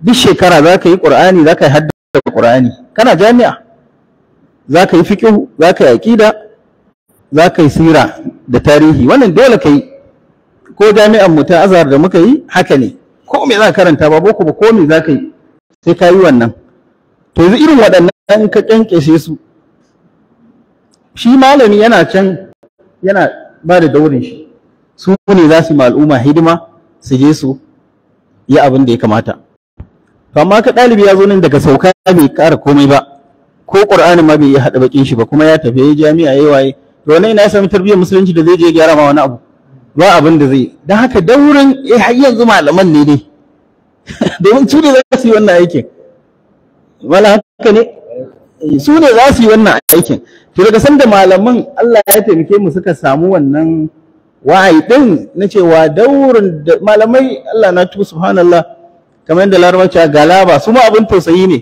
duk shekara za ka yi ƙur'ani za ka yi haddasa ƙur'ani kana jami'a za ka yi fiqh za ka yi aƙida za ka yi sira da tarihi wannan dole ka yi ko jami'an mu ta azhar da muka yi haka ne ko me za ka karanta ba boko ba ko me za ka yi sai ka yi wannan to yanzu irin waɗannan an ka kyankyashe su shi malami yana can yana ba da daurin shi su ne za su ma al'umma hidima su je su yi abin da ya kamata to amma ka ɗalibi ya zo nan daga sauka bai ƙara komai ba ko ƙur'ani ma bai haɗa bakin shi ba kuma ya tafi jami'a yayi waye to wannan ina ya sami tarbiyyar musulunci da zai je gyara ma wani abu ba abin da zai don haka daurin eh har yanzu malaman ne ne (laughs) domin su ne za su yi wannan aikin wala haka ne su ne za su yi wannan aikin to daga sanda malaman Allah ya taimake mu suka samu wannan wa'ayi din na cewa daurin da malamai Allah na tu subhanallah kamar yadda larabawa galaba su ma abin tausayi ne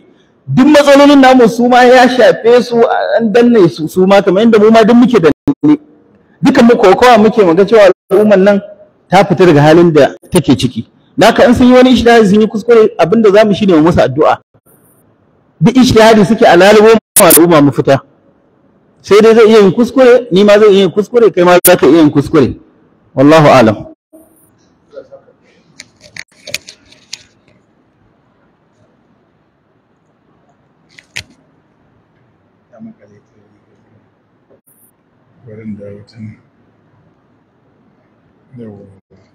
duk matsalolin namu su ma ya shafe su an danne su su ma kamar yadda mu ma duk muke danne dukan mu kokawa muke mu ga cewa al'umman nan ta fita daga halin da take ciki naka in sun yi wani ishtihadi sun yi kuskure abinda zamu shine mu musu addu'a duk ishtihadi suke alalibo al'umma mu fita sai dai zai iya yin kuskure ni ma zai iya yin kuskure kai ma za iya yin kuskure wallahu alam barin da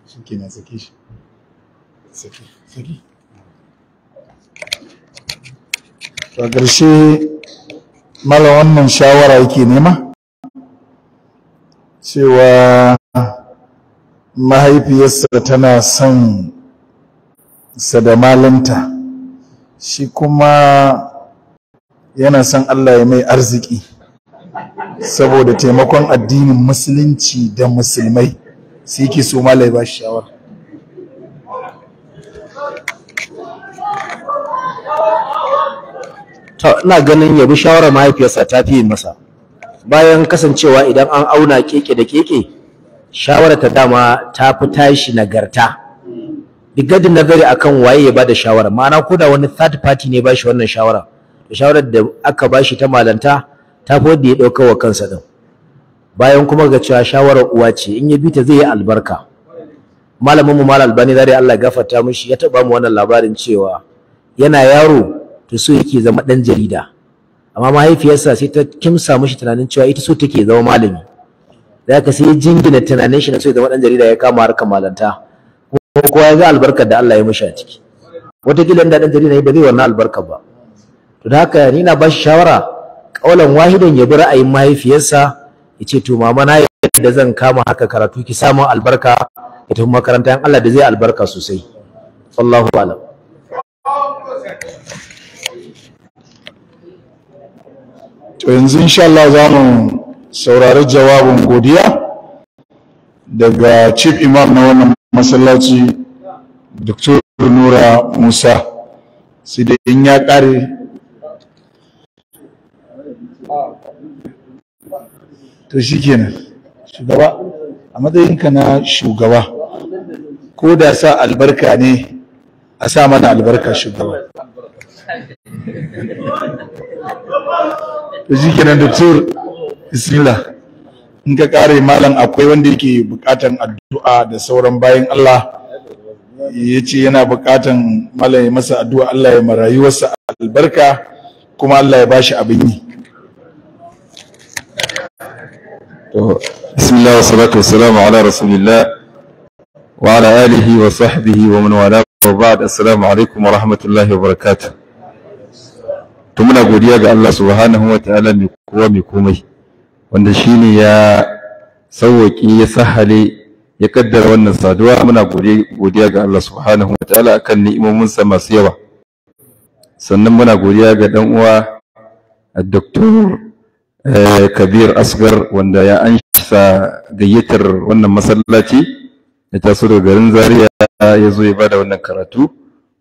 shi ke na shi ƙarshe mala wannan shawara yake nema cewa mahaifiyarsa tana son sa da malinta shi kuma yana son Allah ya mai arziki saboda taimakon addinin musulunci da musulmai sai ke so ma laiba shawar. ta ina ganin yabi shawarar mahaifiyarsa ta fiye masa bayan kasancewa idan an auna keke da keke shawarar ta dama ta fi tashi nagarta diga da akan waye ya bada shawara ma'ana ko da wani third party ne ba shi wannan shawara shawarar da aka ba shi ta malanta ta fi wadda ya ɗauka wa kansa ɗin bayan kuma ga cewa shawarar uwa ce in ya bi ta zai yi albarka malamin mu mal albani zare Allah gafarta mishi ya taɓa mu wannan labarin cewa yana yaro to so yake zama ɗan jarida amma mahaifiyarsa sai ta kimsa mishi tunanin cewa ita so take zama malami da haka sai jingina tunanin shi na so ya zama ɗan jarida ya kama harkar malanta kuma kowa ya ga albarkar da Allah ya mishi a ciki wataƙila da ɗan jarida yi ba zai wannan albarkar ba to da haka ni na ba shi shawara ƙaulan wahidan ya bi ra'ayin mahaifiyarsa ya ce to mama na yadda zan kama haka karatu ki samun albarka ya tafi makaranta in Allah da zai albarka sosai wallahu alam to yanzu insha Allah za mu saurari jawabin godiya daga chief imam na wannan masallaci Dr. Nura Musa sai da in ya kare to shi kenan shugaba a matsayinka na shugaba ko da sa albarka ne a sa mana albarka shugaba to shi kenan doktor bismillah in ka kare malam akwai wanda yake bukatan addu'a da sauran bayan Allah ya ce yana bukatan malam masa addu'a Allah ya marayuwarsa albarka kuma Allah ya bashi abin yi بسم الله والصلاة والسلام على رسول الله وعلى آله وصحبه ومن والاه وبعد السلام عليكم ورحمة الله وبركاته to muna godiya ga Allah subhanahu wataala mai kowa mai komai wanda shine ya sauwaki ya sahale ya kaddara wannan saduwa muna godiya ga Allah subhanahu wataala akan ni'imomin sa masu yawa sannan muna godiya ga dan Eh, kabir asgar wanda ya ansa gayyatar wannan masallaci ya taso daga garin zaria ya zo ya bada wannan karatu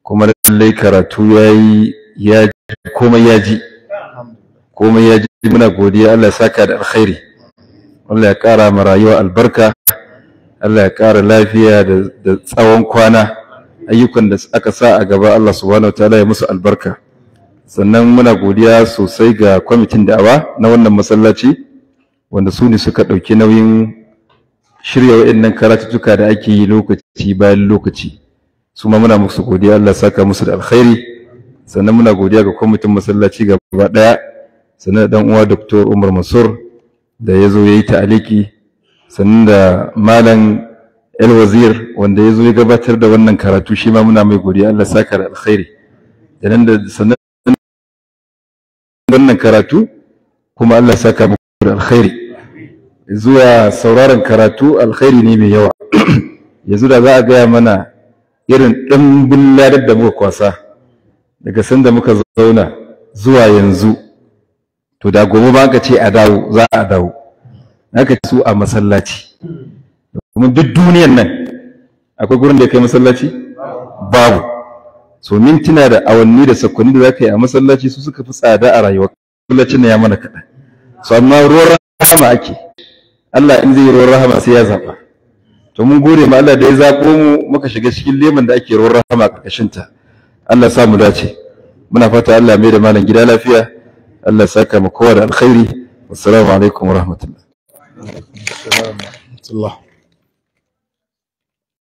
kuma lallai karatu ya yi ya komai ya ji komai ya ji muna godiya Allah ya saka da alkhairi Allah ya kara ma rayuwa albarka Allah ya kara lafiya da tsawon kwana ayyukan da aka sa a gaba Allah subhanahu ta'ala ya musu albarka sannan muna godiya sosai ga kwamitin da'awa na wannan masallaci wanda su ne suka ɗauki nauyin shirya waɗannan karatuttuka da ake yi lokaci bayan lokaci su ma muna musu godiya Allah saka musu da alkhairi sannan muna godiya ga kwamitin masallaci gaba ɗaya sannan da uwa Dr. Umar Mansur da ya zo ya yi ta'aliki sannan da malam El Wazir wanda ya zo ya gabatar da wannan karatu shi ma muna mai godiya Allah saka da alkhairi Da nan da sannan wannan karatu kuma Allah saka muku da alkhairi zuwa sauraron karatu alkhairi ne mai yawa (clears throat) yanzu da za a gaya mana irin ɗimbin ladar da muka kwasa daga sanda muka zauna zuwa yanzu to da gobe ba ka ce a dawo za a dawo aka su a masallaci Kuma duk duniyar nan akwai gurin da ya kai masallaci babu so mintuna da awanni da sakonni da zaka yi a masallaci su suka fi tsada a rayuwa ne ya mana kaɗan so amma ruwan rahama ake Allah in zai yi ruwan rahama sai ya zaɓa to mun gode ma Allah da ya zaɓo mu muka shiga cikin leman da ake ruwan rahama ƙarƙashin ta Allah sa mu dace muna fata Allah mai da malam gida lafiya Allah saka mu kowa da alkhairi wassalamu alaikum warahmatullahi